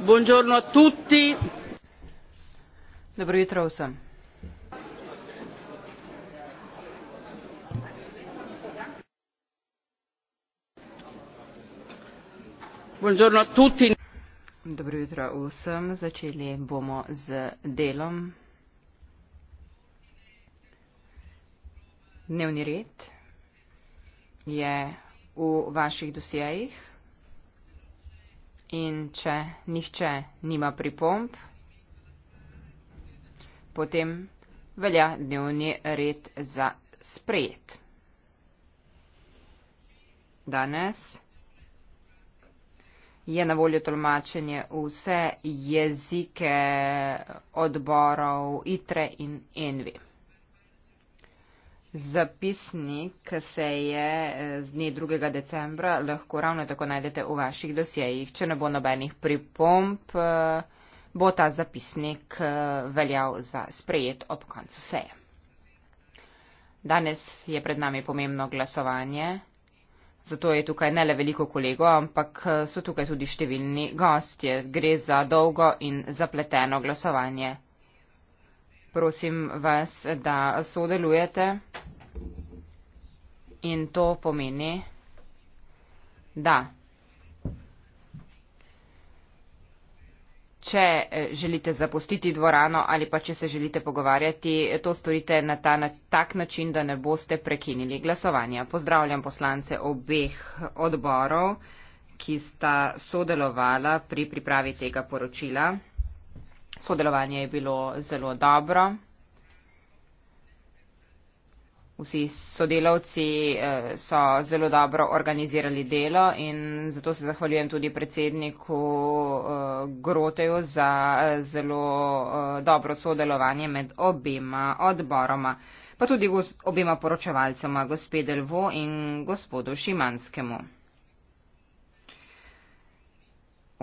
dobro jutro vsem dobro jutro vsem začeli bomo z delom dnevni red je v vaših dosjejih In če nihče nima pripomb, potem velja dnevni red za sprejet. Danes je na voljo tolmačenje vse jezike odborov ITRE in ENVI. Zapisnik se je eh, z dne 2. decembra lahko ravno tako najdete v vaših dosjejih. Če ne bo nobenih pripomp, eh, bo ta zapisnik eh, veljal za sprejet ob koncu seje. Danes je pred nami pomembno glasovanje, zato je tukaj ne le veliko kolego, ampak so tukaj tudi številni gostje. Gre za dolgo in zapleteno glasovanje prosim vas, da sodelujete in to pomeni, da če želite zapustiti dvorano ali pa če se želite pogovarjati, to storite na, ta, na tak način, da ne boste prekinili glasovanja. Pozdravljam poslance obeh odborov, ki sta sodelovala pri pripravi tega poročila. Sodelovanje je bilo zelo dobro. Vsi sodelavci eh, so zelo dobro organizirali delo in zato se zahvaljujem tudi predsedniku eh, Groteju za eh, zelo dobro sodelovanje med obima odboroma, pa tudi obima poročevalcema, gospe Delvo in gospodu Šimanskemu.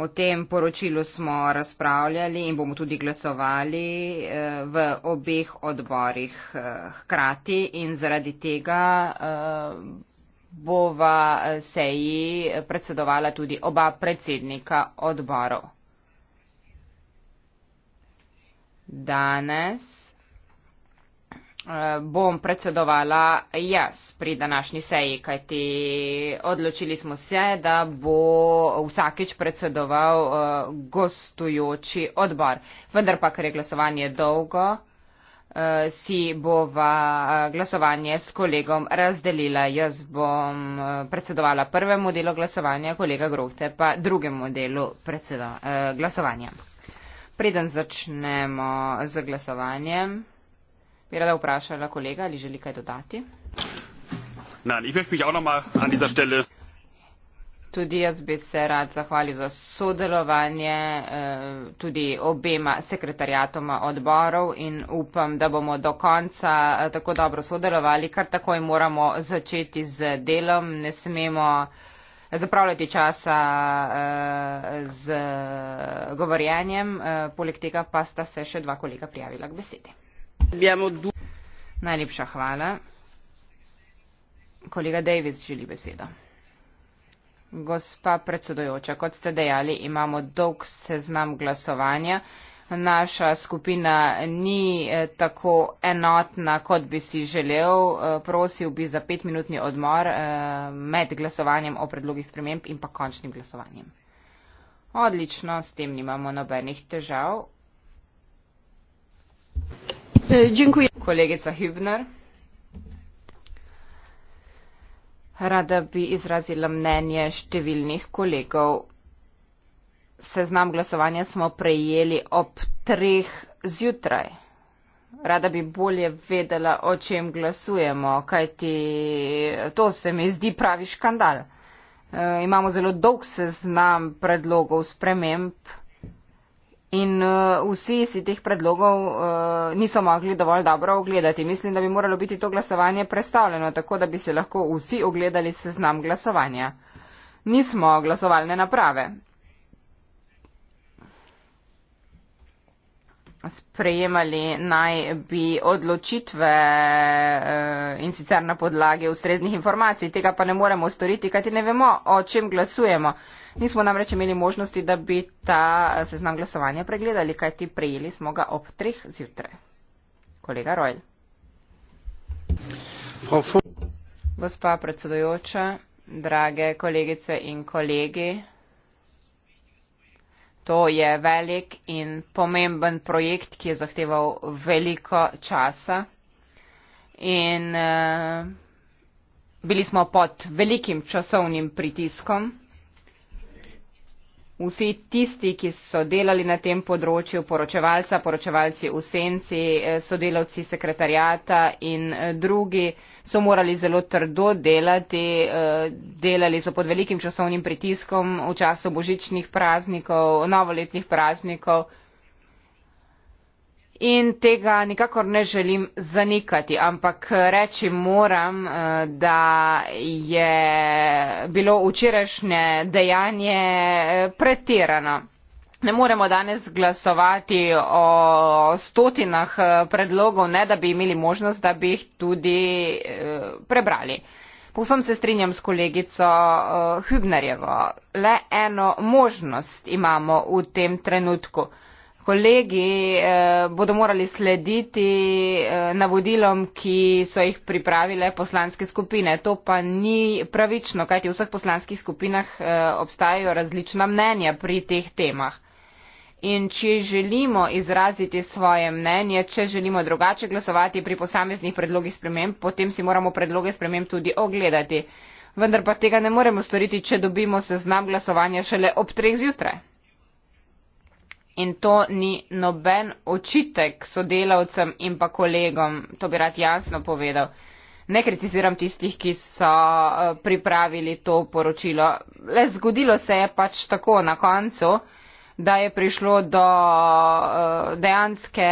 O tem poročilu smo razpravljali in bomo tudi glasovali eh, v obeh odborih eh, hkrati in zaradi tega eh, bova seji predsedovala tudi oba predsednika odborov. Danes Eh, bom predsedovala jaz pri današnji seji, kajti odločili smo se, da bo vsakeč predsedoval eh, gostujoči odbor. Vendar pa, ker je glasovanje dolgo, eh, si bova glasovanje s kolegom razdelila. Jaz bom predsedovala prvemu delu glasovanja, kolega Grohte pa drugemu delu glasovanja. Preden začnemo z glasovanjem. Bi rada vprašala kolega, ali želi kaj dodati? Nein, ich möchte mich auch nochmal an dieser Stelle. Tudi jaz bi se rad zahvalil za sodelovanje eh, tudi obema sekretarjatoma odborov in upam, da bomo do konca eh, tako dobro sodelovali, kar takoj moramo začeti z delom. Ne smemo zapravljati časa eh, z govorjenjem, poleg tega pa sta se še dva kolega prijavila k besedi. Najlepša hvala. Kolega Davis želi besedo. Gospa predsedojoča, kot ste dejali, imamo dolg seznam glasovanja. Naša skupina ni eh, tako enotna, kot bi si želel. Eh, prosil bi za petminutni odmor eh, med glasovanjem o predlogih sprememb in pa končnim glasovanjem. Odlično, s tem nimamo nobenih težav. E, Rada bi izrazila mnenje številnih kolegov. Seznam glasovanja smo prejeli ob treh zjutraj. Rada bi bolje vedela, o čem glasujemo, kajti to se mi zdi pravi škandal. E, imamo zelo dolg seznam predlogov sprememb. In uh, vsi si teh predlogov uh, niso mogli dovolj dobro ogledati. Mislim, da bi moralo biti to glasovanje predstavljeno, tako da bi se lahko vsi ogledali seznam glasovanja. Nismo glasovalne naprave. Sprejemali naj bi odločitve uh, in sicer na podlagi ustreznih informacij. Tega pa ne moremo storiti, kajti ne vemo, o čem glasujemo. Nismo namreč imeli možnosti, da bi ta eh, seznam glasovanja pregledali, kaj ti prejeli smo ga ob treh zjutraj. Kolega Rojl. Gospa predsedojoča, drage kolegice in kolegi, to je velik in pomemben projekt, ki je zahteval veliko časa in uh, bili smo pod velikim časovnim pritiskom vsi tisti, ki so delali na tem področju, poročevalca, poročevalci v senci, eh, sodelavci sekretarjata in eh, drugi, so morali zelo trdo delati, eh, delali so pod velikim časovnim pritiskom v času božičnih praznikov, novoletnih praznikov. In tega nikakor ne želim zanikati, ampak eh, reči moram, eh, da je bilo včerajšnje dejanje eh, pretirano. Ne moremo danes glasovati o stotinah predlogov, ne da bi imeli možnost, da bi jih tudi prebrali. Povsem se strinjam s kolegico Hübnerjevo. Le eno možnost imamo v tem trenutku kolegi eh, bodo morali slediti eh, navodilom, ki so jih pripravile poslanske skupine. To pa ni pravično, kajti v vseh poslanskih skupinah eh, obstajajo različna mnenja pri teh temah. In če želimo izraziti svoje mnenje, če želimo drugače glasovati pri posameznih predlogih sprememb, potem si moramo predloge sprememb tudi ogledati. Vendar pa tega ne moremo storiti, če dobimo seznam glasovanja šele ob treh zjutraj in to ni noben očitek sodelavcem in pa kolegom, to bi rad jasno povedal. Ne kritiziram tistih, ki so eh, pripravili to poročilo. Le zgodilo se je pač tako na koncu, da je prišlo do eh, dejanske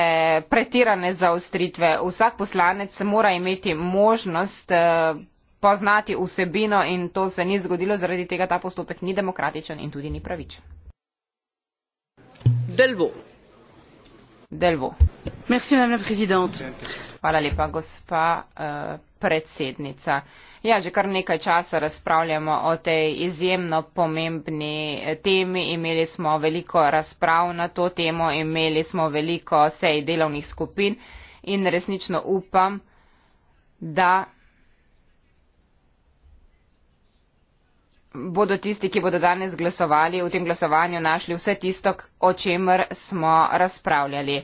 pretirane zaustritve. Vsak poslanec mora imeti možnost eh, poznati vsebino in to se ni zgodilo, zaradi tega ta postopek ni demokratičen in tudi ni pravičen gospa eh, predsednica ja že kar nekaj časa razpravljamo o tej izjemno pomembni eh, temi imeli smo veliko razprav na to temo imeli smo veliko sej delovnih skupin in resnično upam da bodo tisti, ki bodo danes glasovali, v tem glasovanju našli vse tisto, o čemer smo razpravljali.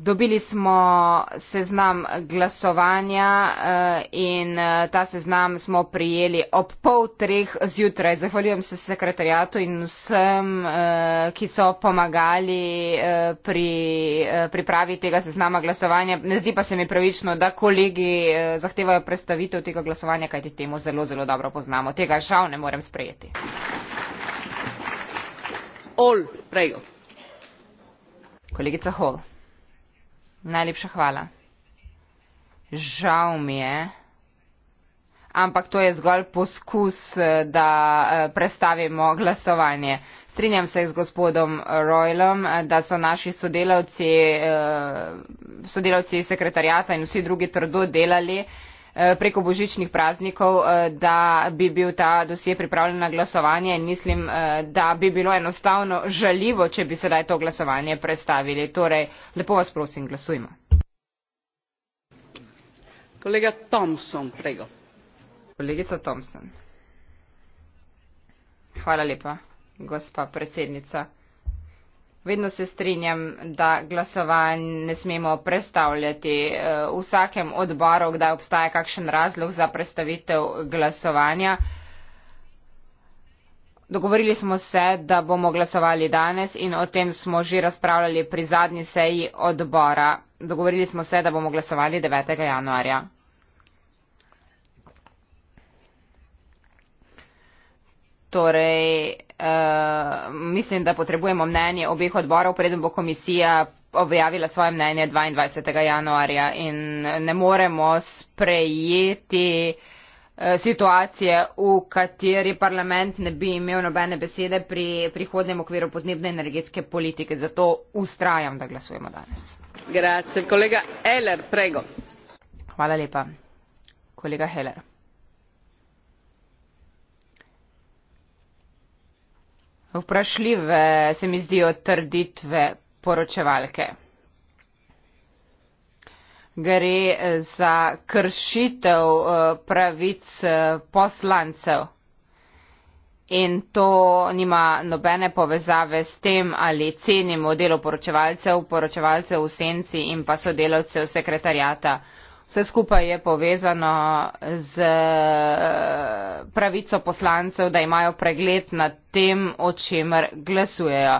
Dobili smo seznam glasovanja eh, in eh, ta seznam smo prijeli ob pol treh zjutraj. Zahvaljujem se sekretarjatu in vsem, eh, ki so pomagali pri pripravi tega seznama glasovanja. Ne zdi pa se mi pravično, da kolegi zahtevajo predstavitev tega glasovanja, kajti temu zelo, zelo dobro poznamo. Tega žal ne morem sprejeti. Kolegica Hall. Najlepša hvala. Žal mi je, ampak to je zgolj poskus, eh, da eh, prestavimo glasovanje. Strinjam se z gospodom Royalom, eh, da so naši sodelavci, sodelavci sekretarjata in vsi drugi trdo delali, Eh, preko božičnih praznikov, eh, da bi bil ta dosje pripravljen na glasovanje in mislim, eh, da bi bilo enostavno žaljivo, če bi sedaj to glasovanje predstavili. Torej, lepo vas prosim, glasujmo. Kolega Thompson, prego. Kolegica Thompson. Hvala lepa, gospa predsednica. Vedno se strinjam, da glasovanj ne smemo predstavljati. Eh, v vsakem odboru, kdaj obstaja kakšen razlog za predstavitev glasovanja. Dogovorili smo se, da bomo glasovali danes in o tem smo že razpravljali pri zadnji seji odbora. Dogovorili smo se, da bomo glasovali 9. januarja. Torej, Eh, mislim, da potrebujemo mnenje obeh odborov, preden bo komisija objavila svoje mnenje 22. januarja in ne moremo sprejeti eh, situacije, v kateri parlament ne bi imel nobene besede pri prihodnem okviru podnebne energetske politike. Zato ustrajam, da glasujemo danes. Grazie. Kolega Heller, prego. Hvala lepa. Kolega Heller. Vprašljive se mi zdijo trditve poročevalke. Gre eh, za kršitev eh, pravic eh, poslancev. In to nima nobene povezave s tem, ali cenimo delo poročevalcev, poročevalcev v senci in pa sodelavcev sekretarjata vse skupaj je povezano z eh, pravico poslancev, da imajo pregled nad tem, o čemer glasujejo.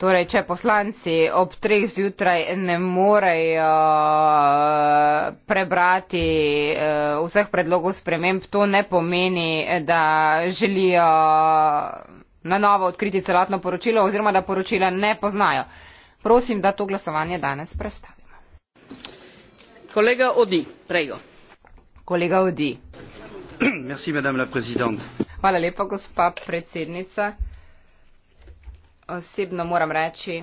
Torej, če poslanci ob treh zjutraj ne morejo eh, prebrati eh, vseh predlogov sprememb, to ne pomeni, da želijo na novo odkriti celotno poročilo oziroma da poročila ne poznajo. Prosim, da to glasovanje danes prestavi. madame la présidente gospa predsednica osebno moram reči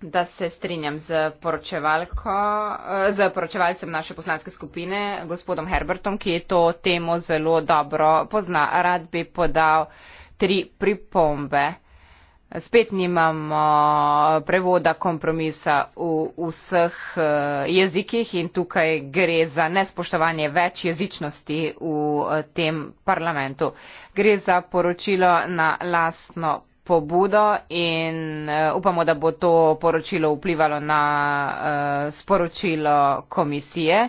da se strinjam z poročevalko z poročevalcem naše poslanske skupine gospodom herbertom ki je to temo zelo dobro pozna rad bi podal tri pripombe spet nimamo prevoda kompromisa v vseh eh, jezikih in tukaj gre za nespoštovanje več jezičnosti v eh, tem parlamentu. Gre za poročilo na lastno pobudo in eh, upamo, da bo to poročilo vplivalo na sporočilo komisije.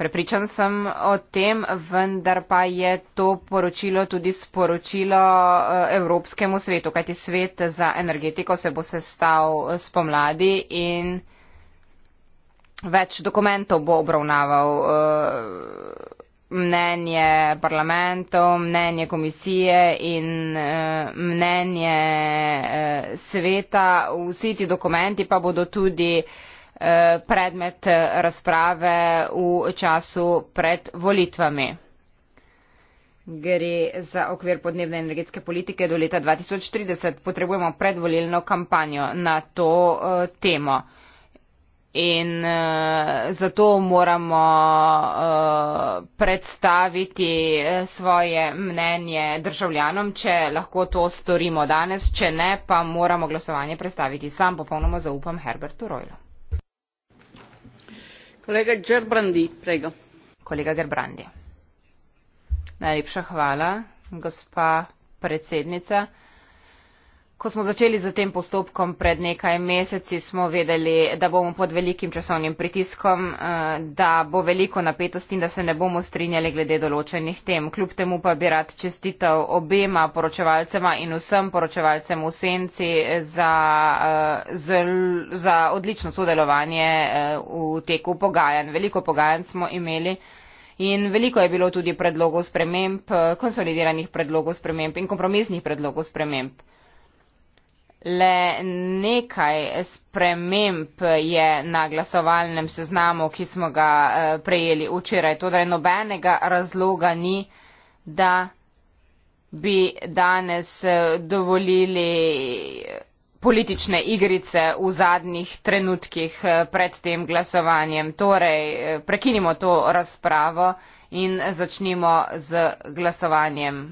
Prepričan sem o tem, vendar pa je to poročilo tudi sporočilo eh, Evropskemu svetu, kajti svet za energetiko se bo sestal eh, spomladi in več dokumentov bo obravnaval eh, mnenje parlamentov, mnenje komisije in mnenje sveta. Vsi ti dokumenti pa bodo tudi Eh, predmet eh, razprave v času pred volitvami. Gre za okvir podnebne energetske politike do leta 2030. Potrebujemo predvolilno kampanjo na to uh, temo. In uh, zato moramo uh, predstaviti svoje mnenje državljanom, če lahko to storimo danes, če ne, pa moramo glasovanje predstaviti sam. Popolnoma zaupam Herbertu Rojlu najlepša hvala gospa predsednica spoštovani gospod komisar spoštovane kolegice in kolegi. Ko smo začeli z tem postopkom pred nekaj meseci, smo vedeli, da bomo pod velikim časovnim pritiskom, eh, da bo veliko napetosti in da se ne bomo strinjali glede določenih tem. Kljub temu pa bi rad čestitev obema poročevalcema in vsem poročevalcem v Senci za, eh, za, za odlično sodelovanje eh, v teku pogajanj. Veliko pogajanj smo imeli. In veliko je bilo tudi predlogov sprememb, konsolidiranih predlogov sprememb in kompromisnih predlogov sprememb. Le nekaj sprememb je na glasovalnem seznamu, ki smo ga eh, prejeli včeraj. Torej, nobenega razloga ni, da bi danes eh, dovolili politične igrice v zadnjih trenutkih eh, pred tem glasovanjem. Torej, prekinimo to razpravo in začnimo z glasovanjem.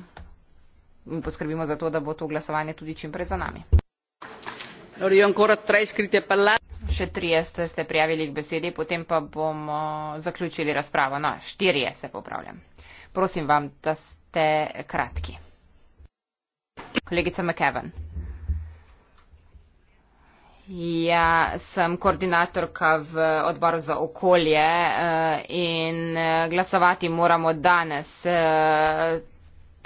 In poskrbimo za to, da bo to glasovanje tudi čimprej za nami. No, še trije ste se prijavili k besedi potem pa bomo zaključili razpravo no štirje se popravljam prosim vam da ste kratki kolegica mckeven Ja, sem koordinatorka v odboru za okolje eh, in eh, glasovati moramo danes. Eh,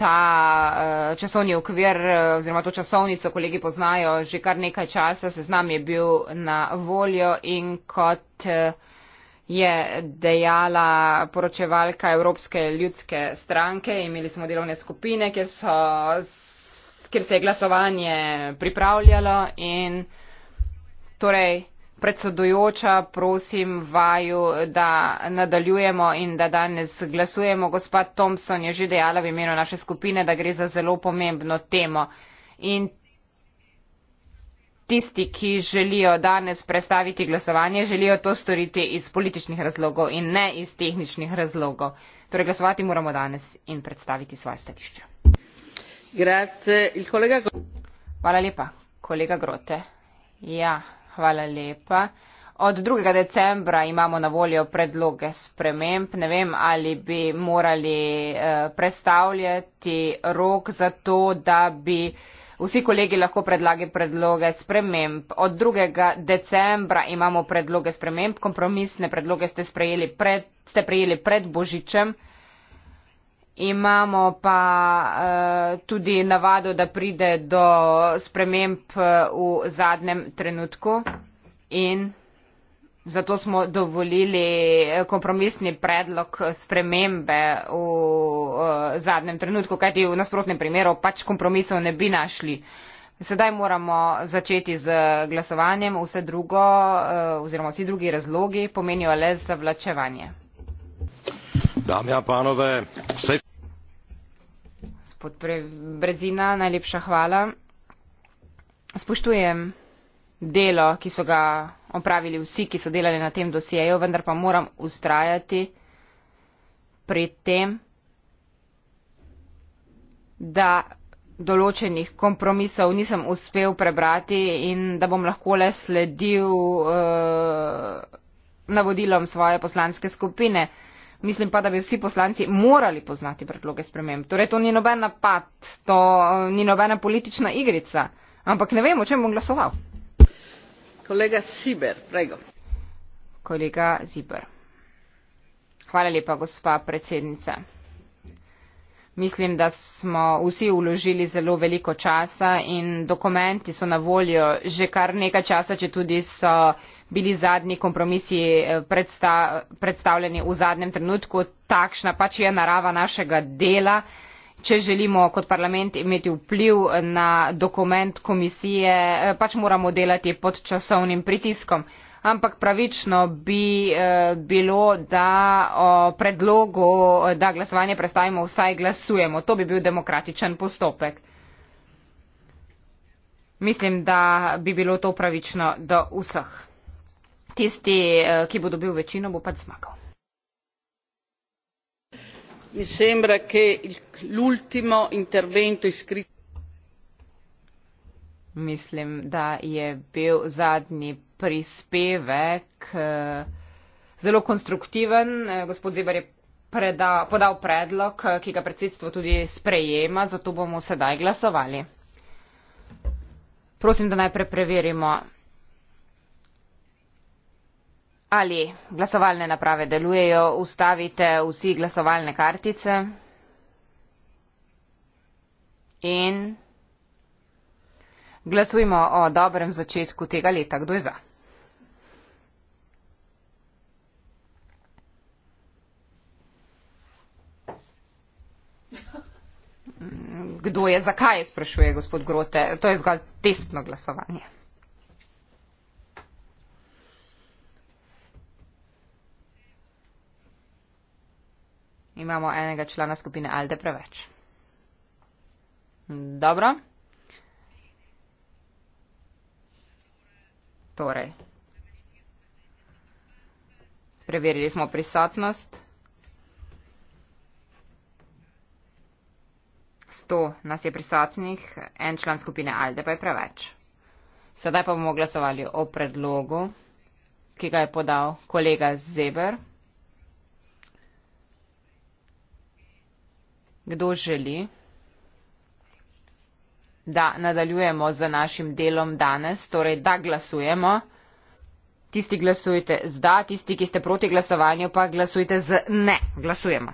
ta eh, časovni okvir eh, oziroma to časovnico kolegi poznajo že kar nekaj časa, se z nami je bil na voljo in kot eh, je dejala poročevalka Evropske ljudske stranke, imeli smo delovne skupine, kjer, so, kjer se je glasovanje pripravljalo in torej predsedujoča, prosim vaju, da nadaljujemo in da danes glasujemo. Gospa Thompson je že dejala v imenu naše skupine, da gre za zelo pomembno temo. In tisti, ki želijo danes predstaviti glasovanje, želijo to storiti iz političnih razlogov in ne iz tehničnih razlogov. Torej glasovati moramo danes in predstaviti svoje stališče. Hvala lepa, kolega Grote. Ja. Hvala lepa. Od 2. decembra imamo na voljo predloge sprememb. Ne vem, ali bi morali eh, predstavljati rok za to, da bi vsi kolegi lahko predlagali predloge sprememb. Od 2. decembra imamo predloge sprememb. Kompromisne predloge ste, pred, ste prejeli pred Božičem imamo pa uh, tudi navado, da pride do sprememb eh, v zadnjem trenutku in zato smo dovolili kompromisni predlog spremembe v uh, zadnjem trenutku, kajti v nasprotnem primeru pač kompromisov ne bi našli. Sedaj moramo začeti z glasovanjem, vse drugo uh, oziroma vsi drugi razlogi pomenijo le zavlačevanje. Gospod Brezina, najlepša hvala. Spoštujem delo, ki so ga opravili vsi, ki so delali na tem dosjeju, vendar pa moram ustrajati pri tem, da določenih kompromisov nisem uspel prebrati in da bom lahko le sledil uh, navodilom svoje poslanske skupine. Uh, mislim pa, da bi vsi poslanci morali poznati predloge sprememb. Torej, to ni noben napad, to eh, ni nobena politična igrica, ampak ne vem, o čem bom glasoval. Kolega Siber, prego. Kolega Ziber. Hvala lepa, gospa predsednica. Mislim, da smo vsi uložili zelo veliko časa in dokumenti so na voljo že kar nekaj časa, če tudi so bili zadnji kompromisi eh, predsta, predstavljeni v zadnjem trenutku. Takšna pač je narava našega dela. Če želimo kot parlament imeti vpliv na dokument komisije, eh, pač moramo delati pod časovnim pritiskom. Ampak pravično bi eh, bilo, da o predlogu, da glasovanje predstavimo, vsaj glasujemo. To bi bil demokratičen postopek. Mislim, da bi bilo to pravično do vseh tisti, eh, ki bo dobil večino, bo pač zmagal. Mi sembra, da je l'ultimo intervento iskriti. Mislim, da je bil zadnji prispevek eh, zelo konstruktiven. Eh, gospod Zebar je preda, podal predlog, ki ga predsedstvo tudi sprejema, zato bomo sedaj glasovali. Prosim, da najprej preverimo ali glasovalne naprave delujejo ustavite vsi glasovalne kartice in glasujmo o dobrem začetku tega leta kdo je za kdo je zakaj sprašuje gospod grote to je zgolj testno glasovanje imamo enega člana skupine Alde preveč. Dobro. Torej. Preverili smo prisotnost. 100 nas je prisotnih, en član skupine Alde pa je preveč. Sedaj pa bomo glasovali o predlogu, ki ga je podal kolega Zeber. Kdo želi, da nadaljujemo z našim delom danes, torej da glasujemo? Tisti glasujte z da, tisti, ki ste proti glasovanju, pa glasujte z ne. Glasujemo.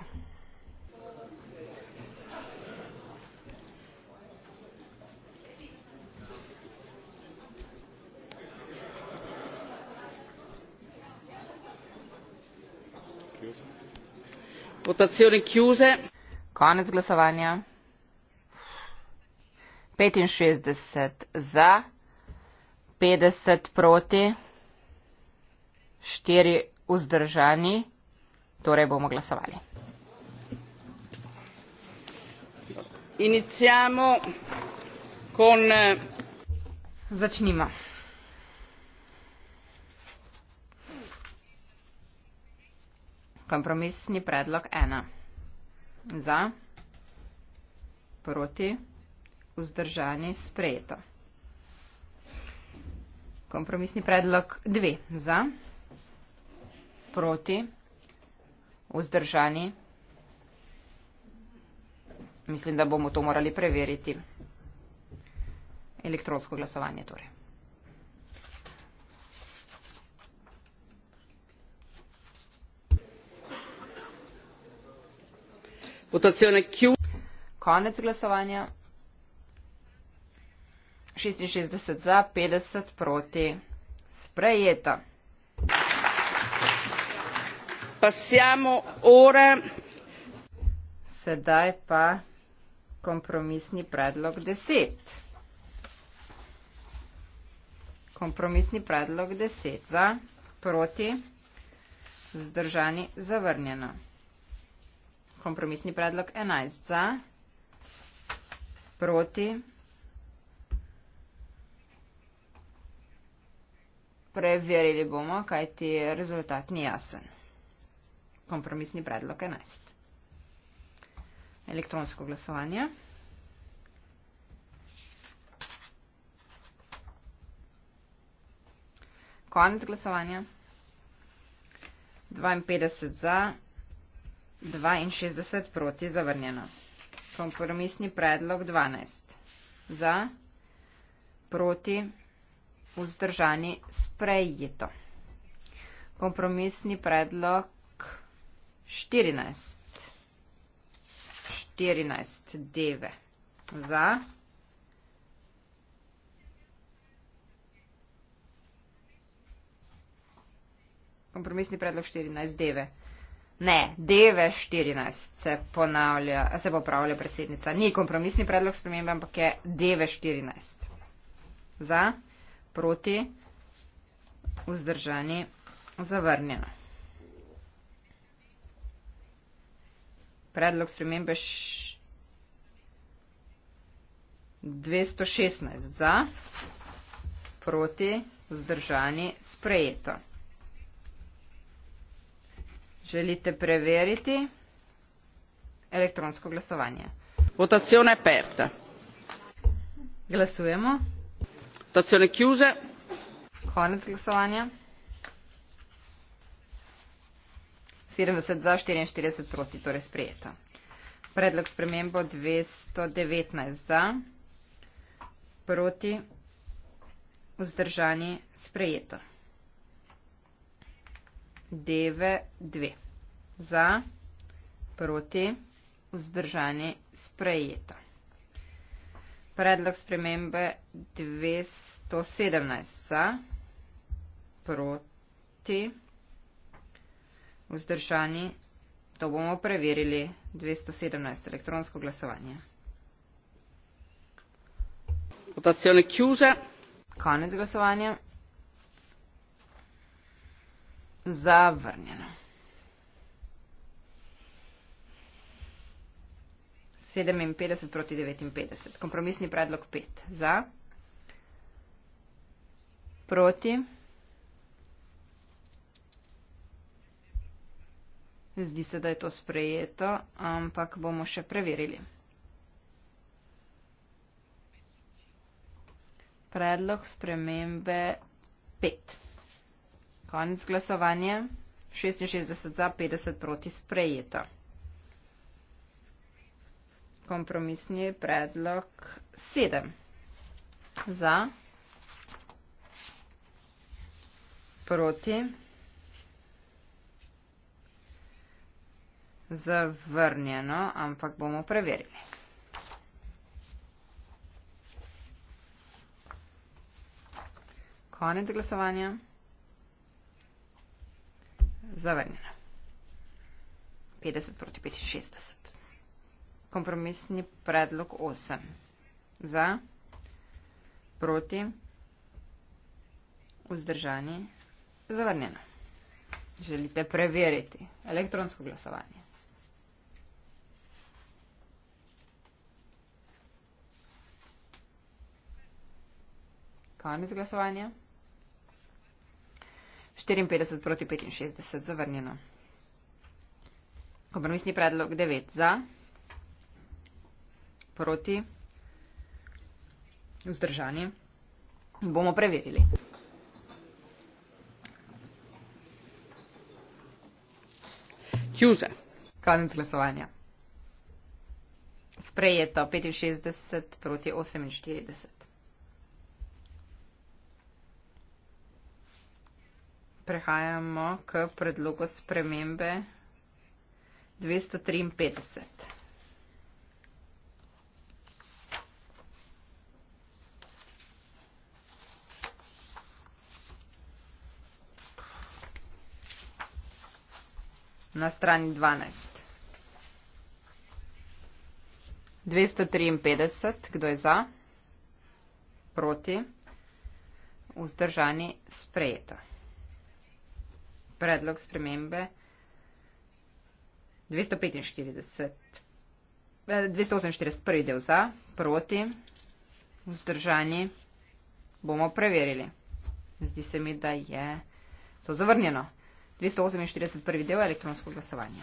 Votazioni chiuse. Konec glasovanja. 65 za, 50 proti, 4 vzdržani, torej bomo glasovali. Iniciamo con. Eh, Začnimo. Kompromisni predlog ena za, proti, vzdržani, sprejeto. Kompromisni predlog 2. Za, proti, vzdržani. Mislim, da bomo to morali preveriti. Elektronsko glasovanje torej. votazione konec glasovanja šestinšestdeset za petdeset proti sprejeto passiamo ora sedaj pa kompromisni predlog deset kompromisni predlog deset za proti vzdržani zavrnjeno kompromisni predlog 11 za, proti, preverili bomo, kaj ti rezultat ni jasen. Kompromisni predlog 11. Elektronsko glasovanje. Konec glasovanja. 52 za, 62 proti zavrnjeno. Kompromisni predlog 12. Za, proti, vzdržani, sprejeto. Kompromisni predlog 14. 14. Deve. Za. Kompromisni predlog 14. Deve. Ne, DV14 se ponavlja, se popravlja predsednica. Ni kompromisni predlog spremembe, ampak je DV14. Za, proti, vzdržani, zavrnjeno. Predlog spremembe š... 216 za, proti, vzdržani, sprejeto. Želite preveriti elektronsko glasovanje? Votazione aperta. Glasujemo. Votazione chiuse. Konec glasovanja. 70 za, 44 proti, torej sprejeta. Predlog spremembo 219 za, proti, vzdržani, sprejeta. DV2 za proti vzdržanje sprejeto. Predlog spremembe 217 za proti vzdržanje, to bomo preverili, 217 elektronsko glasovanje. Votazione chiusa. Konec glasovanja zavrnjeno. Sedeminpetdeset proti devetinpetdeset. Kompromisni predlog pet. Za. Proti. Zdi se, da je to sprejeto, ampak bomo še preverili. Predlog spremembe 5. Konec glasovanja. 66 za, 50 proti sprejeto. Kompromisni predlog 7. Za, proti, zavrnjeno, ampak bomo preverili. Konec glasovanja zavrnjena. 50 proti 65. Kompromisni predlog 8. Za, proti, vzdržani, zavrnjena. Želite preveriti elektronsko glasovanje? Konec glasovanja. 54 proti 65 zavrnjeno. Kompromisni predlog 9 za, proti, vzdržani. Bomo preverili. Kjuze. Konec glasovanja. Sprejeto 65 proti 48. prehajamo k predlogu spremembe 253. Na strani 12. 253, kdo je za? Proti? Vzdržani sprejeto predlog spremembe 245, 248, eh, prvi del za, proti, vzdržani, bomo preverili. Zdi se mi, da je to zavrnjeno. 248, prvi del elektronsko glasovanje.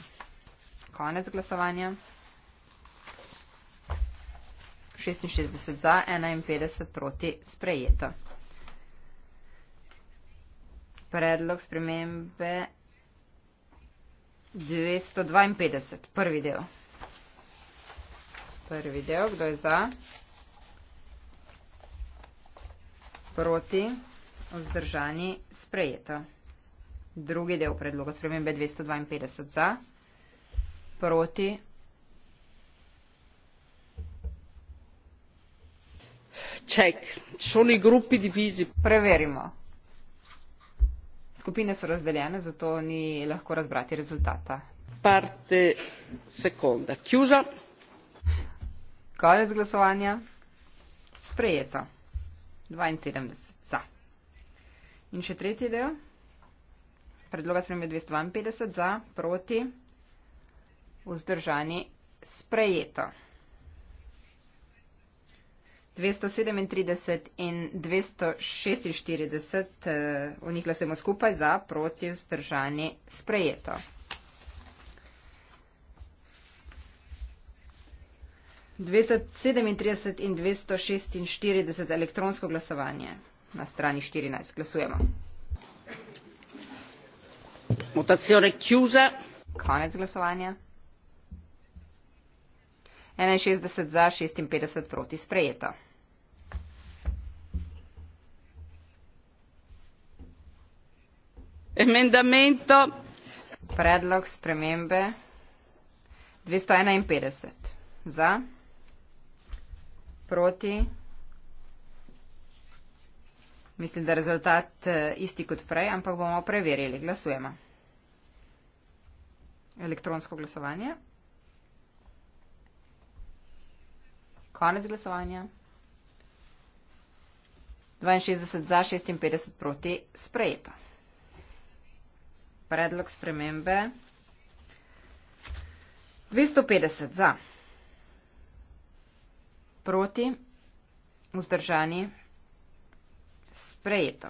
Konec glasovanja. 66 za, 51 proti, sprejeto predlog spremembe 252, prvi del. Prvi del, kdo je za? Proti, vzdržani, sprejeto. Drugi del predloga spremembe 252 za, proti. Ček, šoli grupi divizi. Preverimo skupine so razdeljene, zato ni lahko razbrati rezultata. Parte seconda. Chiusa. Konec glasovanja. Sprejeto. 72 za. In še tretji del. Predloga spremembe 252 za, proti, vzdržani, sprejeto. 237 in 246, v eh, njih glasujemo skupaj za, proti, vzdržani, sprejeto. Dvestosedemintrideset in dvestošestinštirideset elektronsko glasovanje na strani štirinajst glasujemo. Votazione chiusa. Konec glasovanja. Enajstdeset za, šestinpetdeset proti sprejeto. emendamento predlog spremembe 251 za proti mislim da rezultat e, isti kot prej ampak bomo preverili glasujemo elektronsko glasovanje konec glasovanja 62 za 56 proti sprejeto Predlog spremembe. 250 za. Proti. Vzdržani. Sprejeto.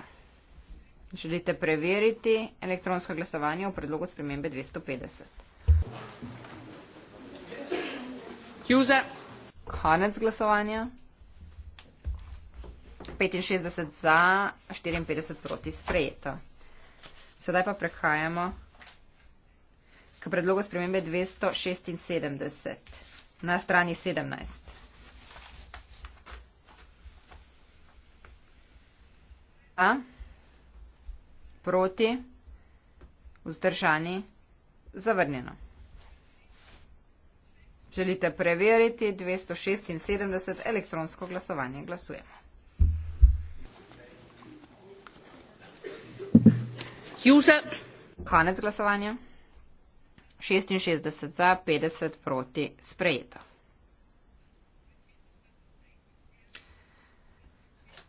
Želite preveriti elektronsko glasovanje o predlogu spremembe 250. Kjuze. Konec glasovanja. 65 za, 54 proti sprejeto. Sedaj pa prehajamo k predlogu spremembe 276 na strani 17. A, proti, vzdržani, zavrnjeno. Želite preveriti 276 elektronsko glasovanje? Glasujemo. konec glasovanja šestinšestdeset za petdeset proti sprejeto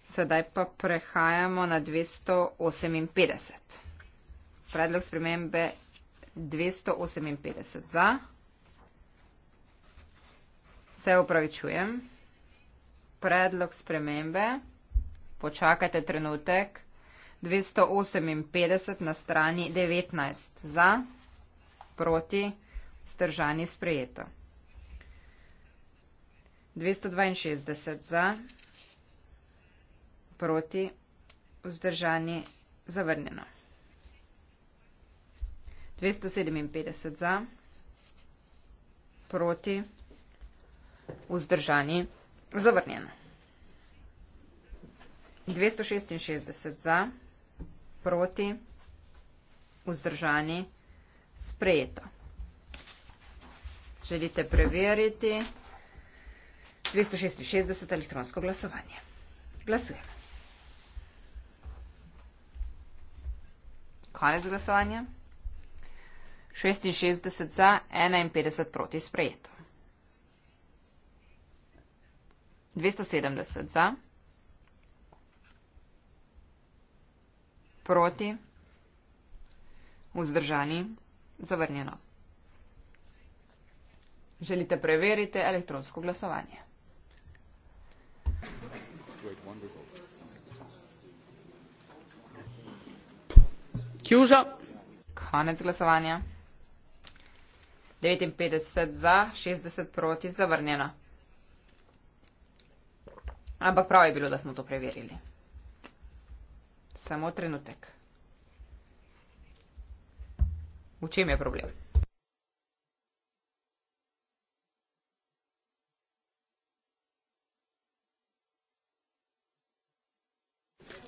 sedaj pa prehajamo na dvesto oseminpetdeset predlog spremembe dvesto oseminpetdeset za se opravičujem predlog spremembe počakajte trenutek 258 na strani 19 za, proti, stržani sprejeto. 262 za, proti, vzdržani zavrnjeno. 257 za, proti, vzdržani zavrnjeno. 266 za, proti, vzdržani zavrnjeno proti, vzdržani, sprejeto. Želite preveriti 266 elektronsko glasovanje. Glasujem. Konec glasovanja. 66 za, 51 proti sprejeto. 270 za. proti, vzdržani, zavrnjeno. Želite preveriti elektronsko glasovanje? Kjuža. Konec glasovanja. 59 za, 60 proti, zavrnjeno. Ampak prav je bilo, da smo to preverili. Samo trenutek. V čem je problem?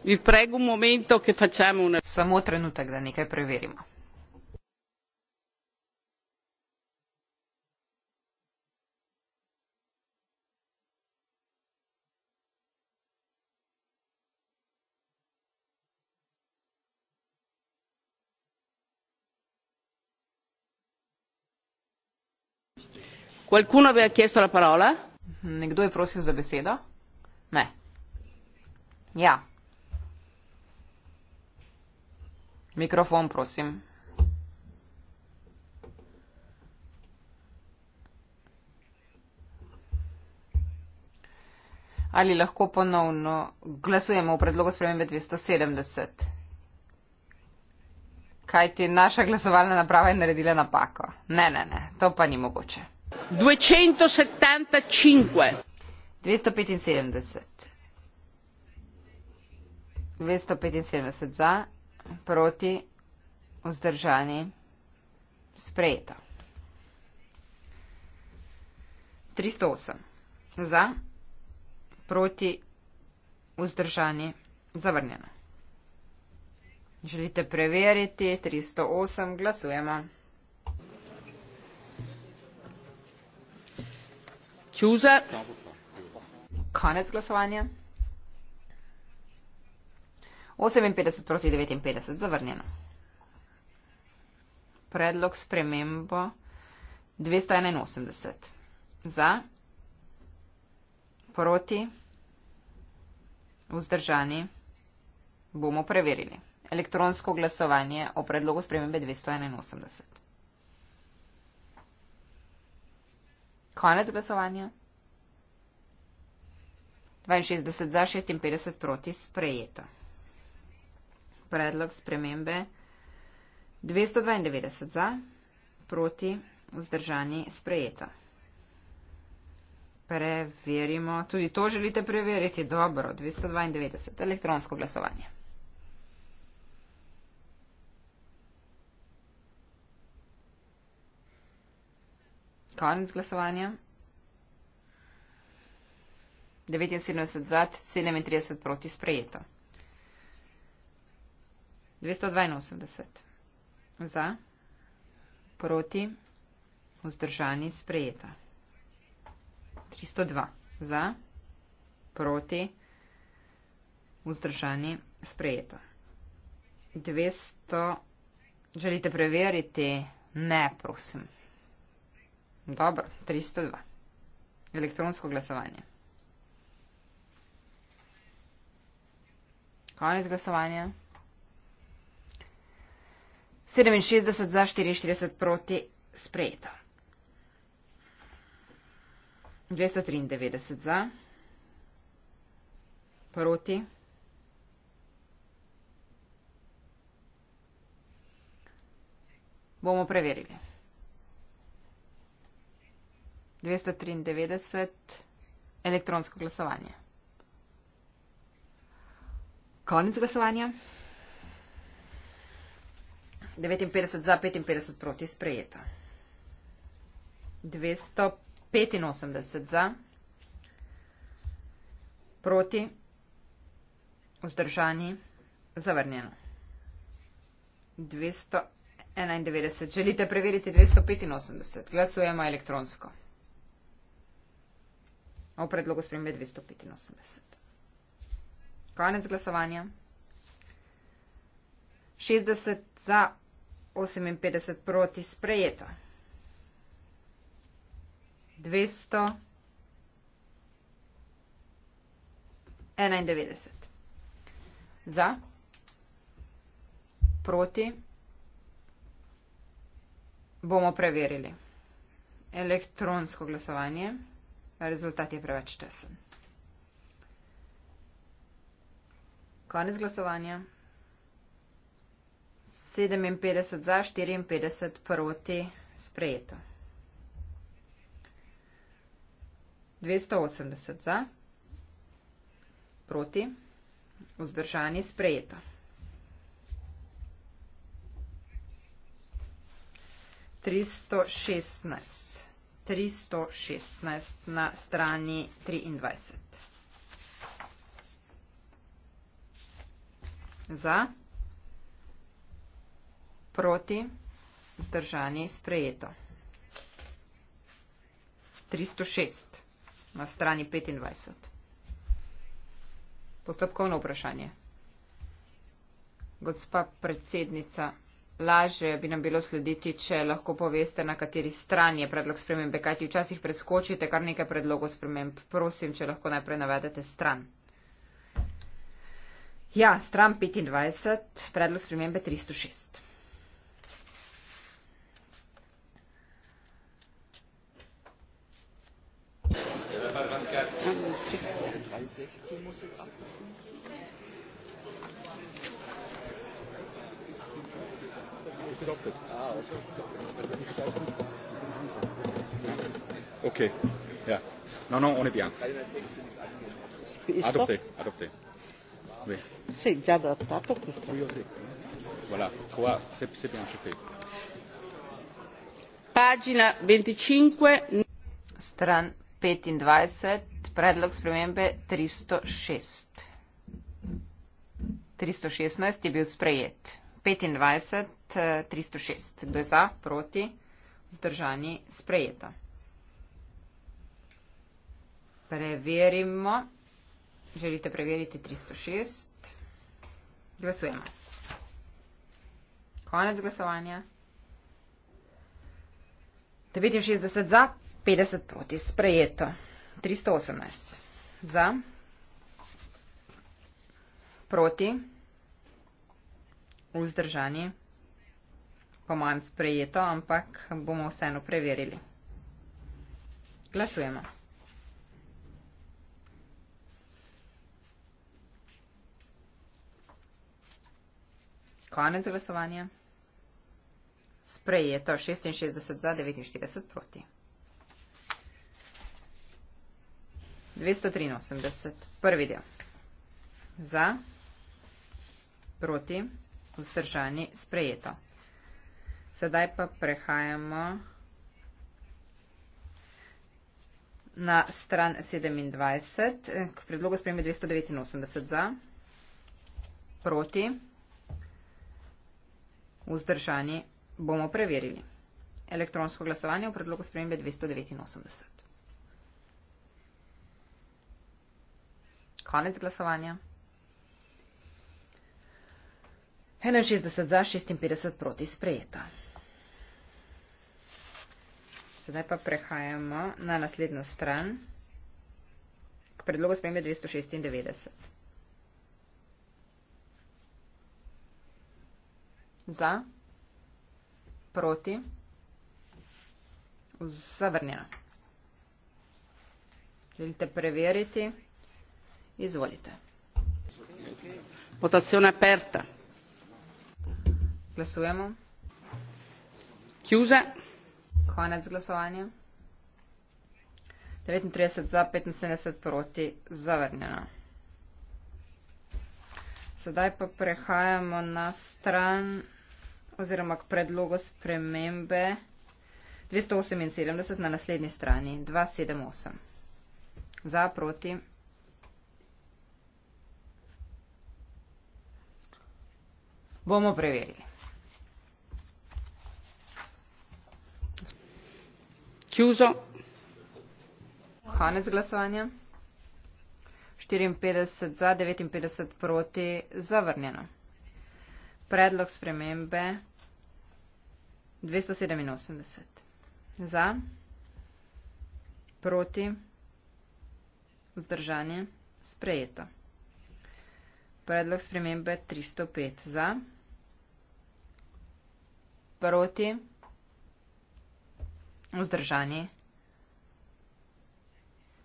Vi prego un momento che facciamo una... Samo trenutek, da nekaj preverimo. Qualcuno aveva chiesto la parola? Nekdo je prosil za besedo? Ne. Ja. Mikrofon, prosim. Ali lahko ponovno glasujemo v predlogu spremembe 270? Kaj ti naša glasovalna naprava je naredila napako? Ne, ne, ne, to pa ni mogoče duecentosettantacinque duecentopetinsedemdeset duecentopetinsedemdeset za proti vzdržani sprejeto tristo osem za proti vzdržani zavrnjeno želite preveriti tristo osem glasujemo čuze. Konec glasovanja. 58 proti 59 zavrnjeno. Predlog spremembo 281. Za, proti, vzdržani bomo preverili. Elektronsko glasovanje o predlogu spremembe 281. Konec glasovanja. 62 za, 56 proti, sprejeto. Predlog spremembe 292 za, proti, vzdržani, sprejeto. Preverimo, tudi to želite preveriti, dobro, 292, elektronsko glasovanje. konec glasovanja. 79 za, 37 proti sprejeto. 282 za, proti, vzdržani sprejeta. 302 za, proti, vzdržani sprejeta. 200. Želite preveriti? Ne, prosim. Dobro, 302. Elektronsko glasovanje. Konec glasovanja. 67 za 44 proti sprejeto. 293 za proti. 293 za proti. Bomo preverili. 293 elektronsko glasovanje. Konec glasovanja. 59 za, 55 proti sprejeta. 285 za, proti, vzdržani, zavrnjeno. 291. Želite preveriti 285? Glasujemo elektronsko o predlogu spremembe 285. Konec glasovanja. 60 za 58 proti sprejeto. 291. Za. Proti. Bomo preverili. Elektronsko glasovanje rezultat je preveč tesen. Konec glasovanja. 57 za, 54 proti, sprejeto. 280 za, proti, vzdržani, sprejeto. Tristo šestnajst. 316 na strani 23. Za, proti, vzdržani, sprejeto. 306 na strani 25. Postopkovno vprašanje. Gospa predsednica lažje bi nam bilo slediti, če lahko poveste, na kateri strani je predlog spremembe, kajti včasih preskočite kar nekaj predlogov sprememb. Prosim, če lahko najprej navedete stran. Ja, stran 25, predlog spremembe 306. Muss jetzt abgefunden werden. adopted. Okay. Yeah. Ja. No, no, only bien. Adopté, adopté. Oui. C'est déjà adopté, Christophe. Oui, aussi. Voilà. Quoi, c'est, c'est bien, c'est fait. Pagina 25. Stran 25, predlog spremembe 306. 316 je bil sprejet. 25 306. Kdo je za, proti, zdržani, sprejeto. Preverimo. Želite preveriti 306? Glasujemo. Konec glasovanja. 69 za, 50 proti, sprejeto. 318 za, proti, vzdržani, po manj sprejeto, ampak bomo vseeno preverili. Glasujemo. Konec glasovanja. Sprejeto 66 za 49 proti. 283. Prvi del. Za, proti, vzdržani, sprejeto. Sedaj pa prehajamo na stran 27 k predlogu spremembe 289 za, proti, vzdržani bomo preverili. Elektronsko glasovanje v predlogu spremembe 289. Konec glasovanja. 61 za, 56 proti sprejeta. Sedaj pa prehajamo na naslednjo stran k predlogu spremembe 296. Za, proti, zavrnjeno. Želite preveriti? Izvolite. Votacijo aperta. Glasujemo. Chiusa konec glasovanja. 39 za, 75 proti, zavrnjeno. Sedaj pa prehajamo na stran oziroma k predlogu spremembe 278 na naslednji strani 278. Za, proti. Bomo preverili. hughes konec glasovanja štiriinpetdeset za devetinpetdeset proti zavrnjeno predlog spremembe dvesto sedeminosemdeset za proti vzdržanje sprejeto predlog spremembe tristo pet za proti vzdržani?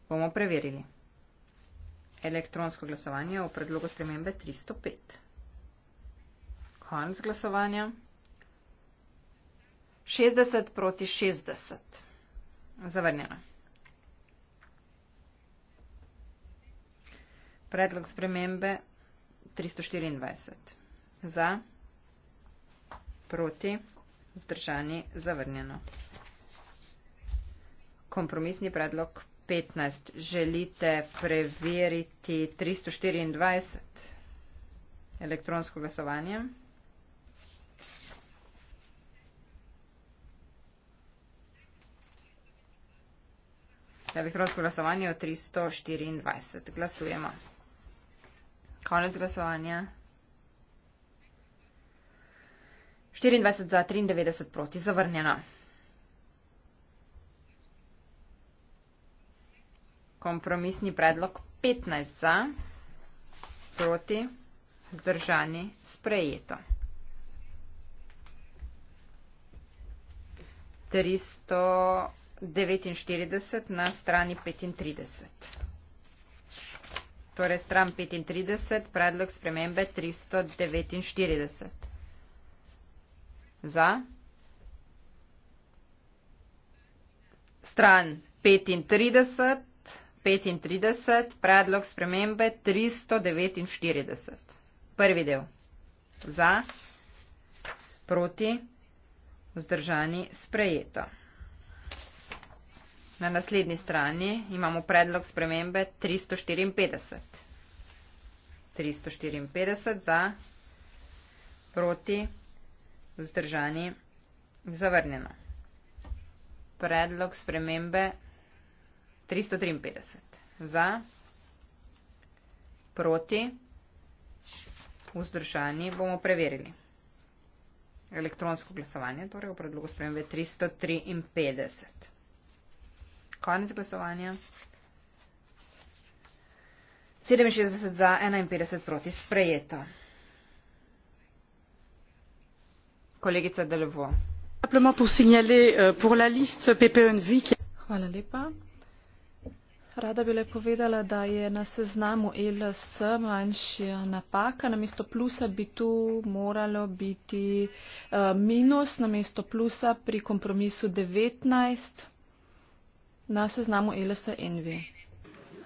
Bomo preverili. Elektronsko glasovanje o predlogu spremembe 305. Konc glasovanja. 60 proti 60. Zavrnjeno. Predlog spremembe 324. Za, proti, zdržani, zavrnjeno kompromisni predlog 15. Želite preveriti 324 elektronsko glasovanje? Elektronsko glasovanje je 324. Glasujemo. Konec glasovanja. 24 za 93 proti. Zavrnjeno. kompromisni predlog 15 za, proti, zdržani, sprejeto. 349 na strani 35. Torej, stran 35, predlog spremembe 349. Za. Stran 35, 35, predlog spremembe 349. Prvi del. Za, proti, vzdržani, sprejeto. Na naslednji strani imamo predlog spremembe 354. 354 za, proti, vzdržani, zavrnjeno. Predlog spremembe 353. Za, proti, vzdržani bomo preverili. Elektronsko glasovanje, torej v predlogu spremembe 353. Konec glasovanja. 67 za, 51 proti, sprejeto. Kolegica Delevo. Euh, e Hvala lepa. Rada bi le povedala, da je na seznamu LS manjša napaka. Na mesto plusa bi tu moralo biti uh, minus, na mesto plusa pri kompromisu 19 na seznamu LS NV.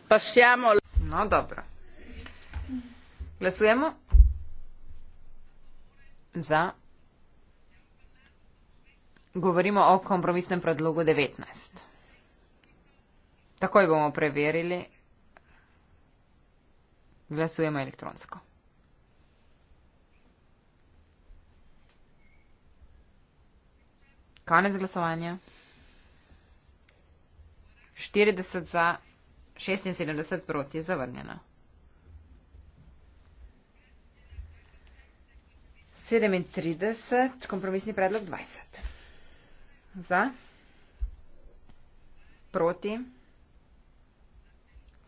Pa šjamo. No dobro. Glasujemo za. Govorimo o kompromisnem predlogu 19. Takoj bomo preverili. Glasujemo elektronsko. Konec glasovanja. 40 za, 76 proti je zavrnjena. 37, kompromisni predlog 20. Za, proti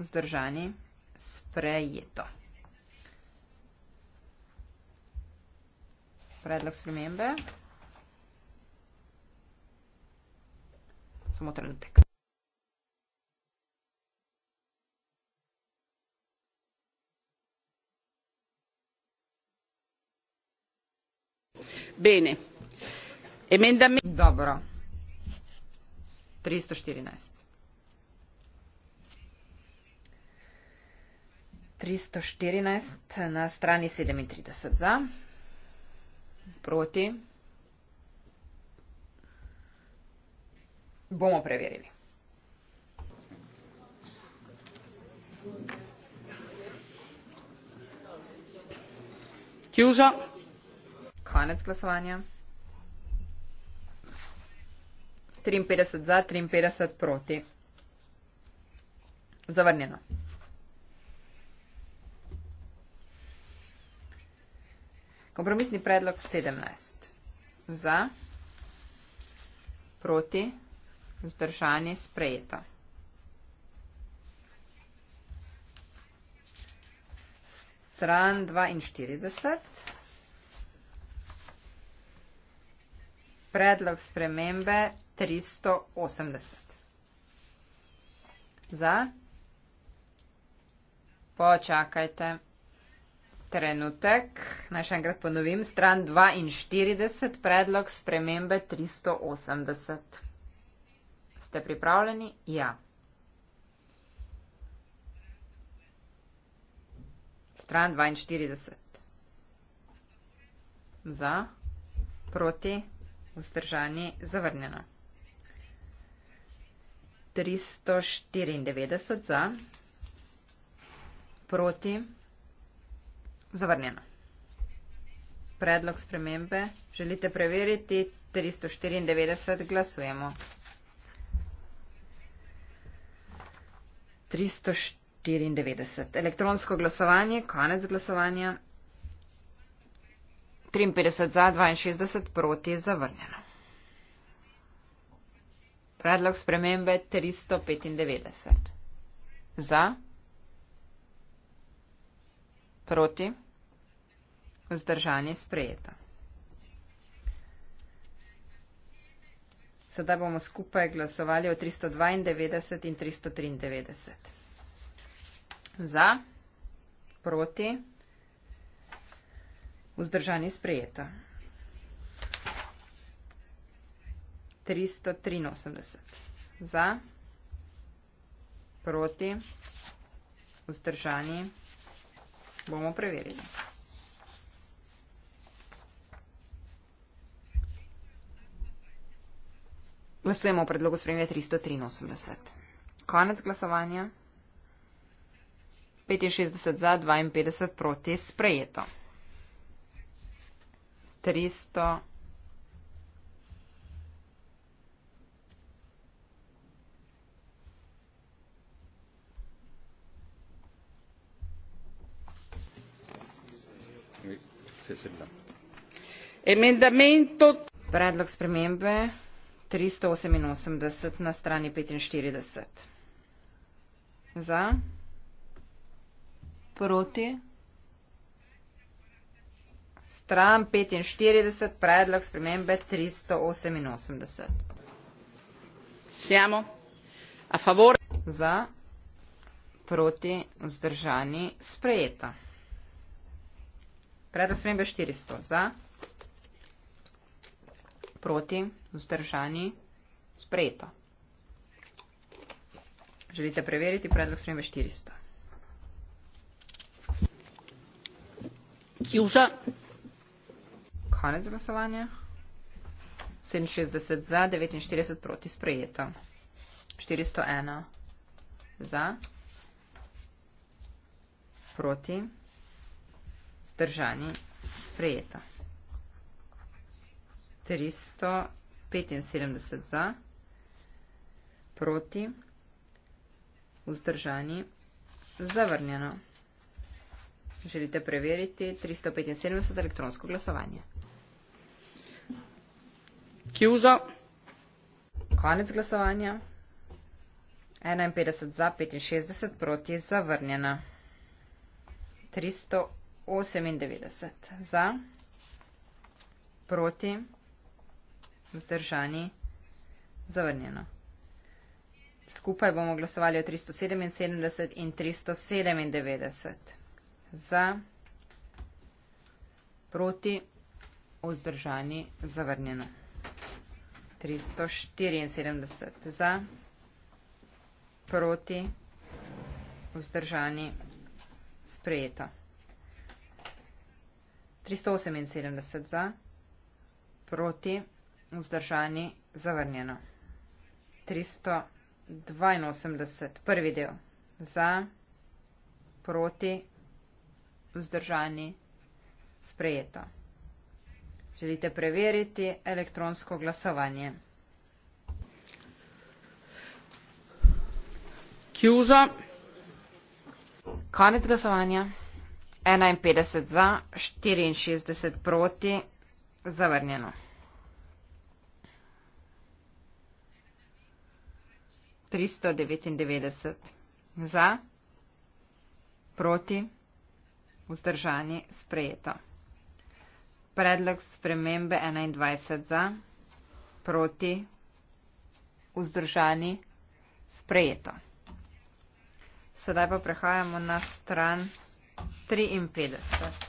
vzdržani, sprejeto. Predlog spremembe. Samo trenutek. Bene. Emendami. Dobro. 314. 314 na strani 37 za, proti. Bomo preverili. Kjuža. Konec glasovanja. 53 za, 53 proti. Zavrnjeno. Kompromisni predlog 17. Za, proti, vzdržanje sprejeto. Stran 42. Predlog spremembe 380. Za, počakajte trenutek, naj še enkrat ponovim, stran 42, predlog spremembe 380. Ste pripravljeni? Ja. Stran 42. Za, proti, vzdržani, zavrnjeno. 394 za, proti, vzdržani. Zavrnjeno. Predlog spremembe. Želite preveriti? 394 glasujemo. 394. Elektronsko glasovanje. Konec glasovanja. 53 za, 62 proti. Zavrnjeno. Predlog spremembe 395. Za Proti? Vzdržanje sprejeta. Sedaj bomo skupaj glasovali o 392 in 393. Za, proti, vzdržanje sprejeta. 383. Za, proti, vzdržanje sprejeta. Bomo preverili. Glasujemo o predlogu spremembe 383. Konec glasovanja. 65 za, 52 proti, sprejeto. 300. predlog spremembe tristo oseminosemdeset na strani petinštirideset za proti stran petinštirideset predlog spremembe tristo oseminosemdeset siamo a favore za proti vzdržani sprejeta Predlog spremembe 400 za, proti, vzdržani, sprejeto. Želite preveriti predlog spremembe 400? Kjuža. Konec glasovanja. 67 za, 49 proti, sprejeto. 401 za, proti, vzdržani vzdržani sprejeto. 375 za, proti, vzdržani, zavrnjeno. Želite preveriti 375 elektronsko glasovanje. Kjuzo. Konec glasovanja. 51 za, 65 proti, zavrnjena. 300. 98 za, proti, vzdržani, zavrnjeno. Skupaj bomo glasovali o 377 in 397 za, proti, vzdržani, zavrnjeno. 374 za, proti, vzdržani, sprejeto. 378 za, proti, vzdržani, zavrnjeno. 382, prvi del, za, proti, vzdržani, sprejeto. Želite preveriti elektronsko glasovanje? Kjuza. Konec glasovanja. 51 za, 64 proti, zavrnjeno. Tristo devetindevetdeset za, proti, vzdržani, sprejeto. Predlog spremembe enaindvajset za, proti, vzdržani, sprejeto. Sedaj pa prehajamo na stran triinpetdeset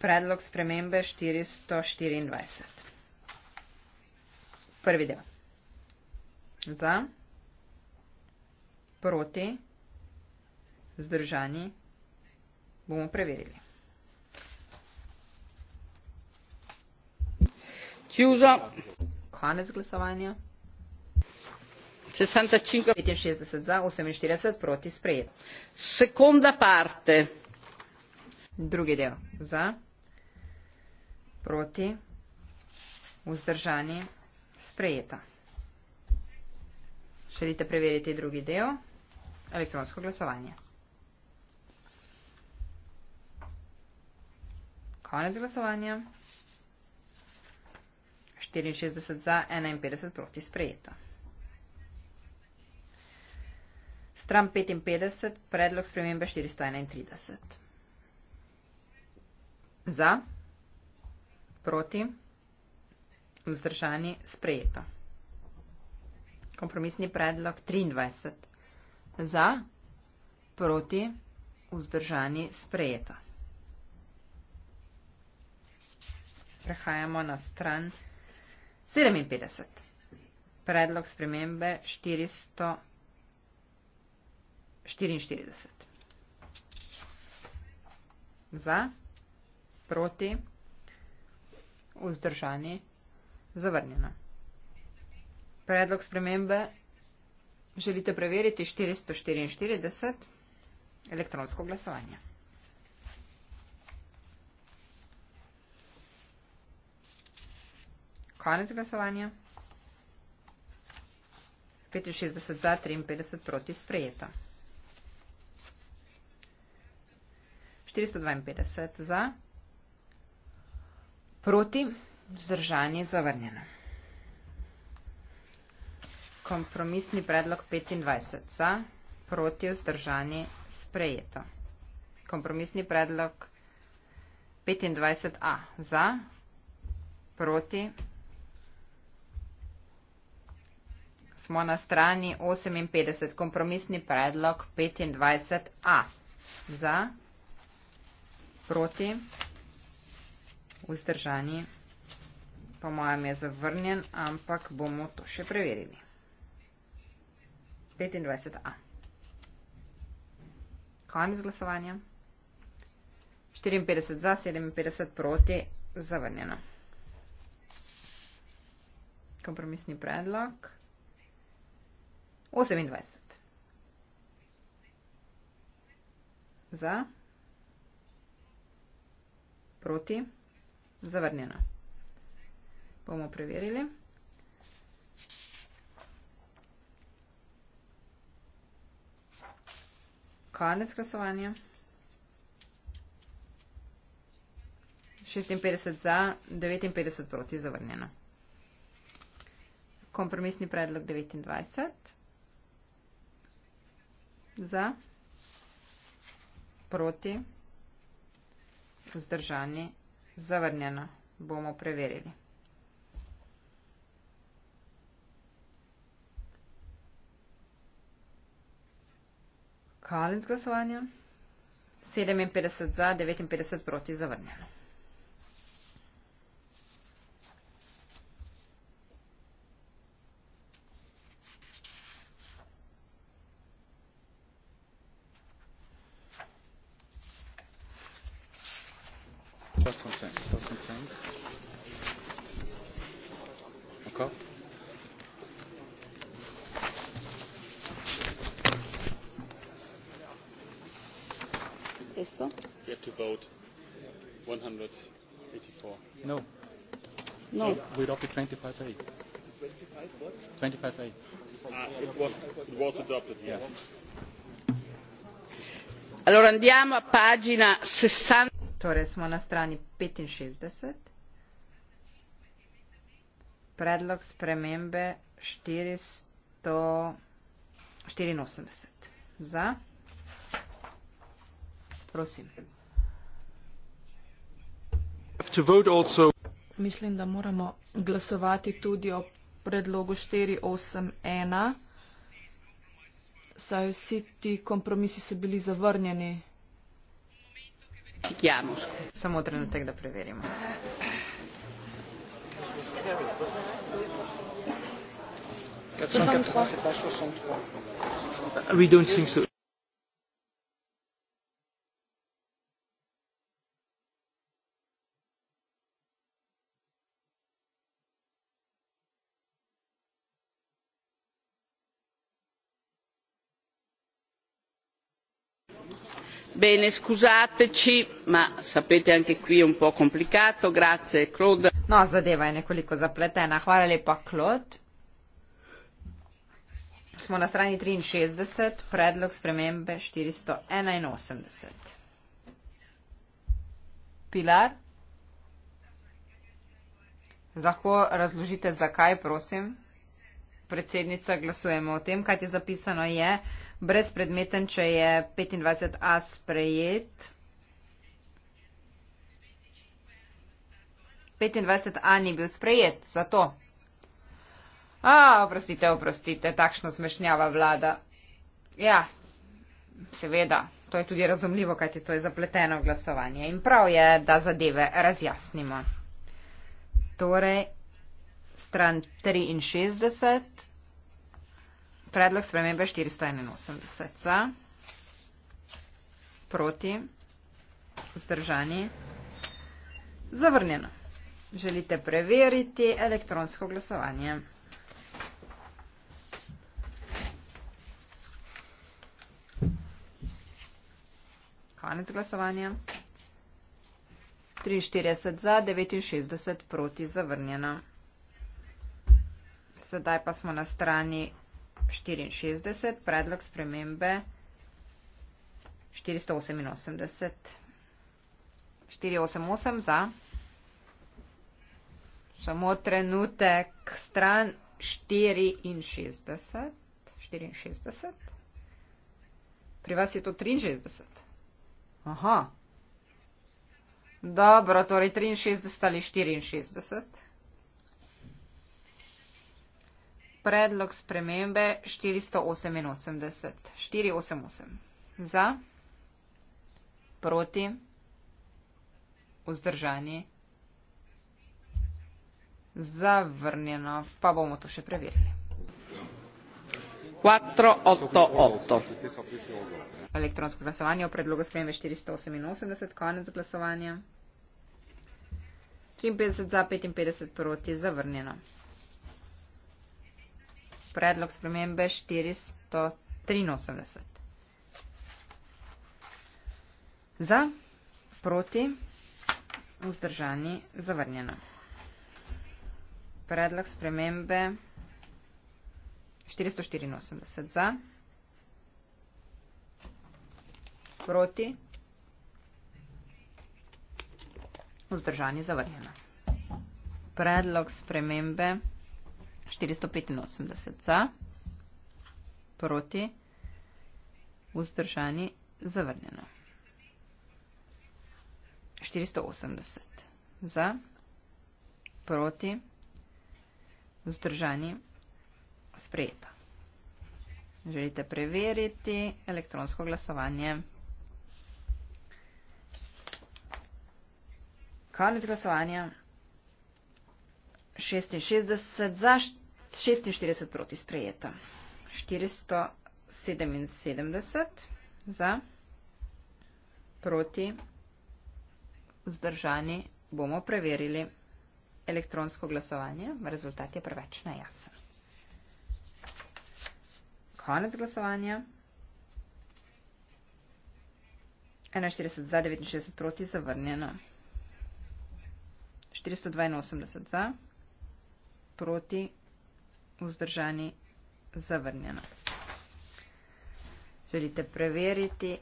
predlog spremembe štiristo štiriindvajset prvi del za proti zdržani bomo preverili Kjuza. Konec glasovanja. 65 za, 48 proti sprejet. Sekunda parte. Drugi del. Za, proti, vzdržani, sprejeta. Želite preveriti drugi del? Elektronsko glasovanje. Konec glasovanja. 64 za, 51 proti sprejeto. Stran 55, predlog spremembe 431. Za, proti, vzdržani, sprejeto. Kompromisni predlog 23. Za, proti, vzdržani, sprejeto. Prehajamo na stran 54. 57. Predlog spremembe 444. Za, proti, vzdržani, zavrnjeno. Predlog spremembe želite preveriti 444 elektronsko glasovanje. Konec glasovanja. 65 za, 53 proti sprejeta. 452 za, proti, vzdržanje zavrnjeno. Kompromisni predlog 25 za, proti, vzdržanje sprejeto. Kompromisni predlog 25a za, proti, vzdržanje zavrnjeno. smo na strani 58, kompromisni predlog 25a. Za, proti, vzdržani, po mojem je zavrnjen, ampak bomo to še preverili. 25a. Konec glasovanja. 54 za, 57 proti, zavrnjeno. Kompromisni predlog 25a osemindvajset za proti zavrnjeno bomo preverili konec glasovanja šestinpetdeset za devetinpetdeset proti zavrnjeno kompromisni predlog devetindvajset za, proti, vzdržani, zavrnjeno. Bomo preverili. Kalenc glasovanja. 57 za, 59 proti, zavrnjeno. andiamo a pagina 60. Torej smo na strani 65. Predlog spremembe 484. Za. Prosim. Mislim, da moramo glasovati tudi o predlogu 481 saj vsi ti kompromisi so bili zavrnjeni. Ja, samo trenutek, da preverimo. Ne mislim, da je to. bene scusateci ma sapete anche qui è un po' complicato grazie Claude no zadeva je nekoliko zapletena hvala lepa Claude smo na strani 63 predlog spremembe 481 Pilar lahko razložite zakaj prosim predsednica glasujemo o tem kaj je zapisano je brezpredmeten, če je 25a sprejet. 25a ni bil sprejet, zato. A, oprostite, oprostite, takšno smešnjava vlada. Ja, seveda, to je tudi razumljivo, kajti to je zapleteno glasovanje. In prav je, da zadeve razjasnimo. Torej, stran 63. Predlog spremembe 481 za, proti, vzdržani, zavrnjeno. Želite preveriti elektronsko glasovanje. Konec glasovanja. 43 za, 69 proti, zavrnjeno. Sedaj pa smo na strani 64, predlog spremembe 488. 488 za. Samo trenutek stran 64. 64. Pri vas je to 63. Aha. Dobro, torej 63 ali 64. predlog spremembe 488. 488. Za, proti, vzdržani, zavrnjeno, pa bomo to še preverili. 488. Elektronsko glasovanje o predlogu spremembe 488, konec glasovanja. 53 za, 55 proti, zavrnjeno predlog spremembe 483. Za, proti, vzdržani, zavrnjeno. Predlog spremembe 484 za, proti, vzdržani, zavrnjeno. Predlog spremembe 484 za. 485 za, proti, vzdržani, zavrnjeno. 480 za, proti, vzdržani, sprejeto. Želite preveriti elektronsko glasovanje? Konec glasovanja. 66 za 4. 46 proti sprejeta. 477 za, proti, vzdržani bomo preverili elektronsko glasovanje. Rezultat je preveč najjasen. Konec glasovanja. 41 za, 69 proti, zavrnjeno. 482 za, proti, vzdržani zavrnjeno. Želite preveriti?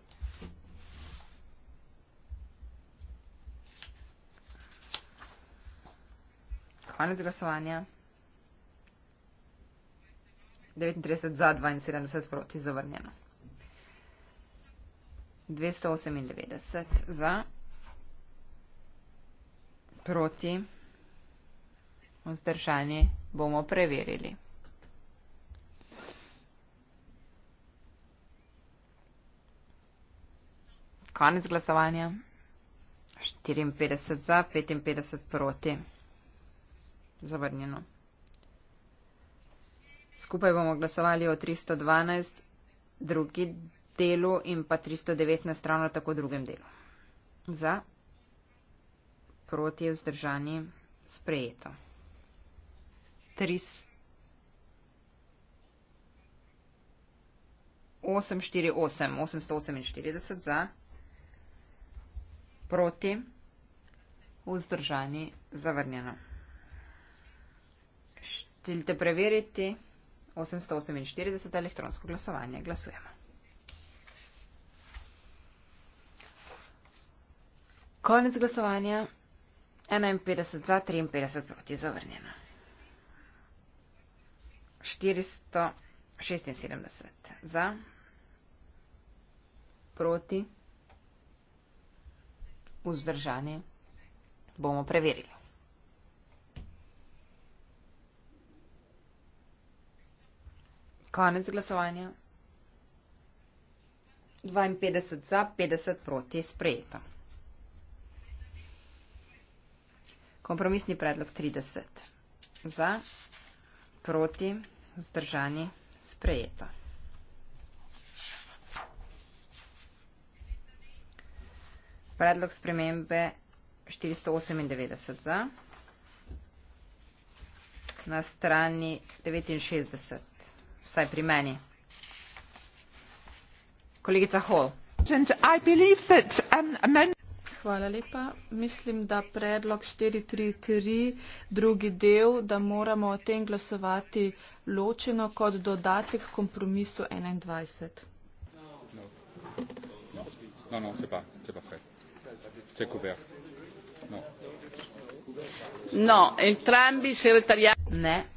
Konec glasovanja. 39 za, 72 proti zavrnjeno. 298 za, proti, vzdržanje bomo preverili. Konec glasovanja. 54 za, 55 proti. Zavrnjeno. Skupaj bomo glasovali o 312 drugi delu in pa 319 ravno tako drugem delu. Za, proti, vzdržani, sprejeto. 348, 848 za proti, vzdržani, zavrnjeno. Želite preveriti 848 elektronsko glasovanje. Glasujemo. Konec glasovanja. 51 za, 53 proti, zavrnjeno. 476 za, proti, vzdržani, bomo preverili. Konec glasovanja. 52 za, 50 proti, sprejeta. Kompromisni predlog 30 za, proti, vzdržani, sprejeta. Predlog spremembe 498 za. Na strani 69, vsaj pri meni. Kolegica Hall. Hvala lepa. Mislim, da predlog 433, drugi del, da moramo o tem glasovati ločeno kot dodatek kompromisu 21. No, no. No, no, se pa, se pa c'est couvert. Non. Non, entrambi segretariati. Ne.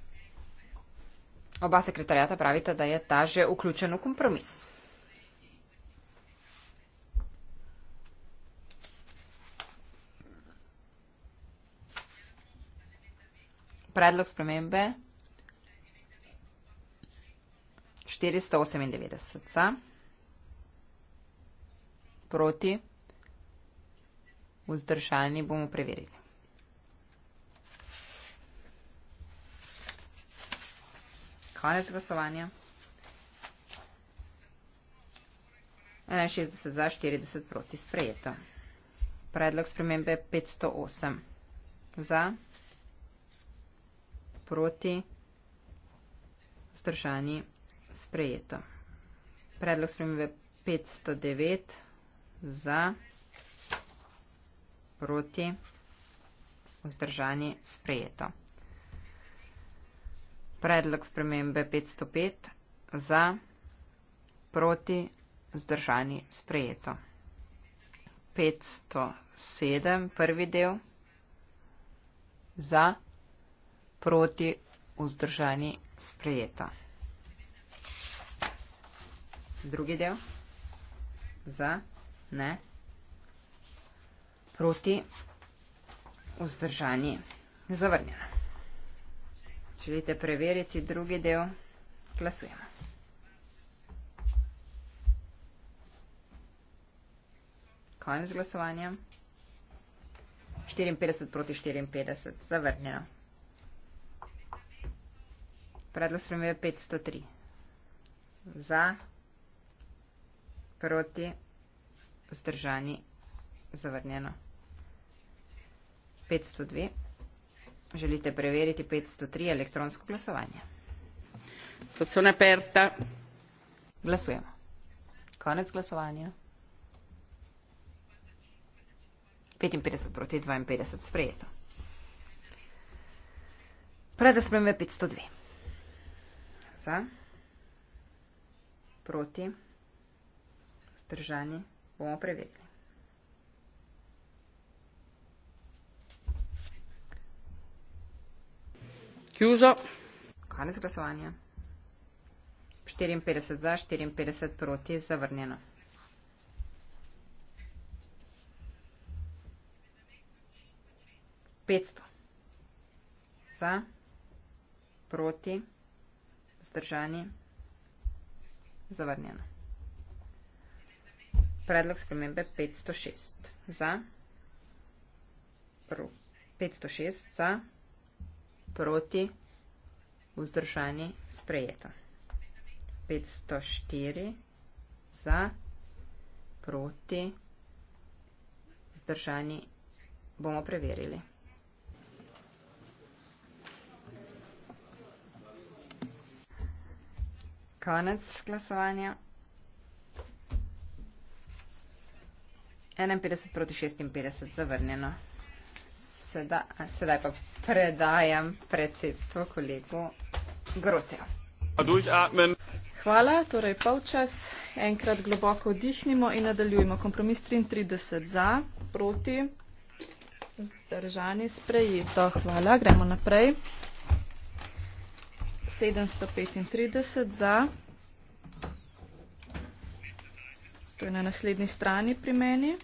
Oba sekretarjata pravita, da je ta že vključen v kompromis. Predlog spremembe 498. Proti vzdržalni bomo preverili. Konec glasovanja. 61 za, 40 proti sprejeto. Predlog spremembe 508. Za, proti, vzdržani, sprejeto. Predlog spremembe 509. Za proti, vzdržani, sprejeto. Predlog spremembe 505 za, proti, vzdržani, sprejeto. 507, prvi del, za, proti, vzdržani, sprejeto. Drugi del, za, ne proti, vzdržani, zavrnjeno. Želite preveriti drugi del, glasujemo. Konec glasovanja. 54 proti 54, zavrnjeno. Predlog spremembe 503. Za, proti, vzdržani, zavrnjeno. 502. Želite preveriti 503 elektronsko glasovanje? Pocona aperta. Glasujemo. Konec glasovanja. 55 proti 52 sprejeto. Preda smo 502. Za. Proti. Zdržani. Bomo preverili. Hjuzo. Konec glasovanja. 54 za, 54 proti, zavrnjeno. Petsto. Za, proti, zdržani, zavrnjeno. Predlog spremembe 506. Za, pro, 506 za, proti, vzdržani, sprejeto. 504 za, proti, vzdržani, bomo preverili. Konec glasovanja. 51 proti 56 zavrnjeno sedaj, sedaj pa predajam predsedstvo kolegu Grocijo. Hvala, torej polčas, enkrat globoko vdihnimo in nadaljujemo. Kompromis 33 za, proti, zdržani sprejeto. Hvala, gremo naprej. 735 za. To je na naslednji strani pri meni.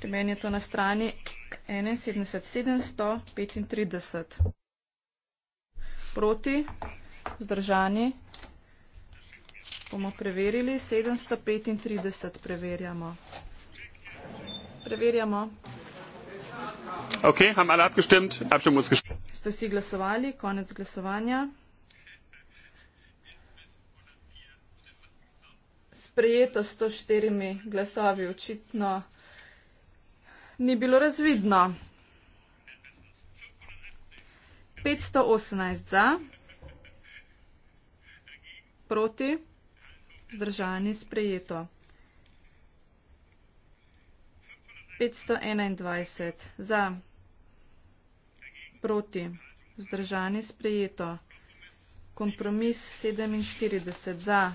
Pri meni je to na strani 71 735. Proti, zdržani, bomo preverili, 735 preverjamo. Preverjamo. Ok, haben alle abgestimmt, Abstimmung ist gestimmt. Ste vsi glasovali, konec glasovanja. Sprejeto 104 glasovi, očitno ni bilo razvidno. 518 za, proti, vzdržani sprejeto. 521 za, proti, vzdržani sprejeto. Kompromis 47 za,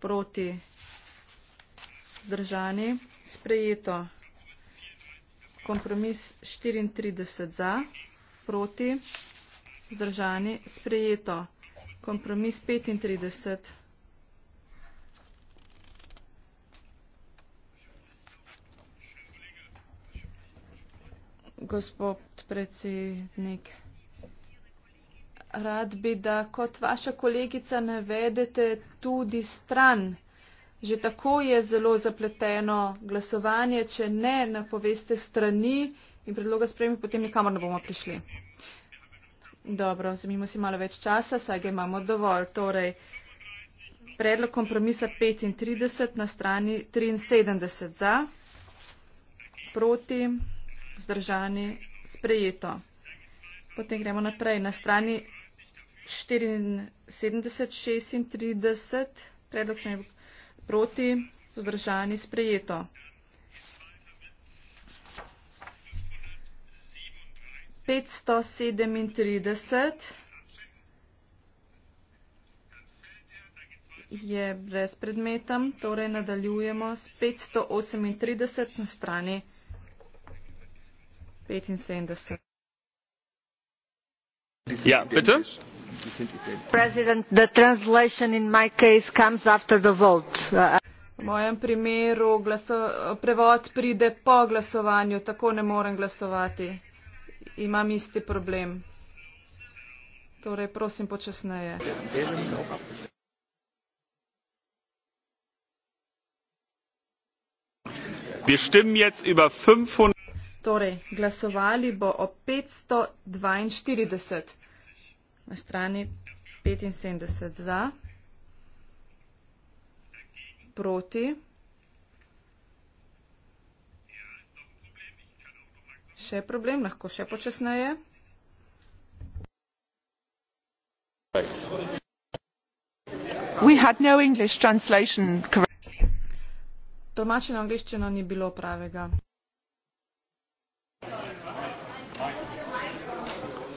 proti, vzdržani sprejeto kompromis 34 za, proti, vzdržani, sprejeto. Kompromis 35. Gospod predsednik, rad bi, da kot vaša kolegica navedete tudi stran, Že tako je zelo zapleteno glasovanje, če ne napoveste strani in predloga sprejme, potem nikamor ne bomo prišli. Dobro, zamimo si malo več časa, saj ga imamo dovolj. Torej, predlog kompromisa 35 na strani 73 za, proti, vzdržani, sprejeto. Potem gremo naprej na strani 74, 36, predlog sprejme proti, vzdržani sprejeto. Petsto sedemintrideset je brez predmetem, torej nadaljujemo s petsto osemintrideset na strani petinsedemdeset. Ja, Peter? V mojem primeru prevod pride po glasovanju, tako ne morem glasovati. Imam isti problem. Torej, prosim, počasneje. Torej, glasovali bo o 542 na strani 75 za, proti, še problem, lahko še počasneje. No Tolmačeno angliščino ni bilo pravega.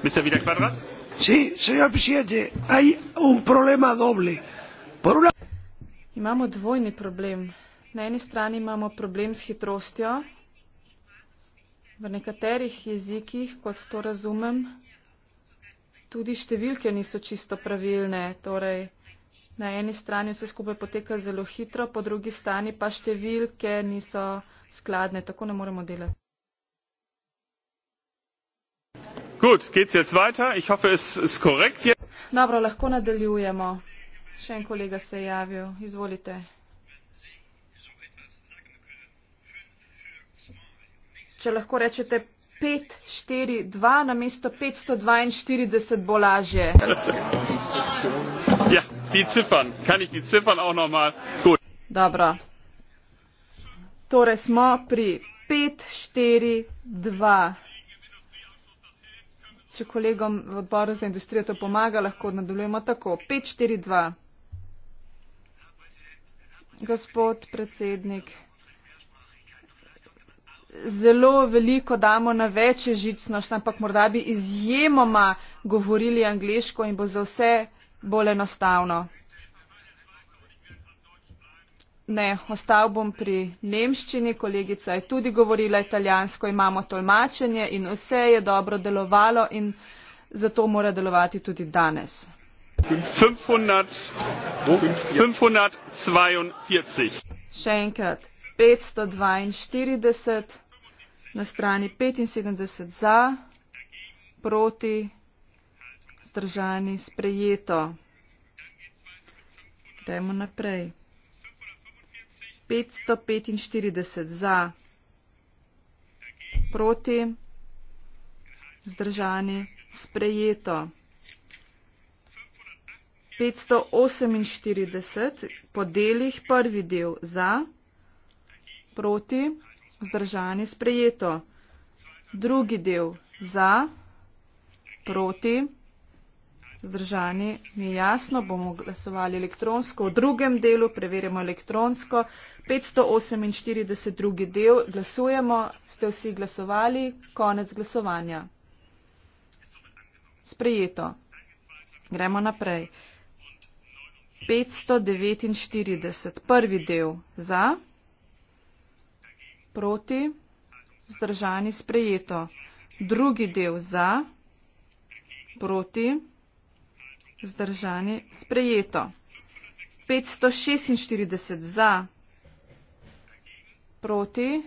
Mr. Vidak Barbas? Señor presidente, hay un problema doble. Por una... Imamo dvojni problem. Na eni strani imamo problem s hitrostjo. V nekaterih jezikih, kot to razumem, tudi številke niso čisto pravilne. Torej, na eni strani vse skupaj poteka zelo hitro, po drugi strani pa številke niso skladne. Tako ne moremo delati. Gut, geht's jetzt weiter? Ich hoffe, es ist korrekt jetzt. Dobro, lahko nadaljujemo. Še en kolega se je javil. Izvolite. Če lahko rečete 542 na mesto 542 bo lažje. Ja, ti cifran. Kaj jih ti cifran auch nochmal? Gut. Dobro. Torej smo pri 542. Če kolegom v odboru za industrijo to pomaga, lahko nadaljujemo tako. 5-4-2. Gospod predsednik, zelo veliko damo na večje žicnošt, ampak morda bi izjemoma govorili angliško in bo za vse bolj enostavno. Ne, ostal bom pri nemščini, kolegica je tudi govorila italijansko, imamo tolmačenje in vse je dobro delovalo in zato mora delovati tudi danes. 542. Še enkrat, 542 na strani 75 za, proti, zdržani, sprejeto. Gremo naprej petsto za proti vzdržani sprejeto petsto oseminštirideset po delih prvi del za proti vzdržani sprejeto drugi del za proti vzdržani, ni jasno, bomo glasovali elektronsko. V drugem delu preverimo elektronsko. 548. drugi del. Glasujemo. Ste vsi glasovali? Konec glasovanja. Sprejeto. Gremo naprej. 549. Prvi del. Za. Proti. Vzdržani. Sprejeto. Drugi del. Za. Proti. Vzdržani. Sprejeto. 546 za. Proti.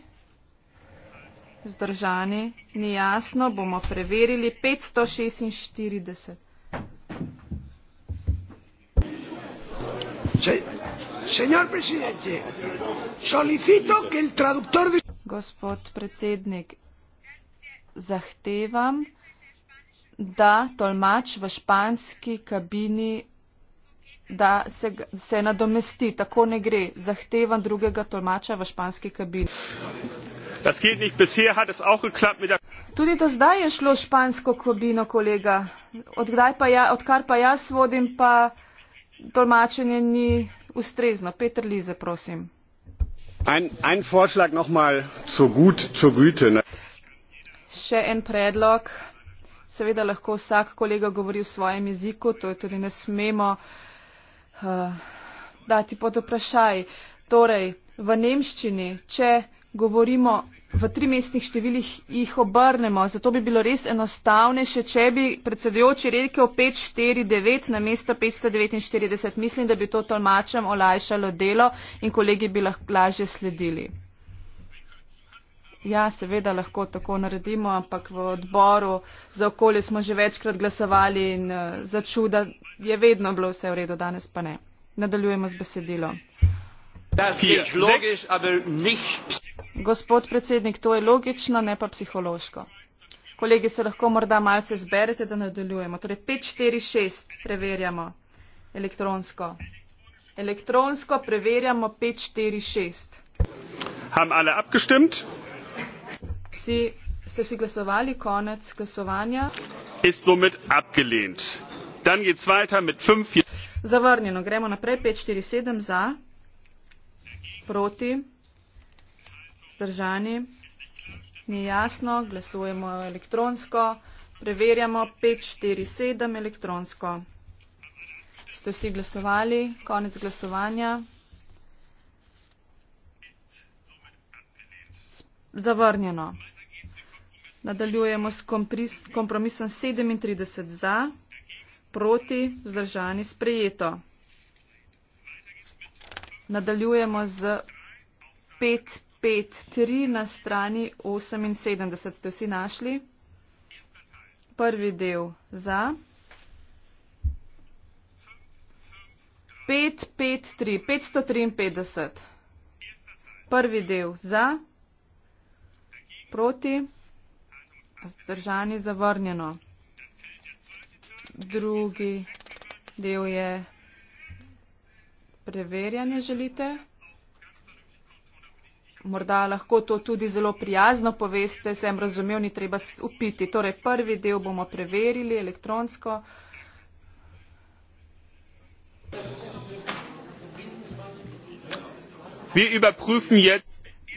Vzdržani. Ni jasno. Bomo preverili. 546. Gospod predsednik, zahtevam da tolmač v španski kabini, da se, se nadomesti. Tako ne gre. Zahtevam drugega tolmača v španski kabini. Tudi do zdaj je šlo špansko kabino, kolega. Odkdaj pa ja, odkar pa jaz vodim, pa tolmačenje ni ustrezno. Peter Lize, prosim. En predlog, nohmal, zu gut, zu güte. Še en predlog. Seveda lahko vsak kolega govori v svojem jeziku, to je tudi ne smemo uh, dati pod vprašaj. Torej, v nemščini, če govorimo v tri mestnih številih, jih obrnemo. Zato bi bilo res enostavnejše, če bi predsedujoči rekel 549 na mesto 549. Mislim, da bi to tolmačem olajšalo delo in kolegi bi lahko lažje sledili. Ja, seveda lahko tako naredimo, ampak v odboru za okolje smo že večkrat glasovali in eh, za čuda je vedno bilo vse v redu, danes pa ne. Nadaljujemo z besedilo. Gospod predsednik, to je logično, ne pa psihološko. Kolegi se lahko morda malce zberete, da nadaljujemo. Torej 546 preverjamo elektronsko. Elektronsko preverjamo 546. Sie, ste si glasovali konec glasovanja? Ist somit abgelehnt. Dann geht's weiter mit 5 Zavrnjeno, gremo naprej. 547 za, proti, zdržani, ni jasno, glasujemo elektronsko, preverjamo 547 elektronsko. Ste vsi glasovali, konec glasovanja. Zavrnjeno. Nadaljujemo s kompromisom 37 za, proti, vzdržani sprejeto. Nadaljujemo z 5-5-3 na strani 78. Ste vsi našli? Prvi del za. 5-5-3, 553. Prvi del za, proti zdržani zavrnjeno. Drugi del je preverjanje želite. Morda lahko to tudi zelo prijazno poveste, sem razumel, ni treba upiti. Torej, prvi del bomo preverili elektronsko.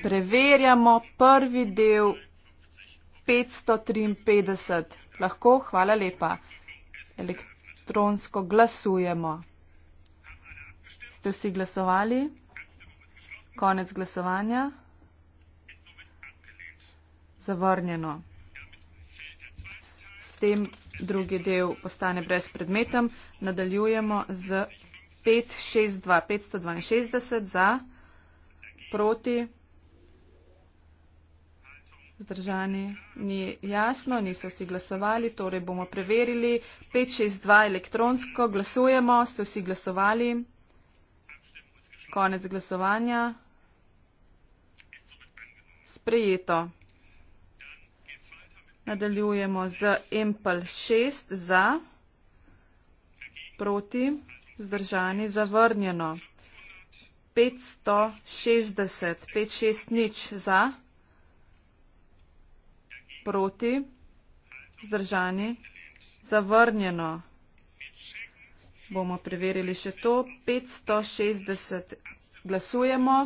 Preverjamo prvi del 553. Lahko, hvala lepa. Elektronsko glasujemo. Ste vsi glasovali? Konec glasovanja. Zavrnjeno. S tem drugi del postane brez predmetem. Nadaljujemo z 562. 562 za. Proti. Zdržani ni jasno, niso vsi glasovali, torej bomo preverili. 5, 6, 2 elektronsko glasujemo, ste vsi glasovali. Konec glasovanja. Sprejeto. Nadaljujemo z Empel 6 za, proti, zdržani, zavrnjeno. 560, 560 za proti, vzdržani, zavrnjeno. Bomo preverili še to. 560 glasujemo.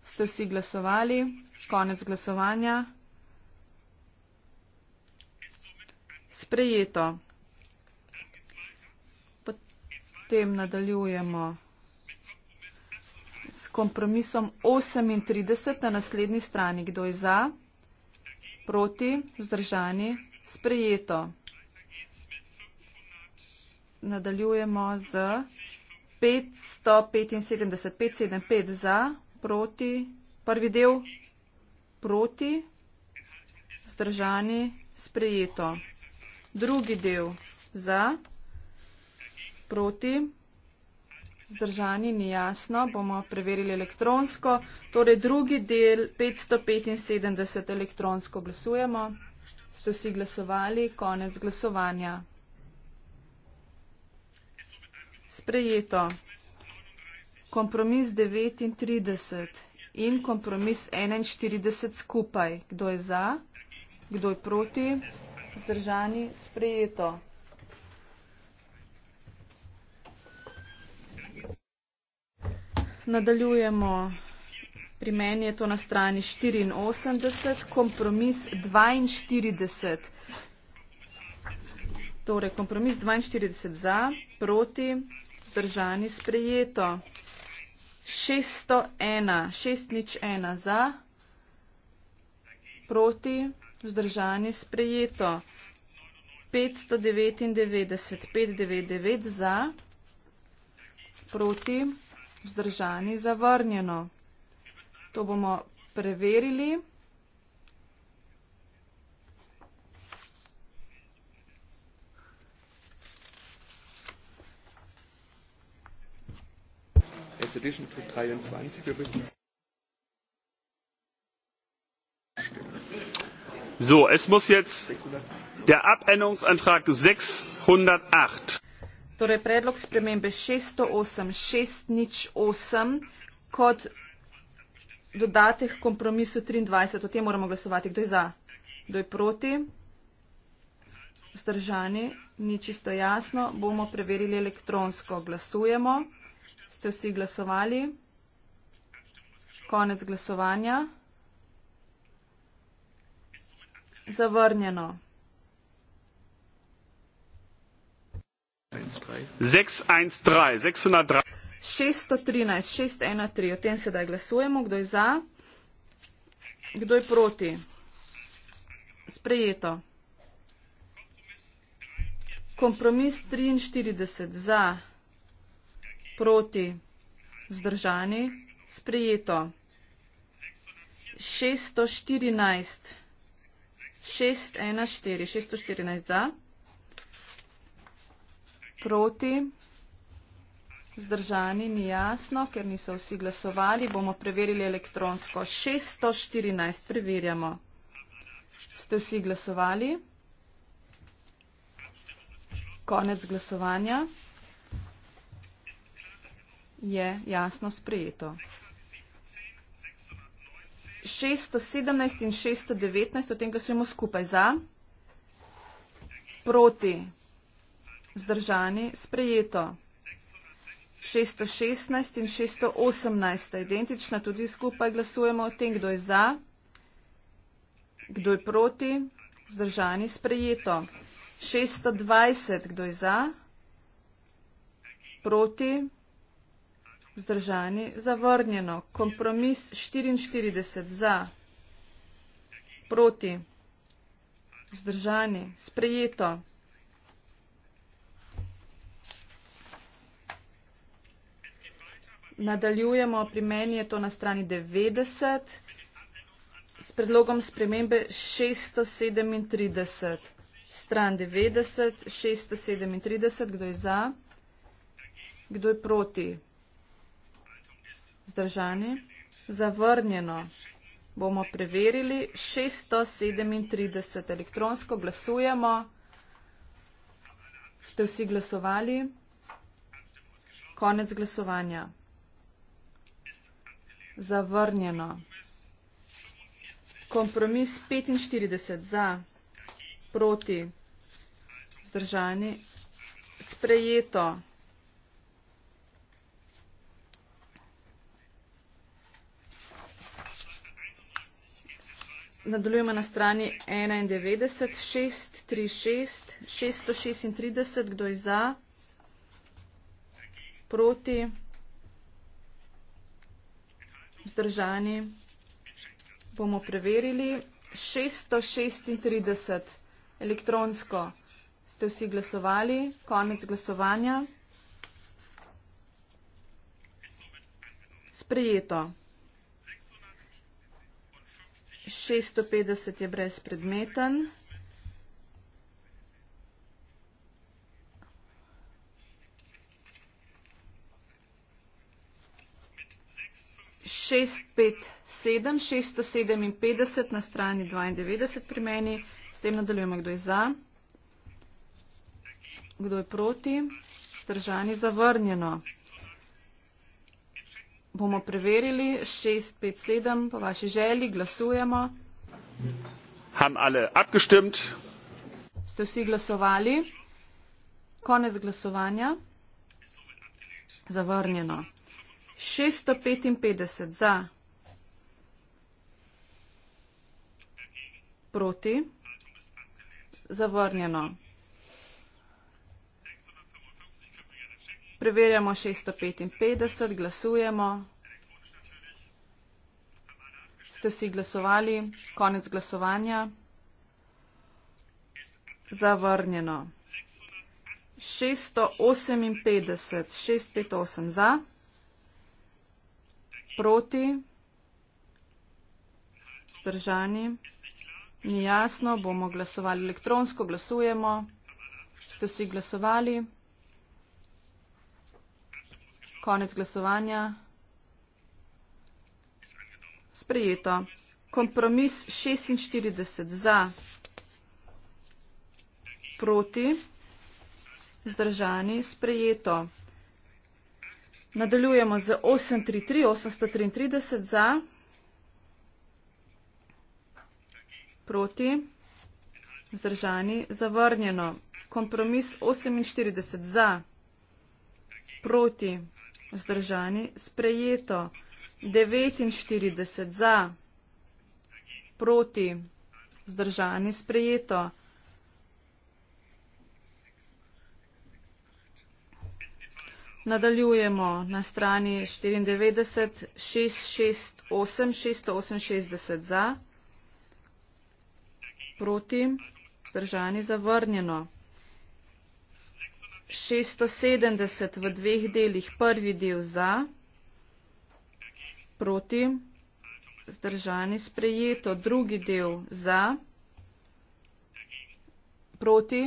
Ste vsi glasovali? Konec glasovanja. Sprejeto. Potem nadaljujemo s kompromisom 38 na naslednji strani. Kdo je za? proti, vzdržani, sprejeto. Nadaljujemo z 575, 575 za, proti, prvi del, proti, vzdržani, sprejeto. Drugi del, za, proti, vzdržani zdržani ni jasno, bomo preverili elektronsko. Torej drugi del 575 elektronsko glasujemo. Ste vsi glasovali? Konec glasovanja. Sprejeto. Kompromis 39 in kompromis 41 skupaj. Kdo je za? Kdo je proti? Zdržani? Sprejeto. Nadaljujemo. Pri meni je to na strani 84, kompromis 42. Torej, kompromis 42 za, proti, zdržani, sprejeto. 601, 601 za, proti, vzdržani, sprejeto. 599, 599 za, proti, vzdržani zavrnjeno. To bomo preverili. So, es muss jetzt der Abänderungsantrag 608. Torej predlog spremembe 608, 608 kot dodatek kompromisu 23. O tem moramo glasovati. Kdo je za? Kdo je proti? Vzdržani? Ni čisto jasno. Bomo preverili elektronsko. Glasujemo. Ste vsi glasovali? Konec glasovanja. Zavrnjeno. 613, 613, o tem sedaj glasujemo, kdo je za, kdo je proti. Sprejeto. Kompromis 43 za, proti, vzdržani. Sprejeto. 614, 614, 614 za proti, zdržani ni jasno, ker niso vsi glasovali. Bomo preverili elektronsko. 614 preverjamo. Ste vsi glasovali? Konec glasovanja. Je jasno sprejeto. 617 in 619, o tem glasujemo skupaj za, proti vzdržani, sprejeto. 616 in 618 identična, tudi skupaj glasujemo o tem, kdo je za, kdo je proti, vzdržani, sprejeto. 620, kdo je za, proti, vzdržani, zavrnjeno. Kompromis 44 za, proti, vzdržani, sprejeto. Nadaljujemo, pri meni je to na strani 90 s predlogom spremembe 637. Stran 90, 637, kdo je za, kdo je proti? Zdržani. Zavrnjeno. Bomo preverili 637. Elektronsko glasujemo. Ste vsi glasovali? Konec glasovanja zavrnjeno. Kompromis 45 za, proti, vzdržani, sprejeto. Nadaljujemo na strani 91, 636, 636, kdo je za, proti, vzdržani vzdržani. Bomo preverili. 636 elektronsko ste vsi glasovali. Konec glasovanja. Sprejeto. 650 je brezpredmeten. 657, 657 na strani 92 pri meni. S tem nadaljujemo, kdo je za, kdo je proti. Zdržani zavrnjeno. Bomo preverili 657 po vaši želji, glasujemo. Haben alle abgestimmt. Ste vsi glasovali? Konec glasovanja. Zavrnjeno. 655 za, proti, zavrnjeno. Preverjamo 655, glasujemo. Ste vsi glasovali, konec glasovanja. Zavrnjeno. 658, 658 za proti, vzdržani, ni jasno, bomo glasovali elektronsko, glasujemo, ste vsi glasovali, konec glasovanja, sprejeto, kompromis 46 za, proti, vzdržani, sprejeto. Nadaljujemo z 833, 833 za, proti, zdržani, zavrnjeno. Kompromis 48 za, proti, zdržani, sprejeto. 49 za, proti, zdržani, sprejeto. Nadaljujemo na strani 94 668 668 za, proti, vzdržani zavrnjeno. 670 v dveh delih, prvi del za, proti, vzdržani sprejeto, drugi del za, proti,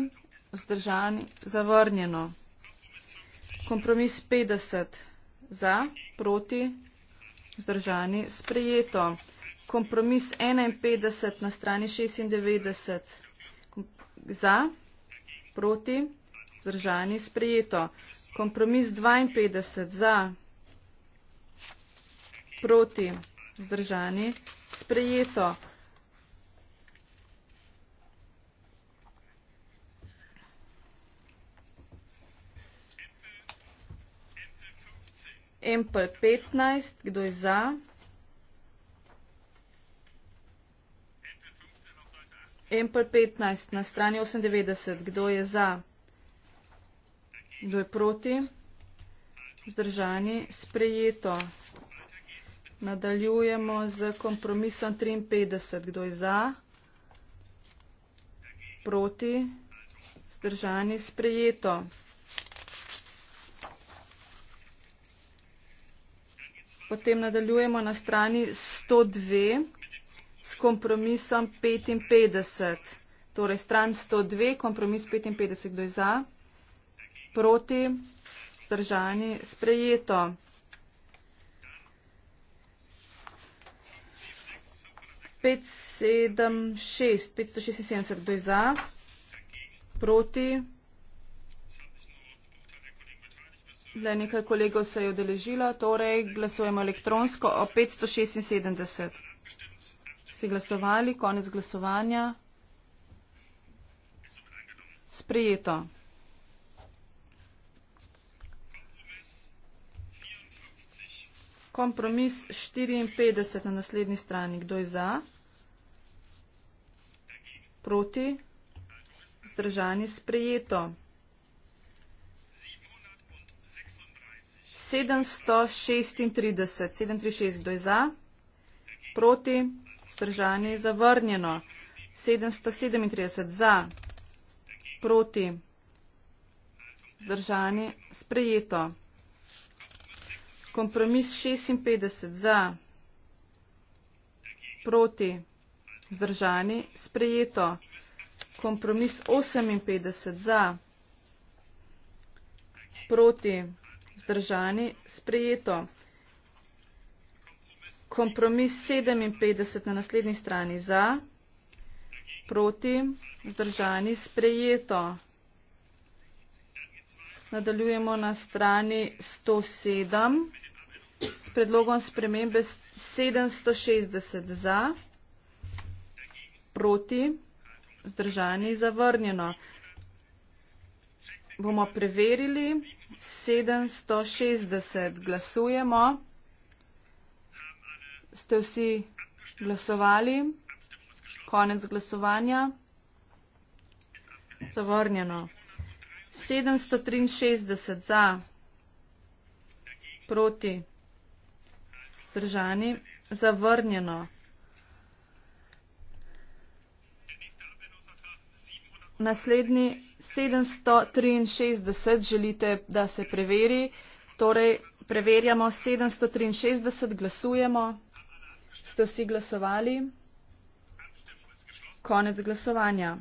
vzdržani zavrnjeno. Kompromis 50 za, proti, vzdržani, sprejeto. Kompromis 51 na strani 96 za, proti, vzdržani, sprejeto. Kompromis 52 za, proti, vzdržani, sprejeto. Empl 15, kdo je za? Empl 15 na strani 98, kdo je za? Kdo je proti? Vzdržani, sprejeto. Nadaljujemo z kompromisom 53, kdo je za? Proti? Vzdržani, sprejeto. Potem nadaljujemo na strani 102 s kompromisom 55. Torej, stran 102, kompromis 55, kdo je za, proti, zdržani, sprejeto. Pet, sedem, šest, petsto šestinsedemdeset, kdo je za, proti, Le nekaj kolegov se je odeležilo, torej glasujemo elektronsko o 576. Ste glasovali, konec glasovanja. Sprijeto. Kompromis 54 na naslednji strani. Kdo je za? Proti? Zdržani sprejeto. 736, 736, kdo je za? Proti, vzdržani, zavrnjeno. 737 za, proti, vzdržani, sprejeto. Kompromis 56 za, proti, vzdržani, sprejeto. Kompromis 58 za, proti, vzdržani vzdržani, sprejeto. Kompromis 57 na naslednji strani za, proti, vzdržani, sprejeto. Nadaljujemo na strani 107 s predlogom spremembe 760 za, proti, vzdržani, zavrnjeno. Bomo preverili. 760. Glasujemo. Ste vsi glasovali? Konec glasovanja. Zavrnjeno. 763 za. Proti. Držani. Zavrnjeno. naslednji 763 želite, da se preveri. Torej, preverjamo 763, glasujemo. Ste vsi glasovali? Konec glasovanja.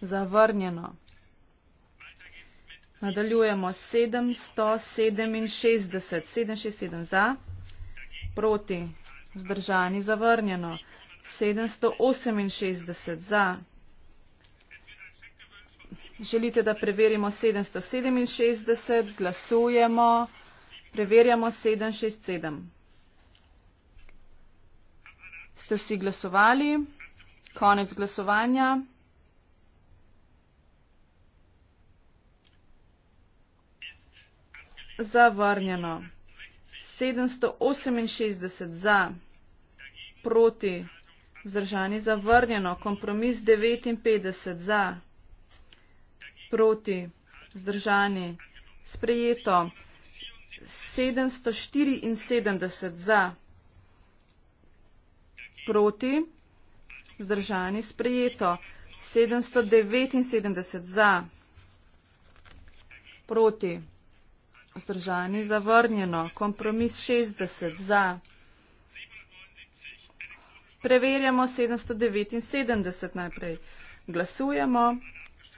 Zavrnjeno. Nadaljujemo 767, 767 za, proti, vzdržani, zavrnjeno. 768 za. Želite, da preverimo 767, glasujemo, preverjamo 767. Ste vsi glasovali? Konec glasovanja. Zavrnjeno. 768 za, proti Vzdržani zavrnjeno. Kompromis 59 za. Proti. Vzdržani. Sprejeto. 774 za. Proti. Vzdržani. Sprejeto. 779 za. Proti. Vzdržani zavrnjeno. Kompromis 60 za. Preverjamo 779 najprej. Glasujemo.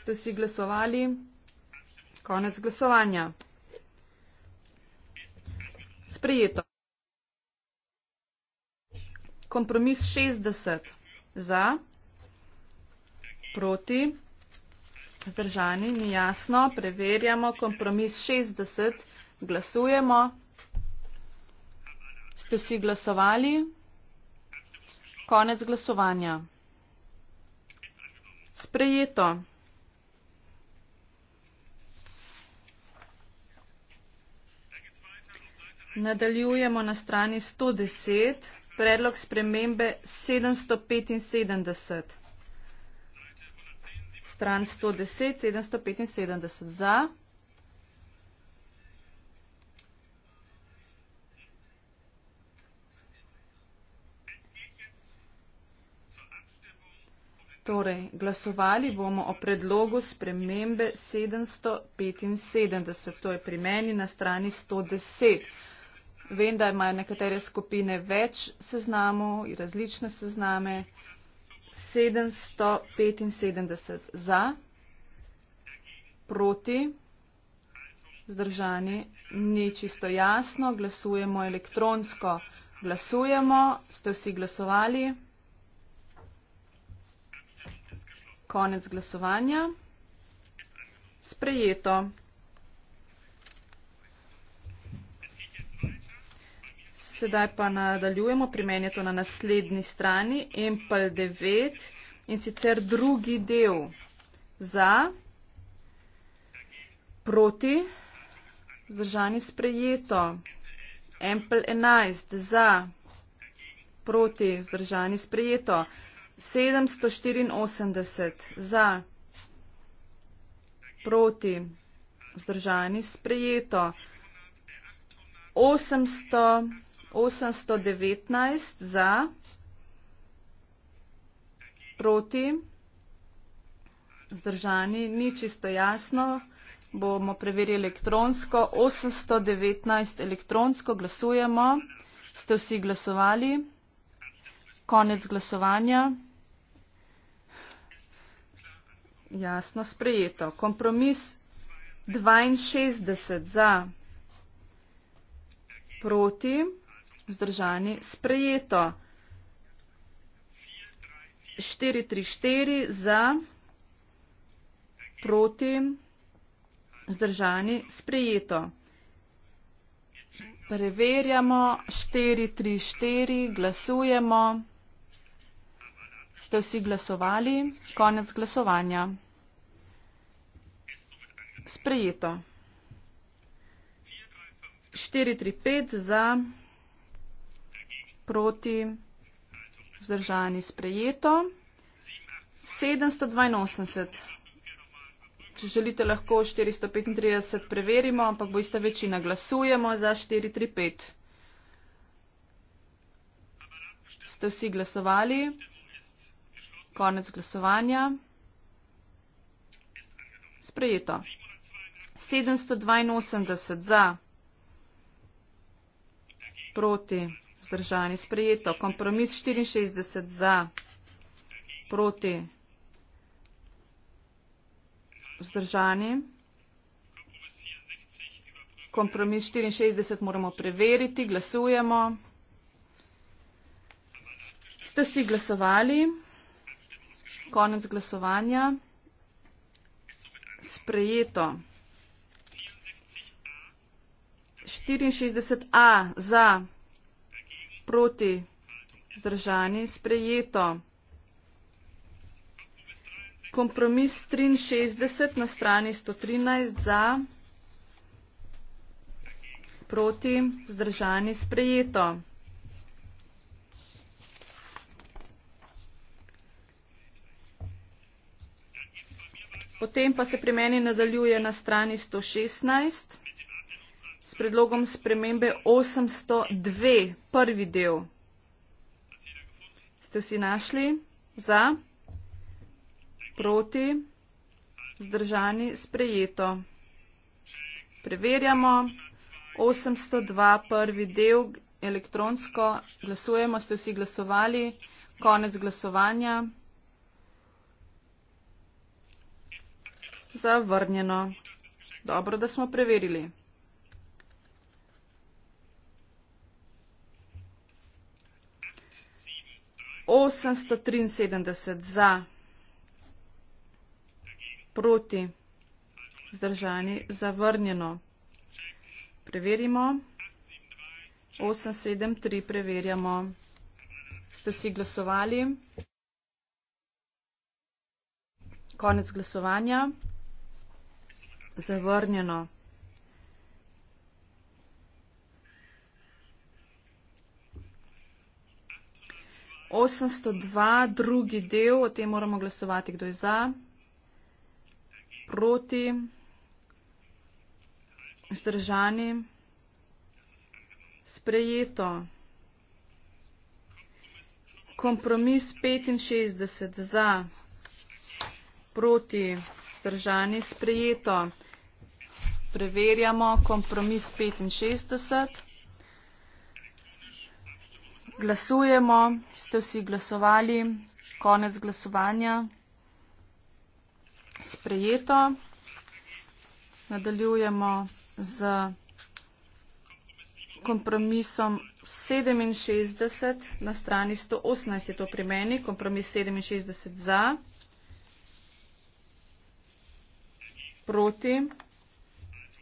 Ste si glasovali? Konec glasovanja. Sprijeto. Kompromis 60. Za. Proti. Zdržani. Ni jasno. Preverjamo. Kompromis 60. Glasujemo. Ste si glasovali? Glasujemo. Konec glasovanja. Sprejeto. Nadaljujemo na strani 110, predlog spremembe 775. Stran 110, 775 za. Torej, glasovali bomo o predlogu spremembe 775, to je pri meni na strani 110. Vem, da imajo nekatere skupine več seznamov in različne sezname. 775 za, proti, zdržani, ni čisto jasno, glasujemo elektronsko. Glasujemo, ste vsi glasovali? Konec glasovanja. Sprejeto. Sedaj pa nadaljujemo, pri meni je to na naslednji strani, MPL 9 in sicer drugi del za, proti, zdržani sprejeto, MPL 11 za, proti, zdržani sprejeto. 784 za, proti, vzdržani, sprejeto. 800, 819 za, proti, vzdržani, ni čisto jasno, bomo preverili elektronsko. 819 elektronsko glasujemo, ste vsi glasovali, konec glasovanja. Jasno sprejeto. Kompromis 62 za proti vzdržani sprejeto. 434 za proti vzdržani sprejeto. Preverjamo 434, glasujemo. Ste vsi glasovali? Konec glasovanja. Sprejeto. 435 za, proti, vzdržani sprejeto. 782. Če želite, lahko 435 preverimo, ampak bo ista večina. Glasujemo za 435. Ste vsi glasovali? Konec glasovanja. Sprejeto. 782 za, proti, vzdržani. Sprejeto. Kompromis 64 za, proti, vzdržani. Kompromis 64 moramo preveriti. Glasujemo. Ste si glasovali? Konec glasovanja. Sprejeto. 64A za, proti, zdržani, sprejeto. Kompromis 63 na strani 113 za, proti, zdržani, sprejeto. Potem pa se pri meni nadaljuje na strani 116 s predlogom spremembe 802, prvi del. Ste vsi našli? Za? Proti? Zdržani? Sprejeto. Preverjamo. 802, prvi del, elektronsko. Glasujemo. Ste vsi glasovali? Konec glasovanja. Zavrnjeno. Dobro, da smo preverili. Osemsto triinsedemdeset za, proti, zdržani, zavrnjeno. Preverimo. Osem sedem tri preverjamo. Ste vsi glasovali? Konec glasovanja zavrnjeno. Osemsto dva, drugi del, o tem moramo glasovati, kdo je za, proti, vzdržani, sprejeto. Kompromis 65 za, proti vzdržani sprejeto. Preverjamo kompromis 65. Glasujemo, ste vsi glasovali, konec glasovanja. Sprejeto. Nadaljujemo z kompromisom 67 na strani 118 je to pri meni, kompromis 67 za. Proti.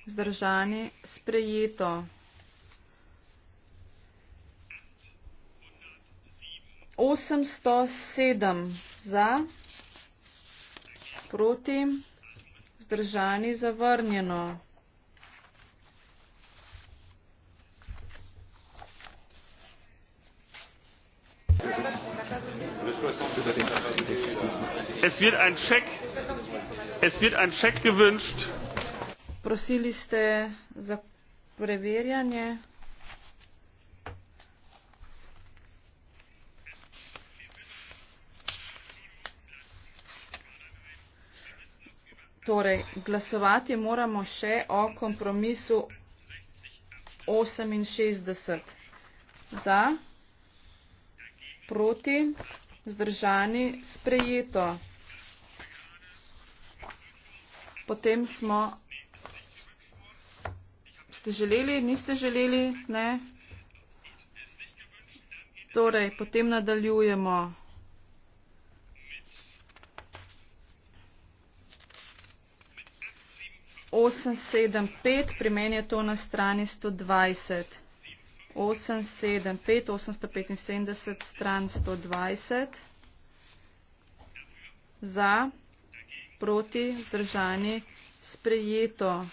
Zdržani. Sprejeto. Osemsto sedem za. Proti. Zdržani. Zavrnjeno. Es wird ein Scheck es wird ein Scheck gewünscht. Prosili ste za preverjanje. Torej, glasovati moramo še o kompromisu 68. Za, proti, zdržani, sprejeto potem smo. Ste želeli, niste želeli, ne? Torej, potem nadaljujemo. Osem sedem pet, pri meni je to na strani sto dvajset. Osem sedem pet, osemsto petinsedemdeset, stran sto dvajset. Za proti, vzdržani, sprejeto.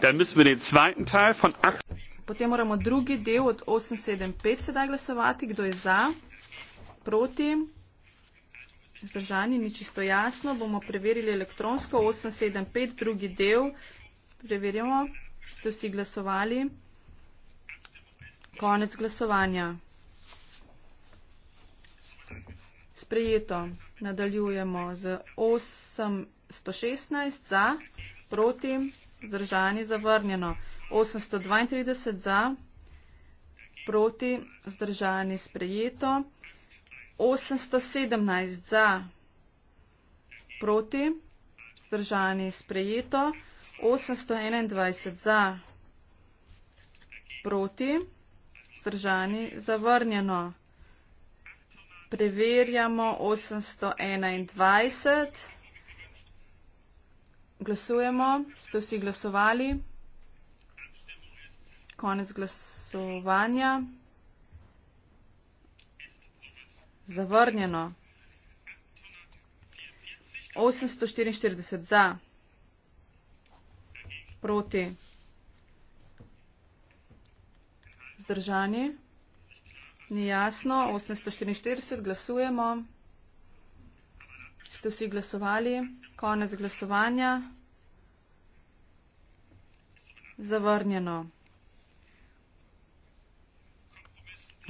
dann müssen wir den zweiten Teil von 8. Potem moramo drugi del od 875 sedaj glasovati, kdo je za, proti, vzdržani, ni čisto jasno, bomo preverili elektronsko 875, drugi del, preverimo, ste vsi glasovali, konec glasovanja. Sprejeto, nadaljujemo z 816 za, proti, vzdržani zavrnjeno, 832 za, proti, vzdržani sprejeto, 817 za, proti, vzdržani sprejeto, 821 za, proti, vzdržani zavrnjeno. Preverjamo 821 glasujemo, ste vsi glasovali. Konec glasovanja. Zavrnjeno. 844 za. Proti. Zdržani. Ni jasno. 844 glasujemo ste vsi glasovali, konec glasovanja. Zavrnjeno.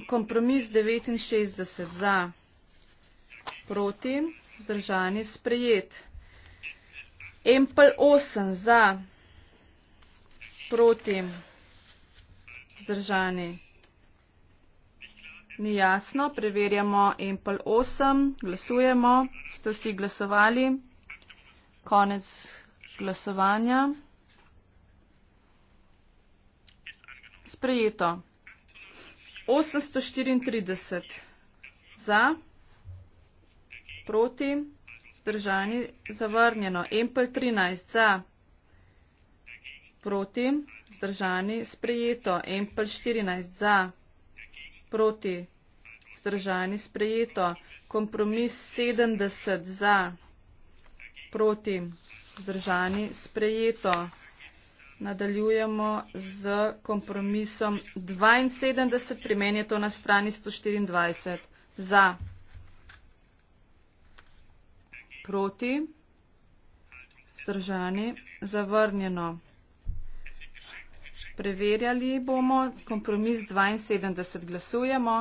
Kompromis 69 za, proti, zdržani, sprejet. Empel 8 za, proti, zdržani. Ni jasno, preverjamo Empel 8, glasujemo, ste vsi glasovali, konec glasovanja. Sprejeto. 834 za, proti, zdržani, zavrnjeno. Empel 13 za, proti, zdržani, sprejeto. Empel 14 za proti, vzdržani sprejeto, kompromis 70 za, proti, vzdržani sprejeto. Nadaljujemo z kompromisom 72, pri meni je to na strani 124, za, proti, vzdržani, zavrnjeno. Preverjali bomo kompromis 72. Glasujemo.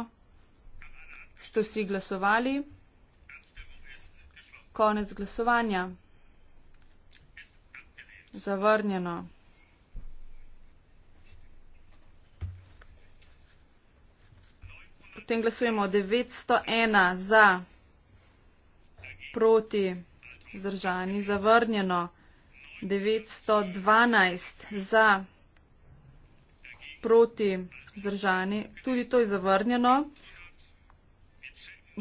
Ste vsi glasovali? Konec glasovanja. Zavrnjeno. Potem glasujemo 901 za, proti, zdržani, zavrnjeno. 912 za proti zdržani. Tudi to je zavrnjeno.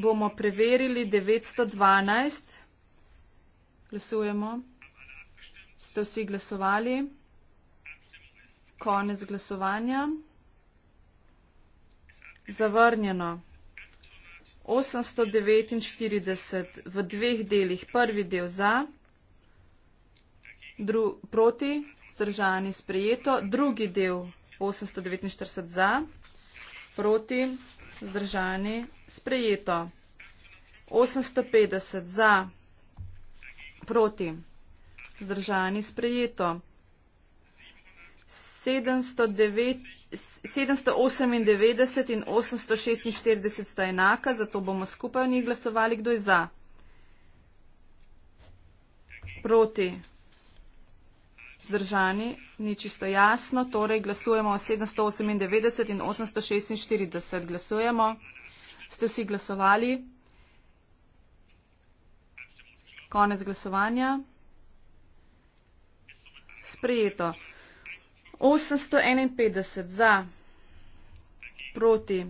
Bomo preverili 912. Glasujemo. Ste vsi glasovali? Konec glasovanja. Zavrnjeno. 849 v dveh delih. Prvi del za, dru, proti, zdržani sprejeto. Drugi del 849 za, proti, zdržani, sprejeto. 850 za, proti, zdržani, sprejeto. 798 in 846 sta enaka, zato bomo skupaj v njih glasovali, kdo je za. Proti, Zdržani, ni čisto jasno, torej glasujemo 798 in 846 glasujemo. Ste vsi glasovali? Konec glasovanja. Sprejeto. 851 za, proti,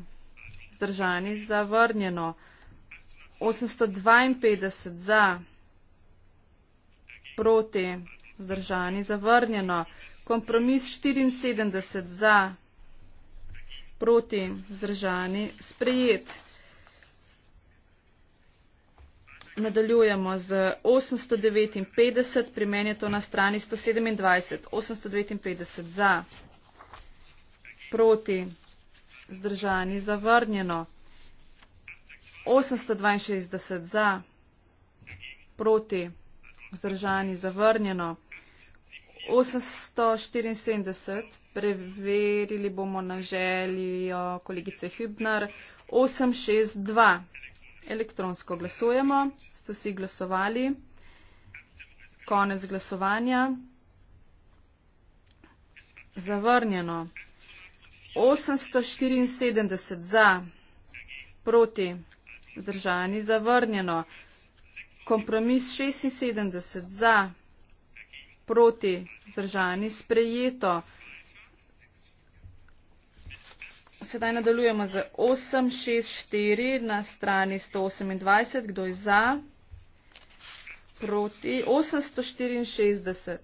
zdržani, zavrnjeno. 852 za, proti, Zdržani zavrnjeno. Kompromis 74 za, proti zdržani sprejet. Nadaljujemo z 859, pri meni je to na strani 127. 859 za, proti zdržani zavrnjeno. 862 za, proti zdržani zavrnjeno. 874, preverili bomo na željo kolegice Hübner, 862. Elektronsko glasujemo, ste vsi glasovali, konec glasovanja, zavrnjeno. 874 za, proti, zdržani, zavrnjeno. Kompromis 76 za, proti, vzdržani sprejeto. Sedaj nadaljujemo z 864 na strani 128. Kdo je za? Proti 864.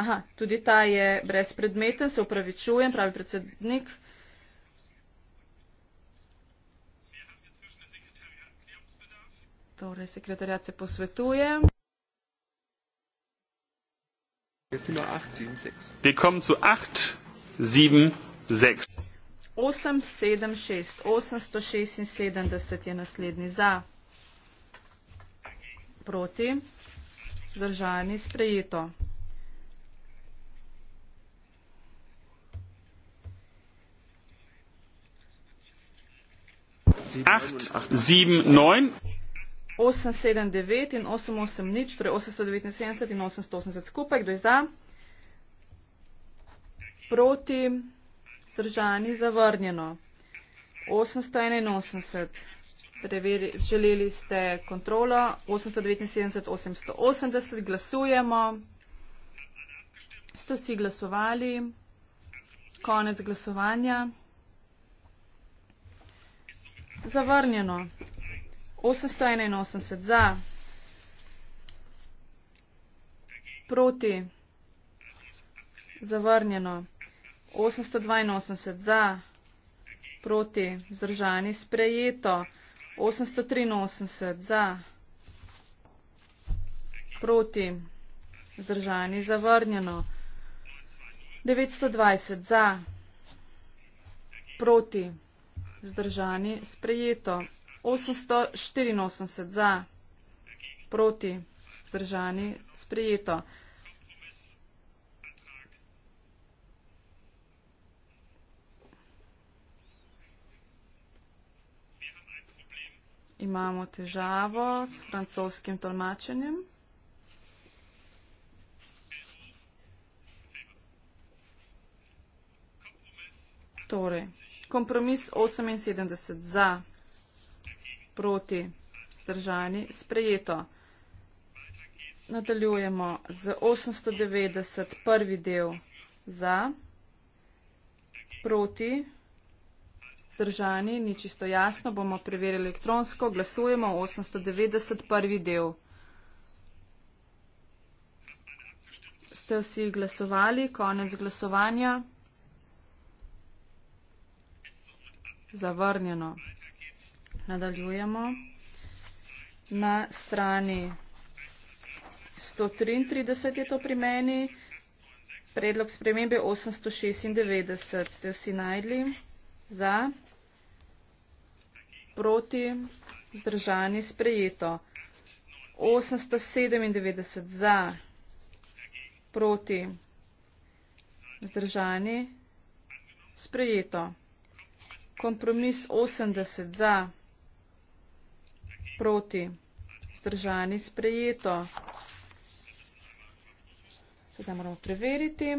Aha, tudi ta je brezpredmeten, se upravičujem, pravi predsednik. Torej, sekretarjat se posvetuje. Jetzt sind wir 8, 7, 6. Wir kommen zu 8, 7, 6. 8, 7, 6. 876 je naslednji za. Proti. Zdržani sprejeto. Acht, sieben, neun osem sedem devet in osem osem nič torej osemsto devetinsedemdeset in osemsto osemdeset skupaj kdo je za proti zdržani zavrnjeno osemsto enainosemdeset preveri želeli ste kontrolo osemsto devetinsedemdeset osemsto osemdeset glasujemo ste vsi glasovali konec glasovanja zavrnjeno 881 za, proti, zavrnjeno, 882 za, proti, vzdržani, sprejeto, 883 za, proti, vzdržani, zavrnjeno, 920 za, proti, vzdržani, sprejeto. 884 za, proti, zdržani, sprejeto. Imamo težavo s francoskim tolmačenjem. Torej, kompromis 78 za proti vzdržani sprejeto. Nadaljujemo z 890 prvi del za, proti, vzdržani, ni čisto jasno, bomo preverili elektronsko, glasujemo 890 prvi del. Ste vsi glasovali, konec glasovanja? Zavrnjeno. Nadaljujemo. Na strani 133 je to pri meni. Predlog spremembe 896 ste vsi najdli. Za, proti, vzdržani, sprejeto. 897 za, proti, vzdržani, sprejeto. Kompromis 80 za proti, vzdržani sprejeto. Sedaj moramo preveriti.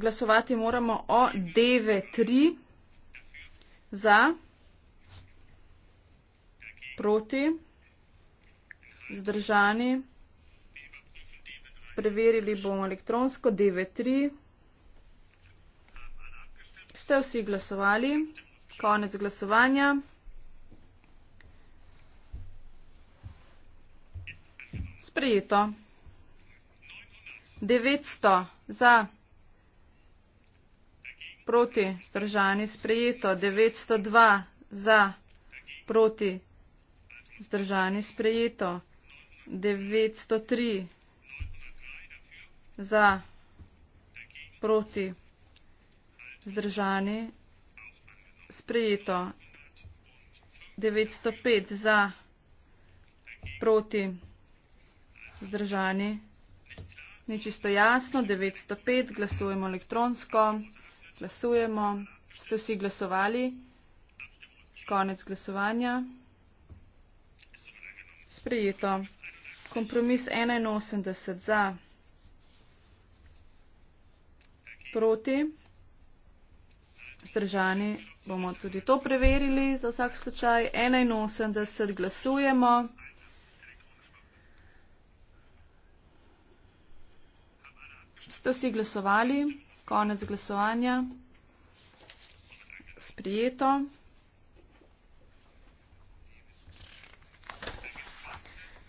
Glasovati moramo o DV3. Za. Proti. Zdržani. Preverili bomo elektronsko. DV3. Ste vsi glasovali? Konec glasovanja. Sprejeto. 900 za proti, zdržani sprejeto, 902 za, proti, zdržani sprejeto, 903 za, proti, zdržani sprejeto, 905 za, proti, zdržani. Ni čisto jasno, 905 glasujemo elektronsko. Glasujemo. Ste vsi glasovali? Konec glasovanja. Sprejeto. Kompromis 81 za. Proti. Zdržani bomo tudi to preverili za vsak slučaj. 81 glasujemo. Ste vsi glasovali? Konec glasovanja. Sprijeto.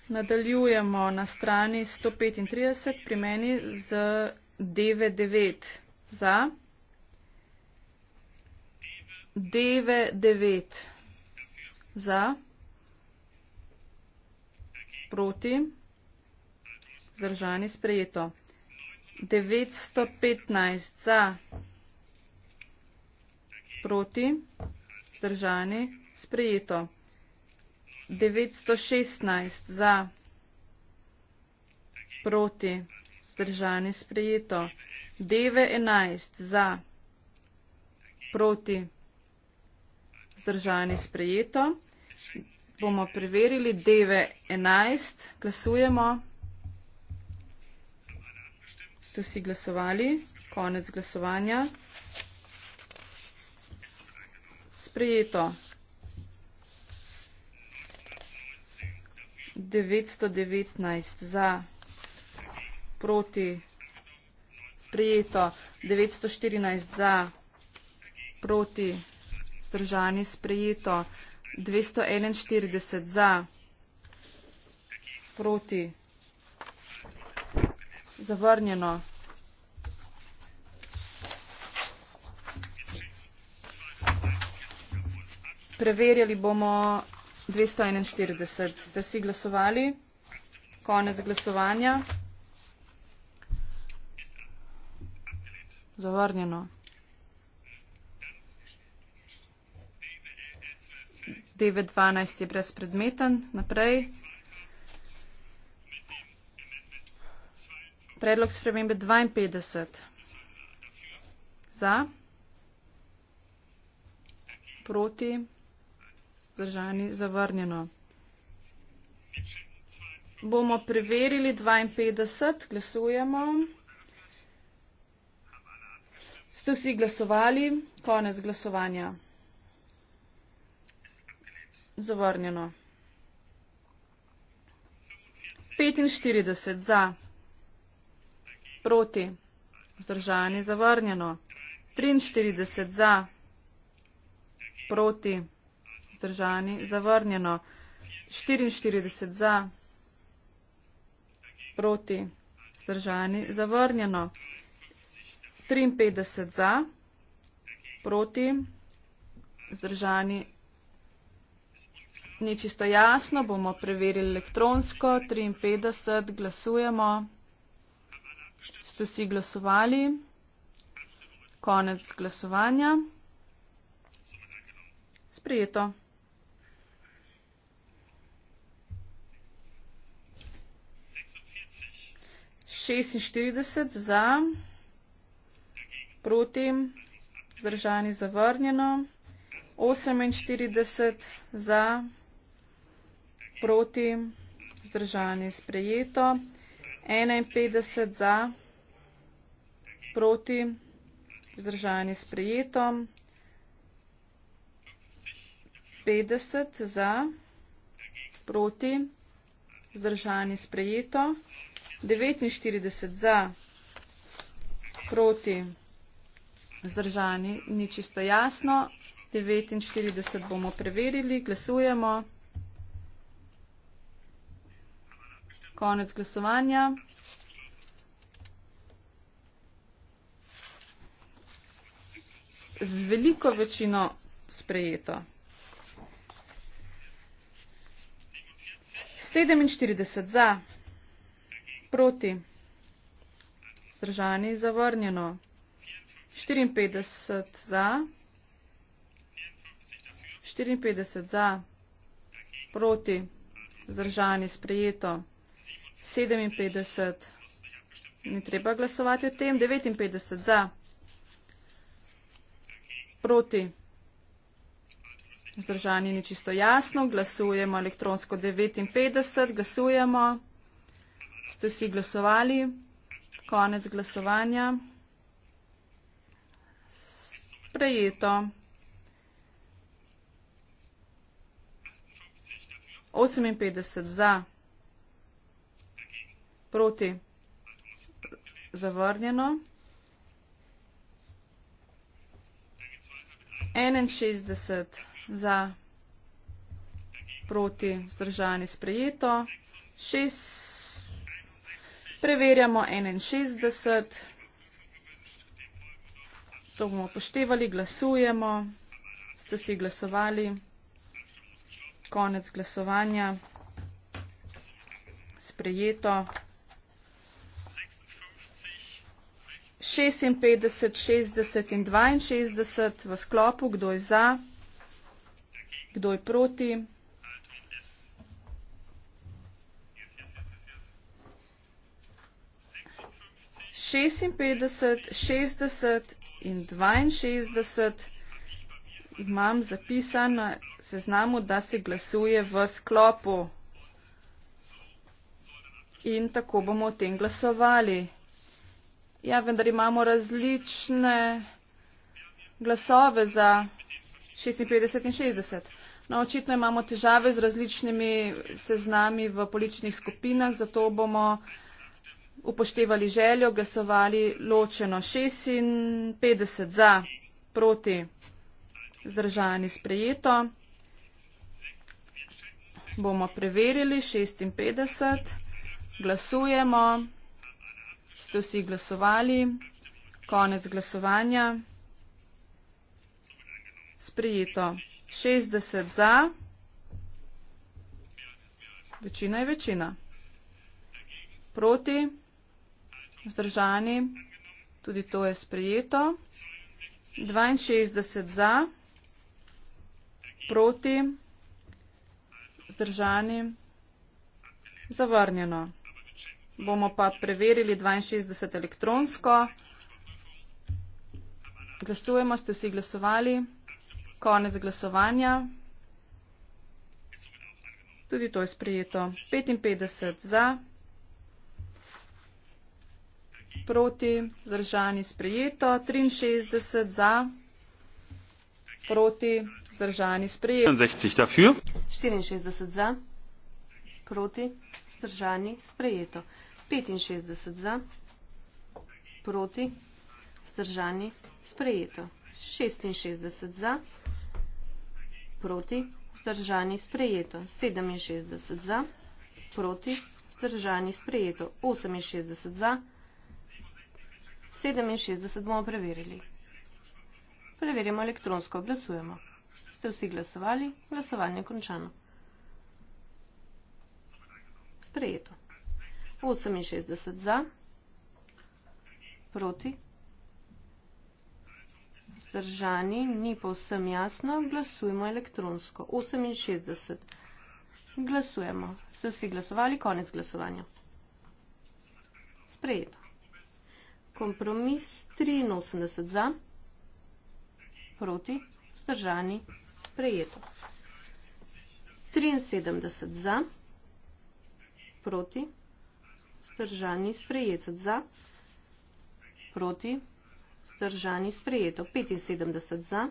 Nadaljujemo na strani 135 pri meni z DV9 za. DV9 za. Proti. Zdržani sprejeto. 915 za, proti, vzdržani, sprejeto. 916 za, proti, vzdržani, sprejeto. 911 za, proti, vzdržani, sprejeto. Bomo preverili 911, glasujemo ste vsi glasovali. Konec glasovanja. Sprejeto. 919 za, proti, sprejeto, 914 za, proti, zdržani, sprejeto, 241 za, proti zavrnjeno. Preverjali bomo 241. Ste vsi glasovali? Konec glasovanja. Zavrnjeno. 912 je brezpredmeten. Naprej. Predlog spremembe 52. Za. Proti. Zdržani. Zavrnjeno. Bomo preverili 52. Glasujemo. Ste vsi glasovali? Konec glasovanja. Zavrnjeno. 45 za, proti, vzdržani zavrnjeno, 43 za, proti, vzdržani zavrnjeno, 44 za, proti, vzdržani zavrnjeno, 53 za, proti, vzdržani. Ni čisto jasno, bomo preverili elektronsko. 53 glasujemo. Ste si glasovali? Konec glasovanja. Sprijeto. Šestinštirideset za, proti, zdržani zavrnjeno, oseminštirideset za, proti, zdržani sprejeto, enainpetdeset za proti, vzdržanje sprejeto, 50 za, proti, vzdržanje sprejeto, 49 za, proti, vzdržanje ni čisto jasno, 49 bomo preverili, glasujemo. Konec glasovanja. z veliko večino sprejeto. 47 za, proti, zdržani, zavrnjeno. 54 za, 54 za, proti, zdržani, sprejeto. 57, ni treba glasovati o tem, 59 za. Proti. Vzdržanje ni čisto jasno. Glasujemo elektronsko 59. Glasujemo. Ste vsi glasovali? Konec glasovanja. Sprejeto. 58 za. Proti. Zavrnjeno. 61 za, proti, vzdržani sprejeto. Šest, preverjamo 61. To bomo poštevali, glasujemo. Ste vsi glasovali. Konec glasovanja. Sprejeto. šestinpetdeset šestdeset in dvainšestdeset v sklopu kdo je za kdo je proti šestinpetdeset šestdeset in dvainšestdeset imam zapisan na seznamu da se glasuje v sklopu in tako bomo o tem glasovali Ja, vendar imamo različne glasove za 56 in 60. No, očitno imamo težave z različnimi seznami v političnih skupinah, zato bomo upoštevali željo, glasovali ločeno 56 za, proti, zdržani sprejeto. Bomo preverili 56, glasujemo ste vsi glasovali. Konec glasovanja. Sprijeto 60 za. Večina je večina. Proti, vzdržani, tudi to je sprijeto. 62 za, proti, vzdržani, zavrnjeno bomo pa preverili 62 elektronsko. Glasujemo, ste vsi glasovali. Konec glasovanja. Tudi to je sprejeto. 55 za, proti, zdržani sprejeto. 63 za, proti, zdržani sprejeto. 64 za, proti vzdržani, sprejeto. 65 za, proti, vzdržani, sprejeto. 66 za, proti, vzdržani, sprejeto. 67 za, proti, vzdržani, sprejeto. 68 za, 67 bomo preverili. Preverjamo elektronsko, glasujemo. Ste vsi glasovali? Glasovanje je končano sprejeto. 68 za, proti, zdržani, ni povsem jasno, glasujemo elektronsko. 68 glasujemo. Se vsi glasovali, konec glasovanja. Sprejeto. Kompromis 83 za, proti, zdržani, sprejeto. 73 za, proti, zdržani, sprejeto. Proti. Stržani sprejet. Za. Proti. Stržani sprejeto. 75 za.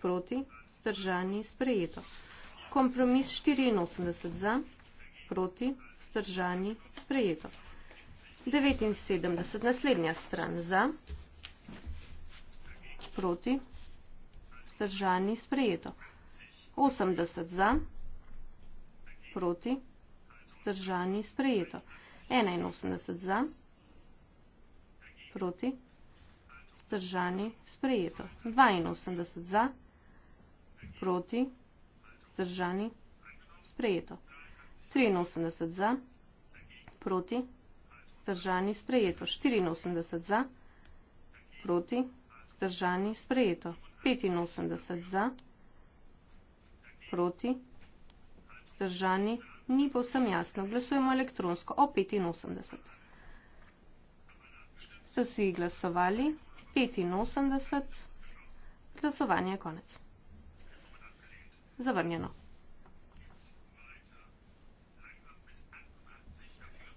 Proti. Stržani sprejeto. Kompromis 84 za. Proti. Stržani sprejeto. 79. Naslednja stran. Za. Proti. Stržani sprejeto. 80 za. Proti. Proti vzdržani sprejeto. 81 za, proti, vzdržani sprejeto. 82 za, proti, vzdržani sprejeto. 83 za, proti, vzdržani sprejeto. 84 za, proti, vzdržani sprejeto. 85 za, proti, vzdržani sprejeto ni povsem jasno. Glasujemo elektronsko. O 85. So si glasovali. 85. Glasovanje je konec. Zavrnjeno.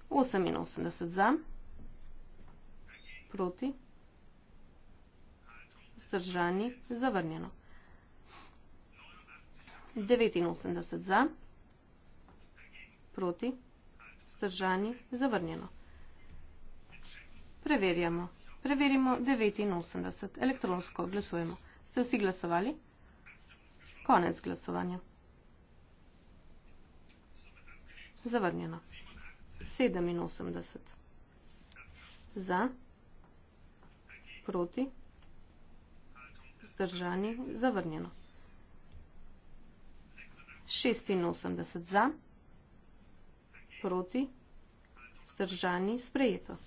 88 za. Proti. Zdržani. Zavrnjeno. 89 za proti, vzdržani, zavrnjeno. Preverjamo. Preverimo 89. Elektronsko glasujemo. Ste vsi glasovali? Konec glasovanja. Zavrnjeno. 87. Za. Proti. Zdržani. Zavrnjeno. 86 za proti, vzdržani, sprejeto.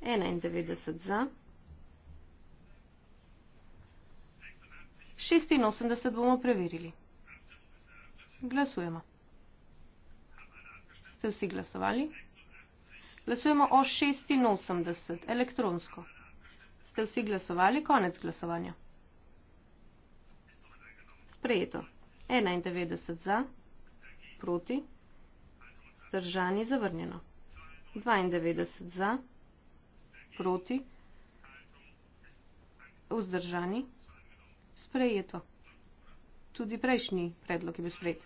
91 za. 86 bomo preverili. Glasujemo. Ste vsi glasovali? Glasujemo o 86, elektronsko. Ste vsi glasovali? Konec glasovanja. Sprejeto. 91 za, proti, vzdržani zavrnjeno. 92 za, proti, vzdržani, sprejeto. Tudi prejšnji predlog je bil sprejet.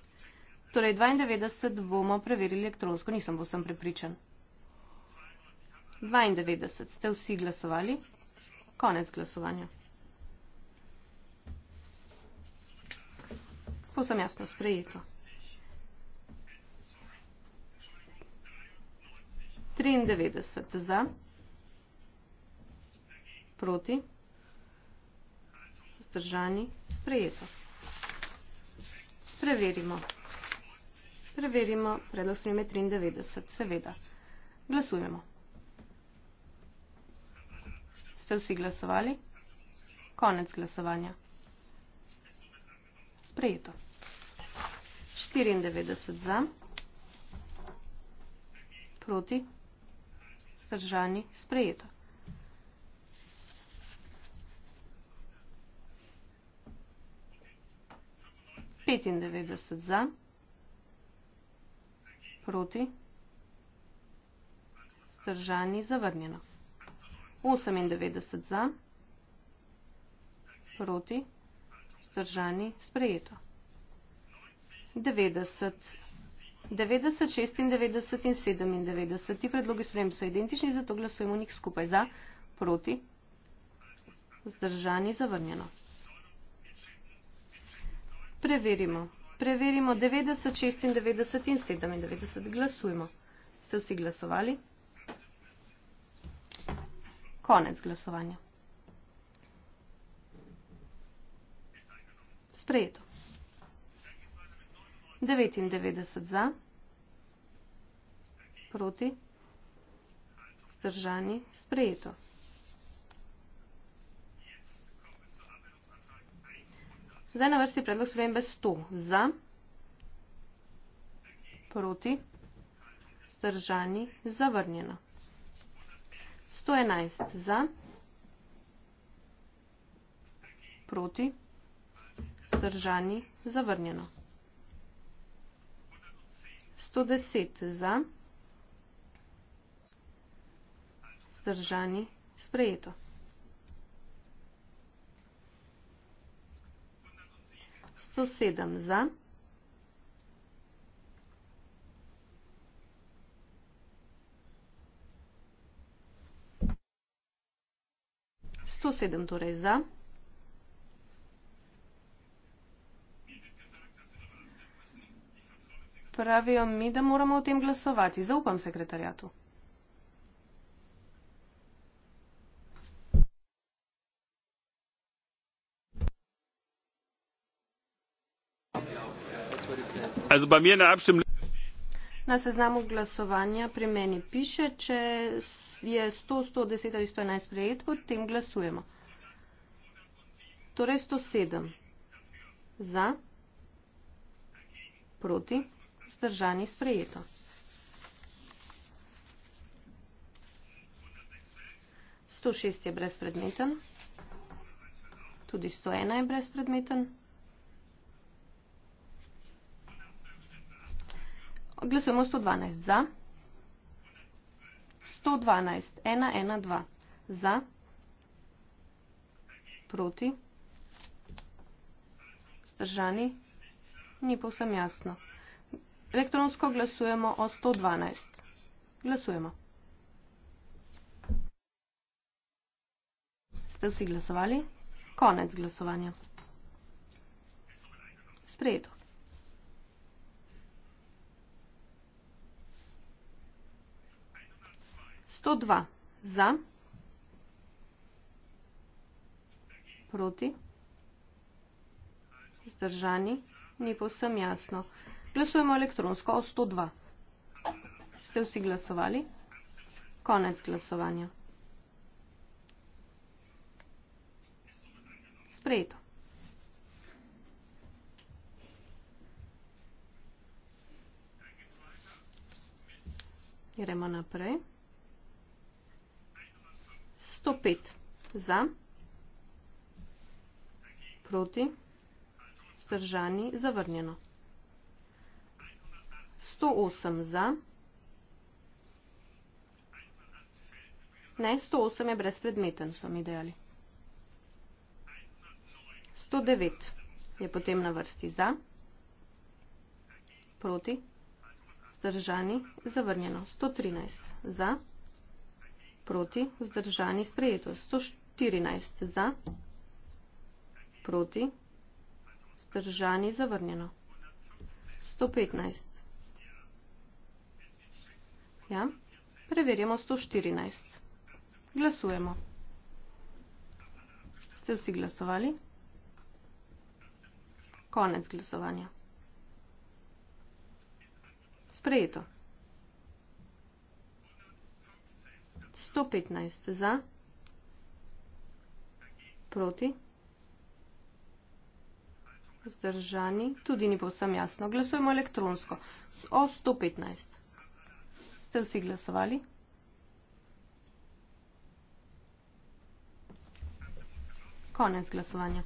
Torej, 92 bomo preverili elektronsko, nisem bo sem prepričan. 92 ste vsi glasovali, konec glasovanja. Posem jasno sprejeto. 93 za, proti, vzdržani, sprejeto. Preverimo. Preverimo, predlog smeme 93, seveda. Glasujemo. Ste vsi glasovali? Konec glasovanja. Sprejeto. 94 za, proti, vzdržani, sprejeto vzdržani sprejeto. za, proti, vzdržani zavrnjeno. 98 za, proti, vzdržani sprejeto. 90 za. 90, 96 in 97. Ti predlogi sprejem so identični, zato glasujemo njih skupaj za, proti, zdržani, zavrnjeno. Preverimo. Preverimo 90, 96 in 97. Glasujemo. Ste vsi glasovali? Konec glasovanja. Sprejeto. 99 za, proti, vzdržani, sprejeto. Zdaj na vrsti predlog spremembe 100 za, proti, vzdržani, zavrnjeno. 111 za, proti, vzdržani, zavrnjeno. 110 za. Zdržani sprejeto. Sto sedem za. Sto sedem torej za. pravijo mi, da moramo o tem glasovati. Zaupam sekretarjatu. Na seznamu glasovanja pri meni piše, če je 100, 110 ali 111 sprejet, potem glasujemo. Torej 107 za, proti vzdržani sprejeto. Sto šest je brezpredmeten, tudi sto ena je brezpredmeten. Glasujemo 112 za, 112, 1, 1, 2 za, proti, vzdržani, ni povsem jasno. Elektronsko glasujemo o 112. Glasujemo. Ste vsi glasovali? Konec glasovanja. Sprejeto. Sto dva za, proti, zdržani, ni povsem jasno. Glasujemo elektronsko o 102. Ste vsi glasovali? Konec glasovanja. Sprejeto. Gremo naprej. 105 za, proti, stržani, zavrnjeno. 108 za. Ne, 108 je brezpredmeten, so mi dejali. 109 je potem na vrsti za, proti, zdržani, zavrnjeno. 113 za, proti, zdržani, sprejeto. 114 za, proti, zdržani, zavrnjeno. 115 Ja, preverjamo 114. Glasujemo. Ste vsi glasovali? Konec glasovanja. Sprejeto. 115 za, proti, zdržani, tudi ni povsem jasno. Glasujemo elektronsko. O 115 ste vsi glasovali? Konec glasovanja.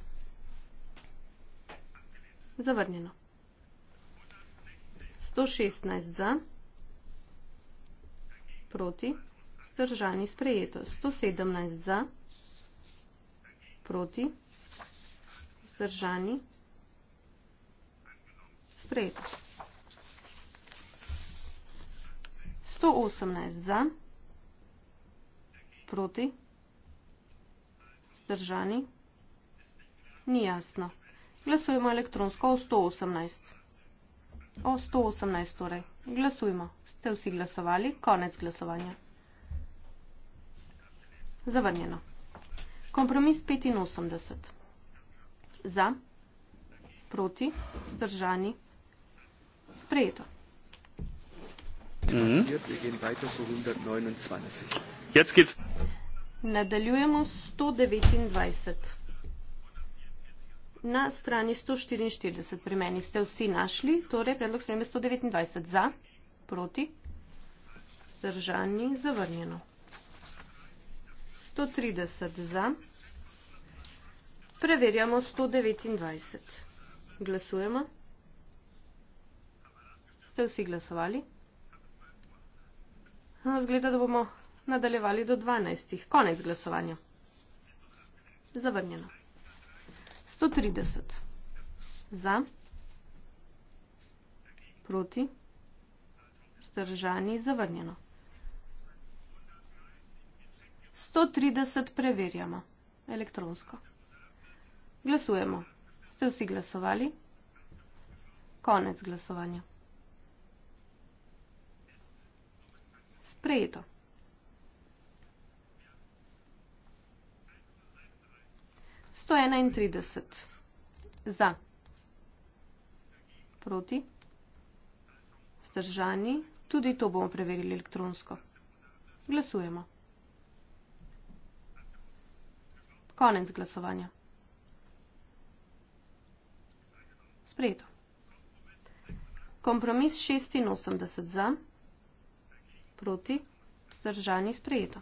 Zavrnjeno. 116 za, proti, vzdržani sprejeto. 117 za, proti, vzdržani sprejeto. 118 za, proti, zdržani, ni jasno. Glasujemo elektronsko o 118. O 118 torej. Glasujmo. Ste vsi glasovali? Konec glasovanja. Zavrnjeno. Kompromis 85. Za, proti, zdržani, sprejeto. Mhm. Nadaljujemo s 129. Na strani 144 pri meni ste vsi našli, torej predlog spremembe 129 za, proti, zdržani, zavrnjeno. 130 za. Preverjamo 129. Glasujemo. Ste vsi glasovali? No, zgleda, da bomo nadaljevali do 12. Konec glasovanja. Zavrnjeno. 130. Za. Proti. Zdržani. Zavrnjeno. 130 preverjamo. Elektronsko. Glasujemo. Ste vsi glasovali? Konec glasovanja. sprejeto. Sto enaintrideset za, proti, zdržani, tudi to bomo preverili elektronsko. Glasujemo. Konec glasovanja. Sprejeto. Kompromis šestinosemdeset za proti, zdržani sprejeto.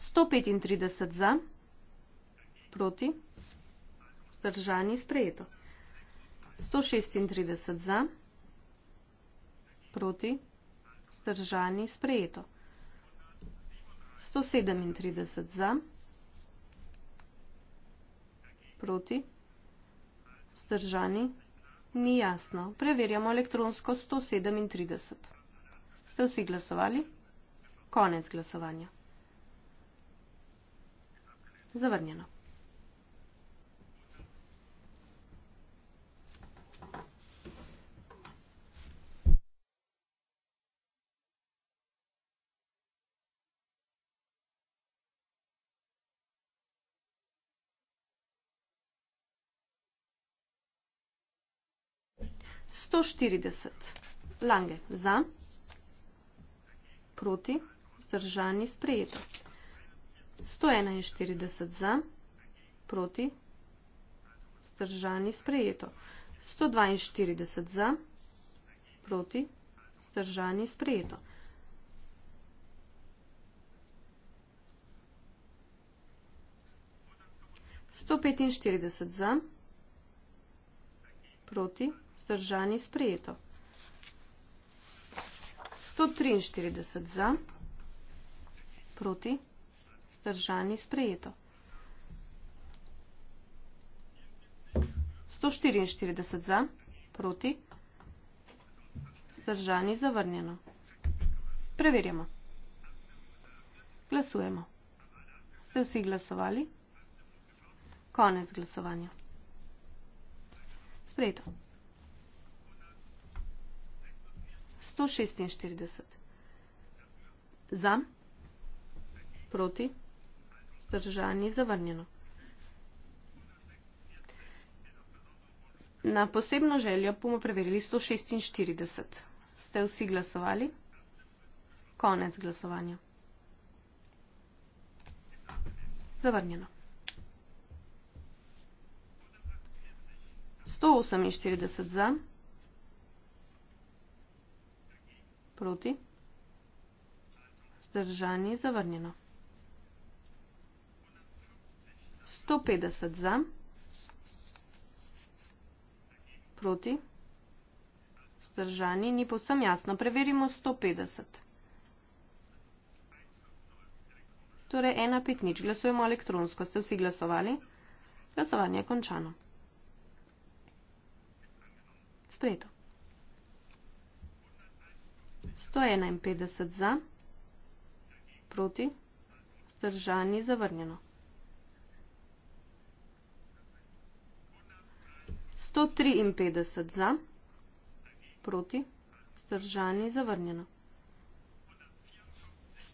Sto petintrideset za, proti, zdržani sprejeto. Sto šestintrideset za, proti, zdržani sprejeto. Sto sedemintrideset za, proti, zdržani sprejeto. Ni jasno. Preverjamo elektronsko 137. Ste vsi glasovali? Konec glasovanja. Zavrnjeno. 140. Lange za, proti, vzdržani, sprejeto. 141 za, proti, vzdržani, sprejeto. 142 za, proti, vzdržani, sprejeto. 145 za, proti, vzdržani, sprejeto vzdržani sprejeto. 143 za, proti, vzdržani sprejeto. 144 za, proti, vzdržani zavrnjeno. Preverjamo. Glasujemo. Ste vsi glasovali? Konec glasovanja. Sprejeto. 146. Za? Proti? Zdržanje zavrnjeno. Na posebno željo bomo preverili 146. Ste vsi glasovali? Konec glasovanja. Zavrnjeno. 148 za, Proti. Zdržani, zavrnjeno. 150 za. Proti. Zdržani, ni povsem jasno. Preverimo 150. Torej, ena pet nič. Glasujemo elektronsko. Ste vsi glasovali? Glasovanje je končano. Sprejeto. 151 za, proti, zdržani, zavrnjeno. 153 za, proti, zdržani, zavrnjeno.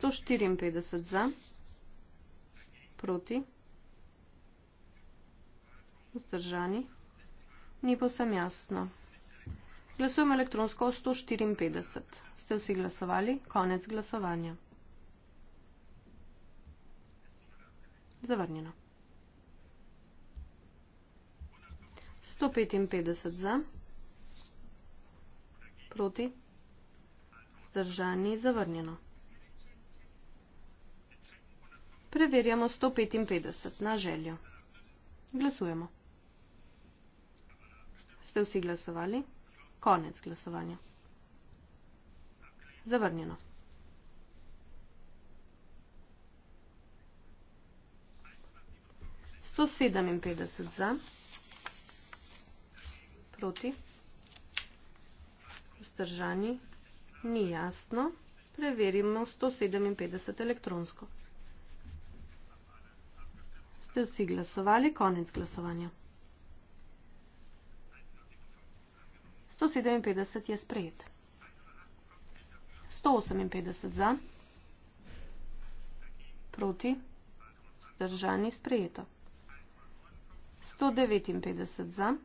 154 za, proti, zdržani, ni povsem jasno. Glasujem elektronsko 154. Ste vsi glasovali? Konec glasovanja. Zavrnjeno. 155 za. Proti. Zdržani. Zavrnjeno. Preverjamo 155 na željo. Glasujemo. Ste vsi glasovali? 155. Konec glasovanja. Zavrnjeno. Sto sedeminpetdeset za, proti, vzdržani, ni jasno, preverimo sto sedeminpetdeset elektronsko. Ste vsi glasovali, konec glasovanja. 157 je sprejet. 158 za, proti, vzdržani sprejeto. 159 za,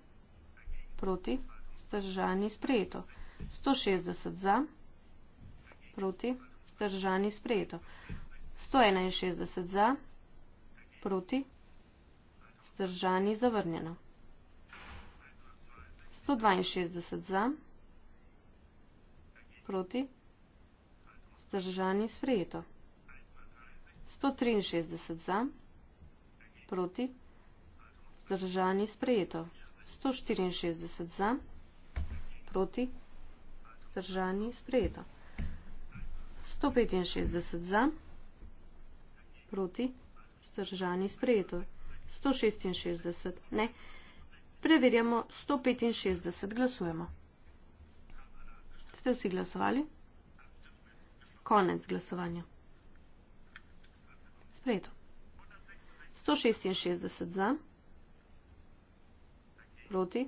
proti, vzdržani sprejeto. 160 za, proti, vzdržani sprejeto. 161 za, proti, vzdržani zavrnjeno. 162 za, proti, vzdržani sprejeto. 163 za, proti, vzdržani sprejeto. 164 za, proti, vzdržani sprejeto. 165 za, proti, vzdržani sprejeto. 166, ne, 166. Preverjamo 165, glasujemo. Ste vsi glasovali? Konec glasovanja. Sprejeto. 166 za. Proti.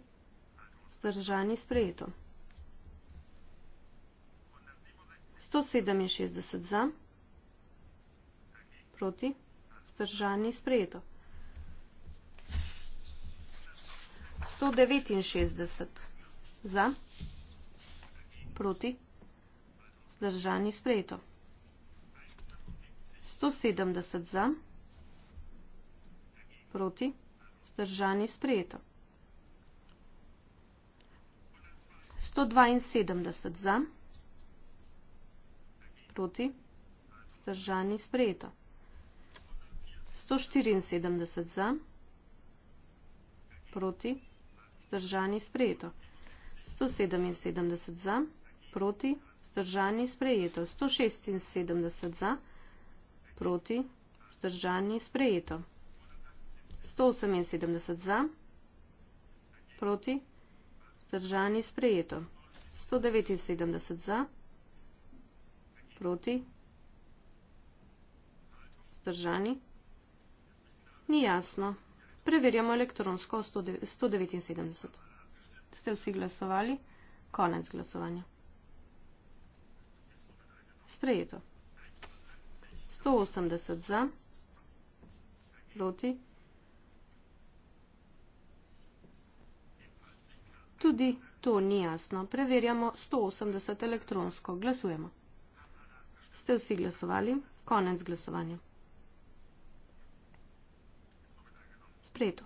Zdržani sprejeto. 167 za. Proti. Zdržani sprejeto. 169 za, proti, zdržani sprejeto. 170 za, proti, zdržani sprejeto. 172 za, proti, zdržani sprejeto. 174 za, proti, zdržani sprejeto vzdržani sprejeto. 177 za, proti, vzdržani sprejeto. 176 za, proti, vzdržani sprejeto. 178 za, proti, vzdržani sprejeto. 179 za, proti, vzdržani. Ni jasno. Preverjamo elektronsko 179. Ste vsi glasovali? Konec glasovanja. Sprejeto. 180 za, proti. Tudi to ni jasno. Preverjamo 180 elektronsko. Glasujemo. Ste vsi glasovali? Konec glasovanja. spletu.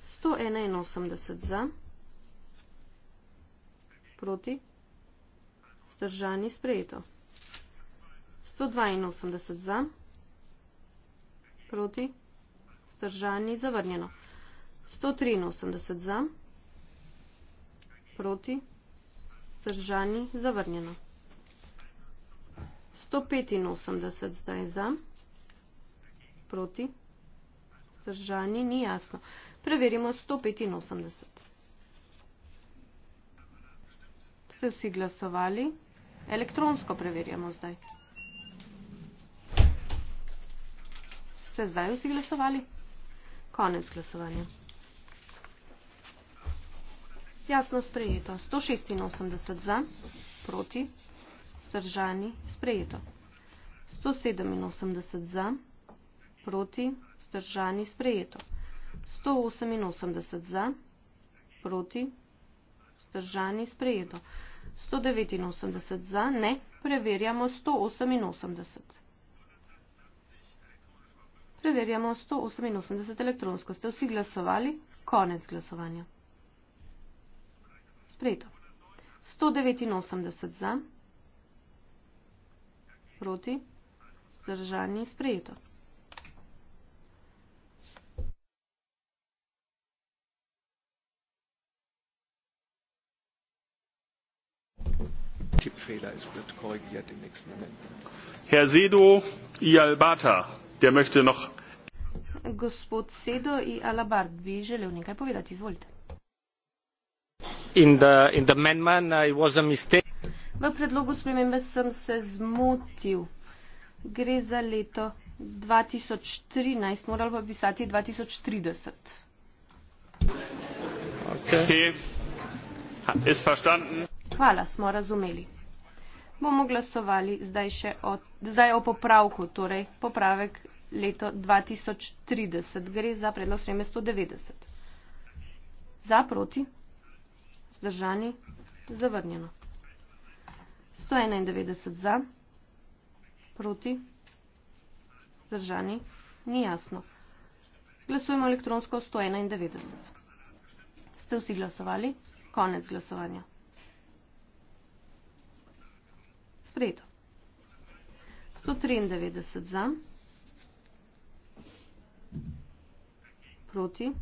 Sto enainosemdeset za, proti, vzdržani sprejeto. Sto dvainosemdeset za, proti, vzdržani zavrnjeno. Sto triinosemdeset za, proti, vzdržani zavrnjeno. 185 zdaj za, proti, zdržani, ni jasno. Preverimo 185. Ste vsi glasovali? Elektronsko preverjamo zdaj. Ste zdaj vsi glasovali? Konec glasovanja. Jasno sprejeto. 186 za, proti, vzdržani, sprejeto. 187 za, proti, vzdržani, sprejeto. 188 za, proti, vzdržani, sprejeto. 189 za, ne, preverjamo 188. Preverjamo 188 elektronsko. Ste vsi glasovali? Konec glasovanja. Sprejeto. 189 za, proti, vzdržani, sprejeto proti, zdržani sprejeto. Herr Sedo Ialbata, der möchte noch. Gospod Sedo Ialbata, bi želel nekaj povedati, izvolite. In the, in the man -man, uh, was a V predlogu spremembe sem se zmotil. Gre za leto 2013, moral pa pisati 2030. Okay. Okay. Hvala, smo razumeli. Bomo glasovali zdaj še o, zdaj o popravku, torej popravek leto 2030. Gre za predlog spremembe 190. Za proti, zdržani, zavrnjeno. 191 za, proti, zdržani, ni jasno. Glasujemo elektronsko 191. Ste vsi glasovali? Konec glasovanja. Sprejeto. 193 za, proti,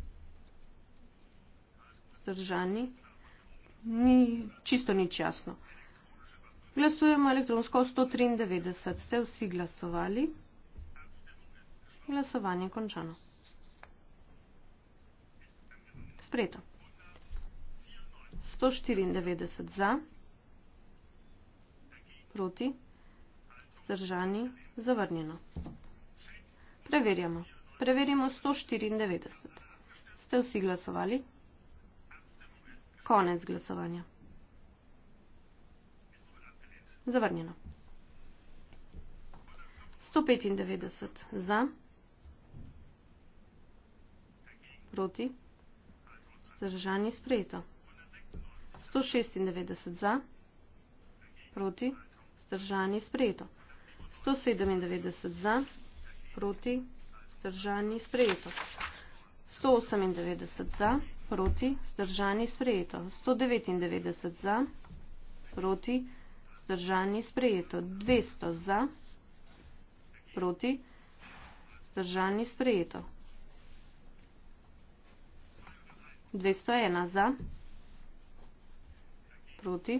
zdržani, ni čisto nič jasno. Glasujemo elektronsko 193. Ste vsi glasovali? Glasovanje končano. Sprejeto. 194 za, proti, stržani, zavrnjeno. Preverjamo. Preverimo 194. Ste vsi glasovali? Konec glasovanja. Zavrnjeno. 195 za. Proti. Zdržanje sprejeto. 196 za. Proti. Zdržanje sprejeto. 197 za. Proti. Zdržanje sprejeto. 198 za. Proti. Zdržanje sprejeto. 199 za. Proti. Zdržanje sprejeto. Zdržani sprejeto. 200 za. Proti. Zdržani sprejeto. 201 za. Proti.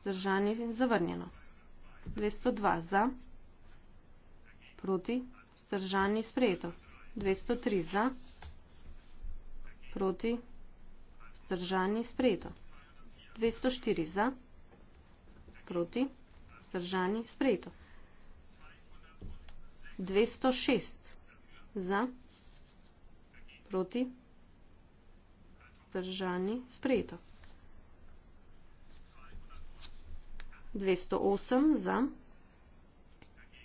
Zdržani zavrnjeno. 202 za. Proti. Zdržani sprejeto. 203 za. Proti. Zdržani sprejeto. 204 za. Proti proti, vzdržani, sprejeto. 206 za, proti, vzdržani, sprejeto. 208 za,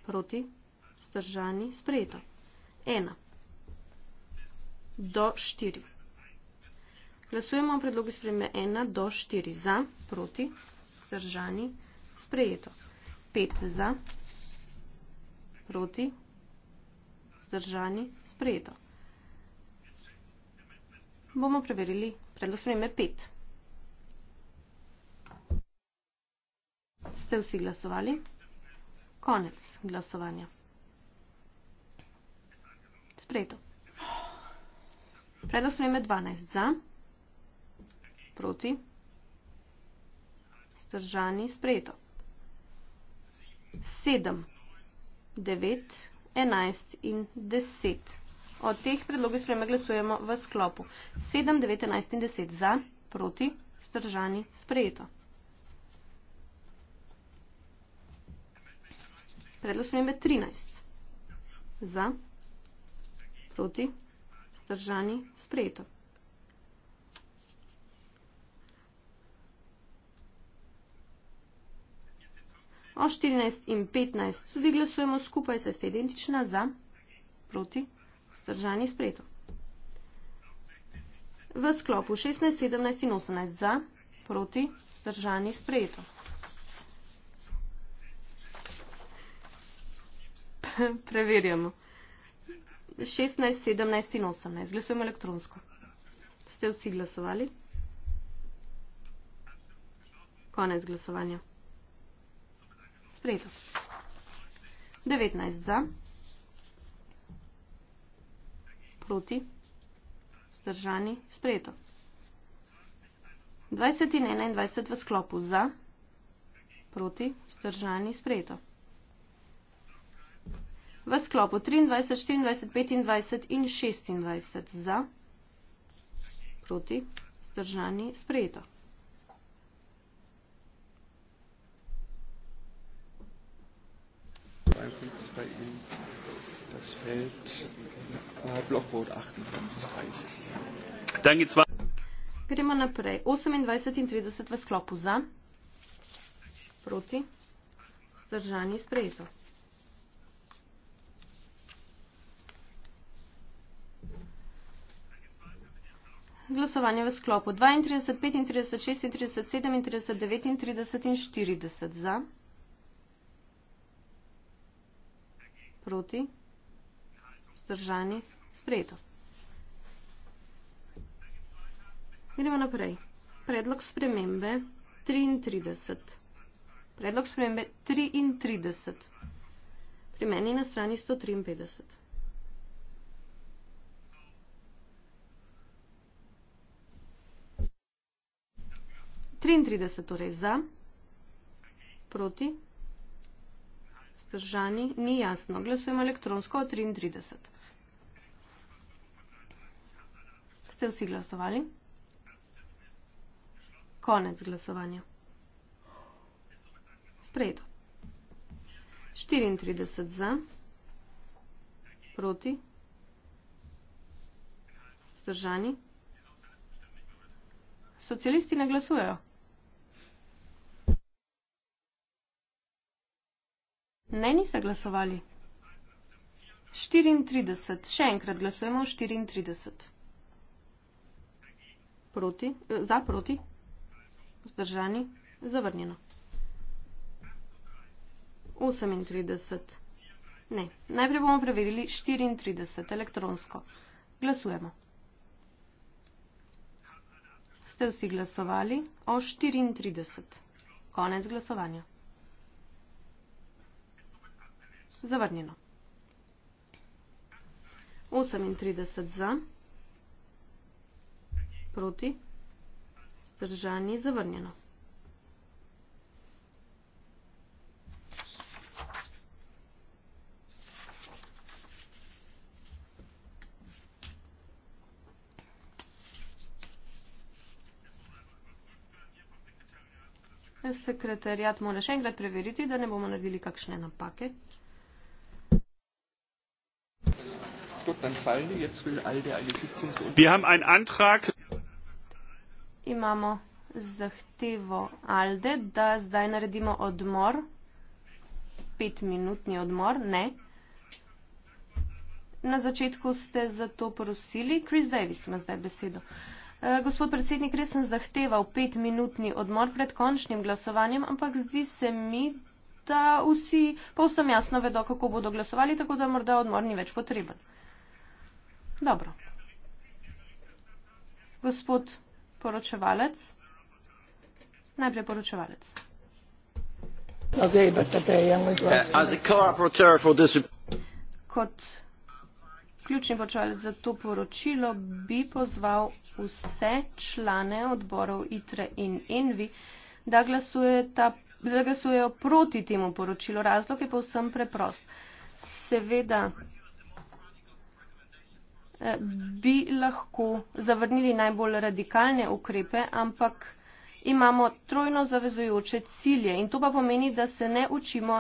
proti, vzdržani, sprejeto. 1 do 4. Glasujemo o predlogi spremembe 1 do 4 za, proti, vzdržani, sprejeto sprejeto. 5 za, proti, zdržani, sprejeto. Bomo preverili predlog spremembe 5. Ste vsi glasovali? Konec glasovanja. Sprejeto. Predlog spremembe 12 za, proti, zdržani, sprejeto. 7, 9, 11 in 10. O teh predlogih sprejme glasujemo v sklopu. 7, 9, 11 in 10 za, proti, stržani, sprejeto. Predlog sprejme 13 za, proti, stržani, sprejeto. O 14 in 15 tudi glasujemo skupaj, saj ste identična za, proti, vzdržani spreto. V sklopu 16, 17 in 18 za, proti, vzdržani spreto. Preverjamo. 16, 17 in 18. Glasujemo elektronsko. Ste vsi glasovali? Konec glasovanja. Sprejeto. 19 za. Proti. Zdržani. Sprejeto. 20 in 21 v sklopu za. Proti. Zdržani. Sprejeto. V sklopu 23, 24, 25 in 26 za. Proti. Zdržani. Sprejeto. Streitpunkt bei Ihnen. Das fällt äh, Blockwort 28.30. Danke, zwei. Gremo naprej. 28.30 v sklopu za, proti, zdržani, sprejeto. Glasovanje v sklopu 32, 35, 36, 37, 39 in 40 za. Proti. Vzdržani. Sprejeto. Gremo naprej. Predlog spremembe 33. Predlog spremembe 33. Pri meni na strani 153. Trintrideset torej za, proti, vzdržani? Ni jasno. Glasujemo elektronsko o 33. Ste vsi glasovali? Konec glasovanja. Sprejeto. 34 za, proti, vzdržani. Socialisti ne glasujejo. Ne, niste glasovali. 34. Še enkrat glasujemo 34. Proti, eh, za proti, zdržani, zavrnjeno. 38. Ne, najprej bomo preverili 34 elektronsko. Glasujemo. Ste vsi glasovali o 34. Konec glasovanja zavrnjeno. 38 za, proti, zdržani, zavrnjeno. Sekretarjat mora še enkrat preveriti, da ne bomo naredili kakšne napake. dort dann fallen. Jetzt will Alde eine Sitzung. So Wir haben einen Antrag. Imamo zahtevo Alde, da zdaj naredimo odmor. Petminutni odmor, ne. Na začetku ste za to prosili. Chris Davis ima zdaj besedo. E, gospod predsednik, res sem zahteval petminutni odmor pred končnim glasovanjem, ampak zdi se mi, da vsi povsem jasno vedo, kako bodo glasovali, tako da morda odmor ni več potreben. Dobro. Gospod poročevalec. Najprej poročevalec. Uh, Kot ključni poročevalec za to poročilo bi pozval vse člane odborov ITRE in ENVI, da, da glasujejo proti temu poročilu. Razlog je povsem preprost. Seveda Eh, bi lahko zavrnili najbolj radikalne ukrepe, ampak imamo trojno zavezujoče cilje in to pa pomeni, da se ne učimo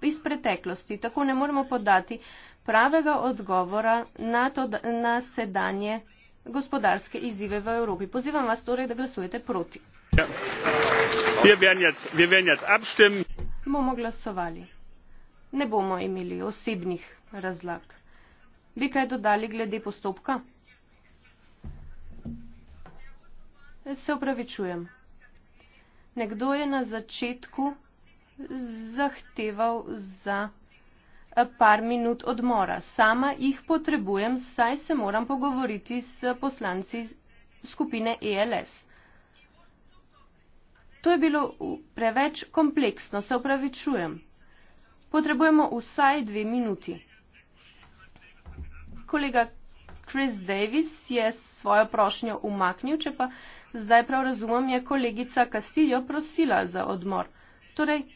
iz preteklosti. Tako ne moremo podati pravega odgovora na, to, na sedanje gospodarske izzive v Evropi. Pozivam vas torej, da glasujete proti. Ja. Bomo glasovali. Ne bomo imeli osebnih razlag. Bi kaj dodali glede postopka? Se upravičujem. Nekdo je na začetku zahteval za eh, par minut odmora. Sama jih potrebujem, saj se moram pogovoriti s poslanci skupine ELS. To je bilo preveč kompleksno, se upravičujem. Potrebujemo vsaj dve minuti kolega Chris Davis je svojo prošnjo umaknil, če pa zdaj prav razumem, je kolegica Castillo prosila za odmor. Torej,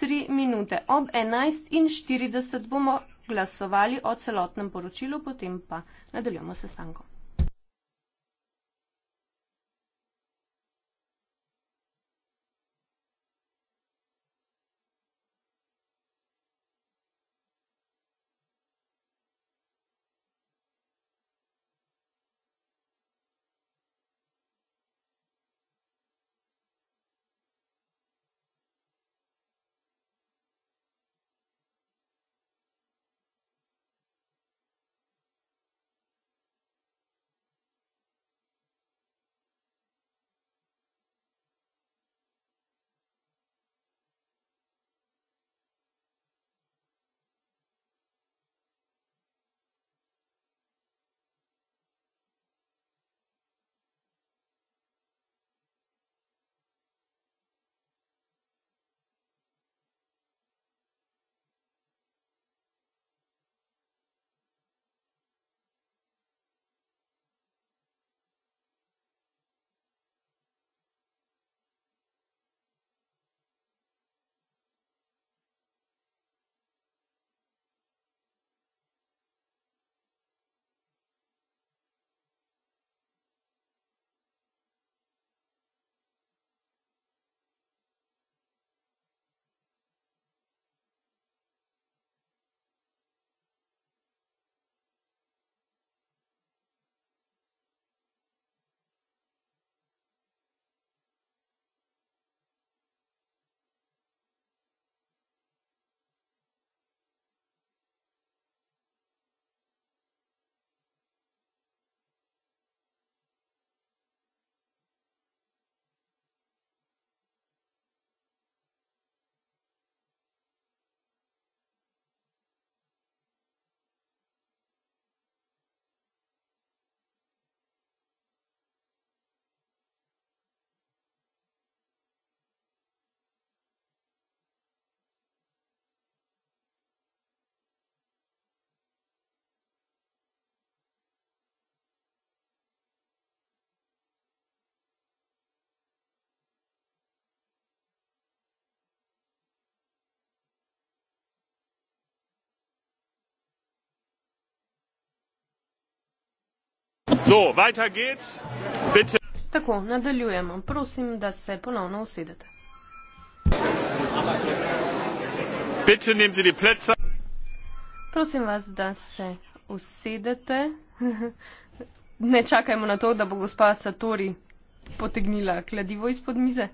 tri minute. Ob 11.40 bomo glasovali o celotnem poročilu, potem pa nadaljujemo sestankom. So, weiter geht's. Bitte. Tako, nadaljujemo. Prosim, da se ponovno usedete. Bitte nehmen Sie die Plätze. Prosim vas, da se usedete. ne čakajmo na to, da bo gospa Satori potegnila kladivo izpod mize.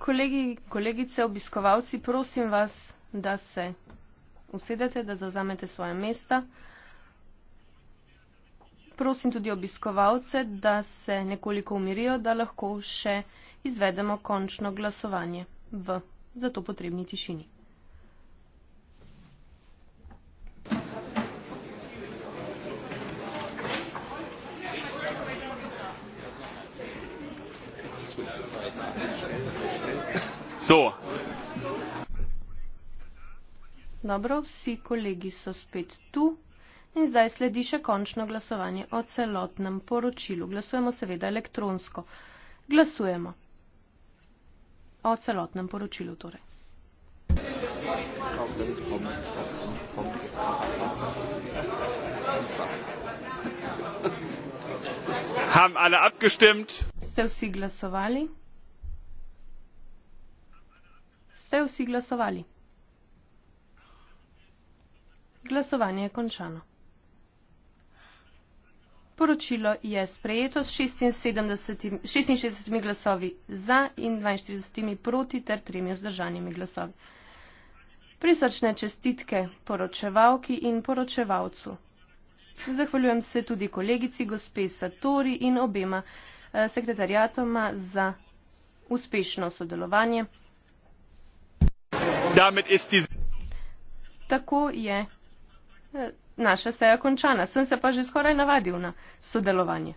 Kolegi, kolegice, obiskovalci, prosim vas, da se usedete, da zauzamete svoje mesta. Prosim tudi obiskovalce, da se nekoliko umirijo, da lahko še izvedemo končno glasovanje v zato potrebni tišini. So. Dobro, vsi kolegi so spet tu in zdaj sledi še končno glasovanje o celotnem poročilu. Glasujemo seveda elektronsko. Glasujemo o celotnem poročilu torej. Ste vsi glasovali? ste vsi glasovali? Glasovanje je končano. Poročilo je sprejeto s 76, 66 glasovi za in 42 proti ter tremi vzdržanimi glasovi. Prisrčne čestitke poročevalki in poročevalcu. Zahvaljujem se tudi kolegici gospe Satori in obema eh, sekretarjatoma za uspešno sodelovanje. Tako je naša seja končana. Sem se pa že skoraj navadil na sodelovanje.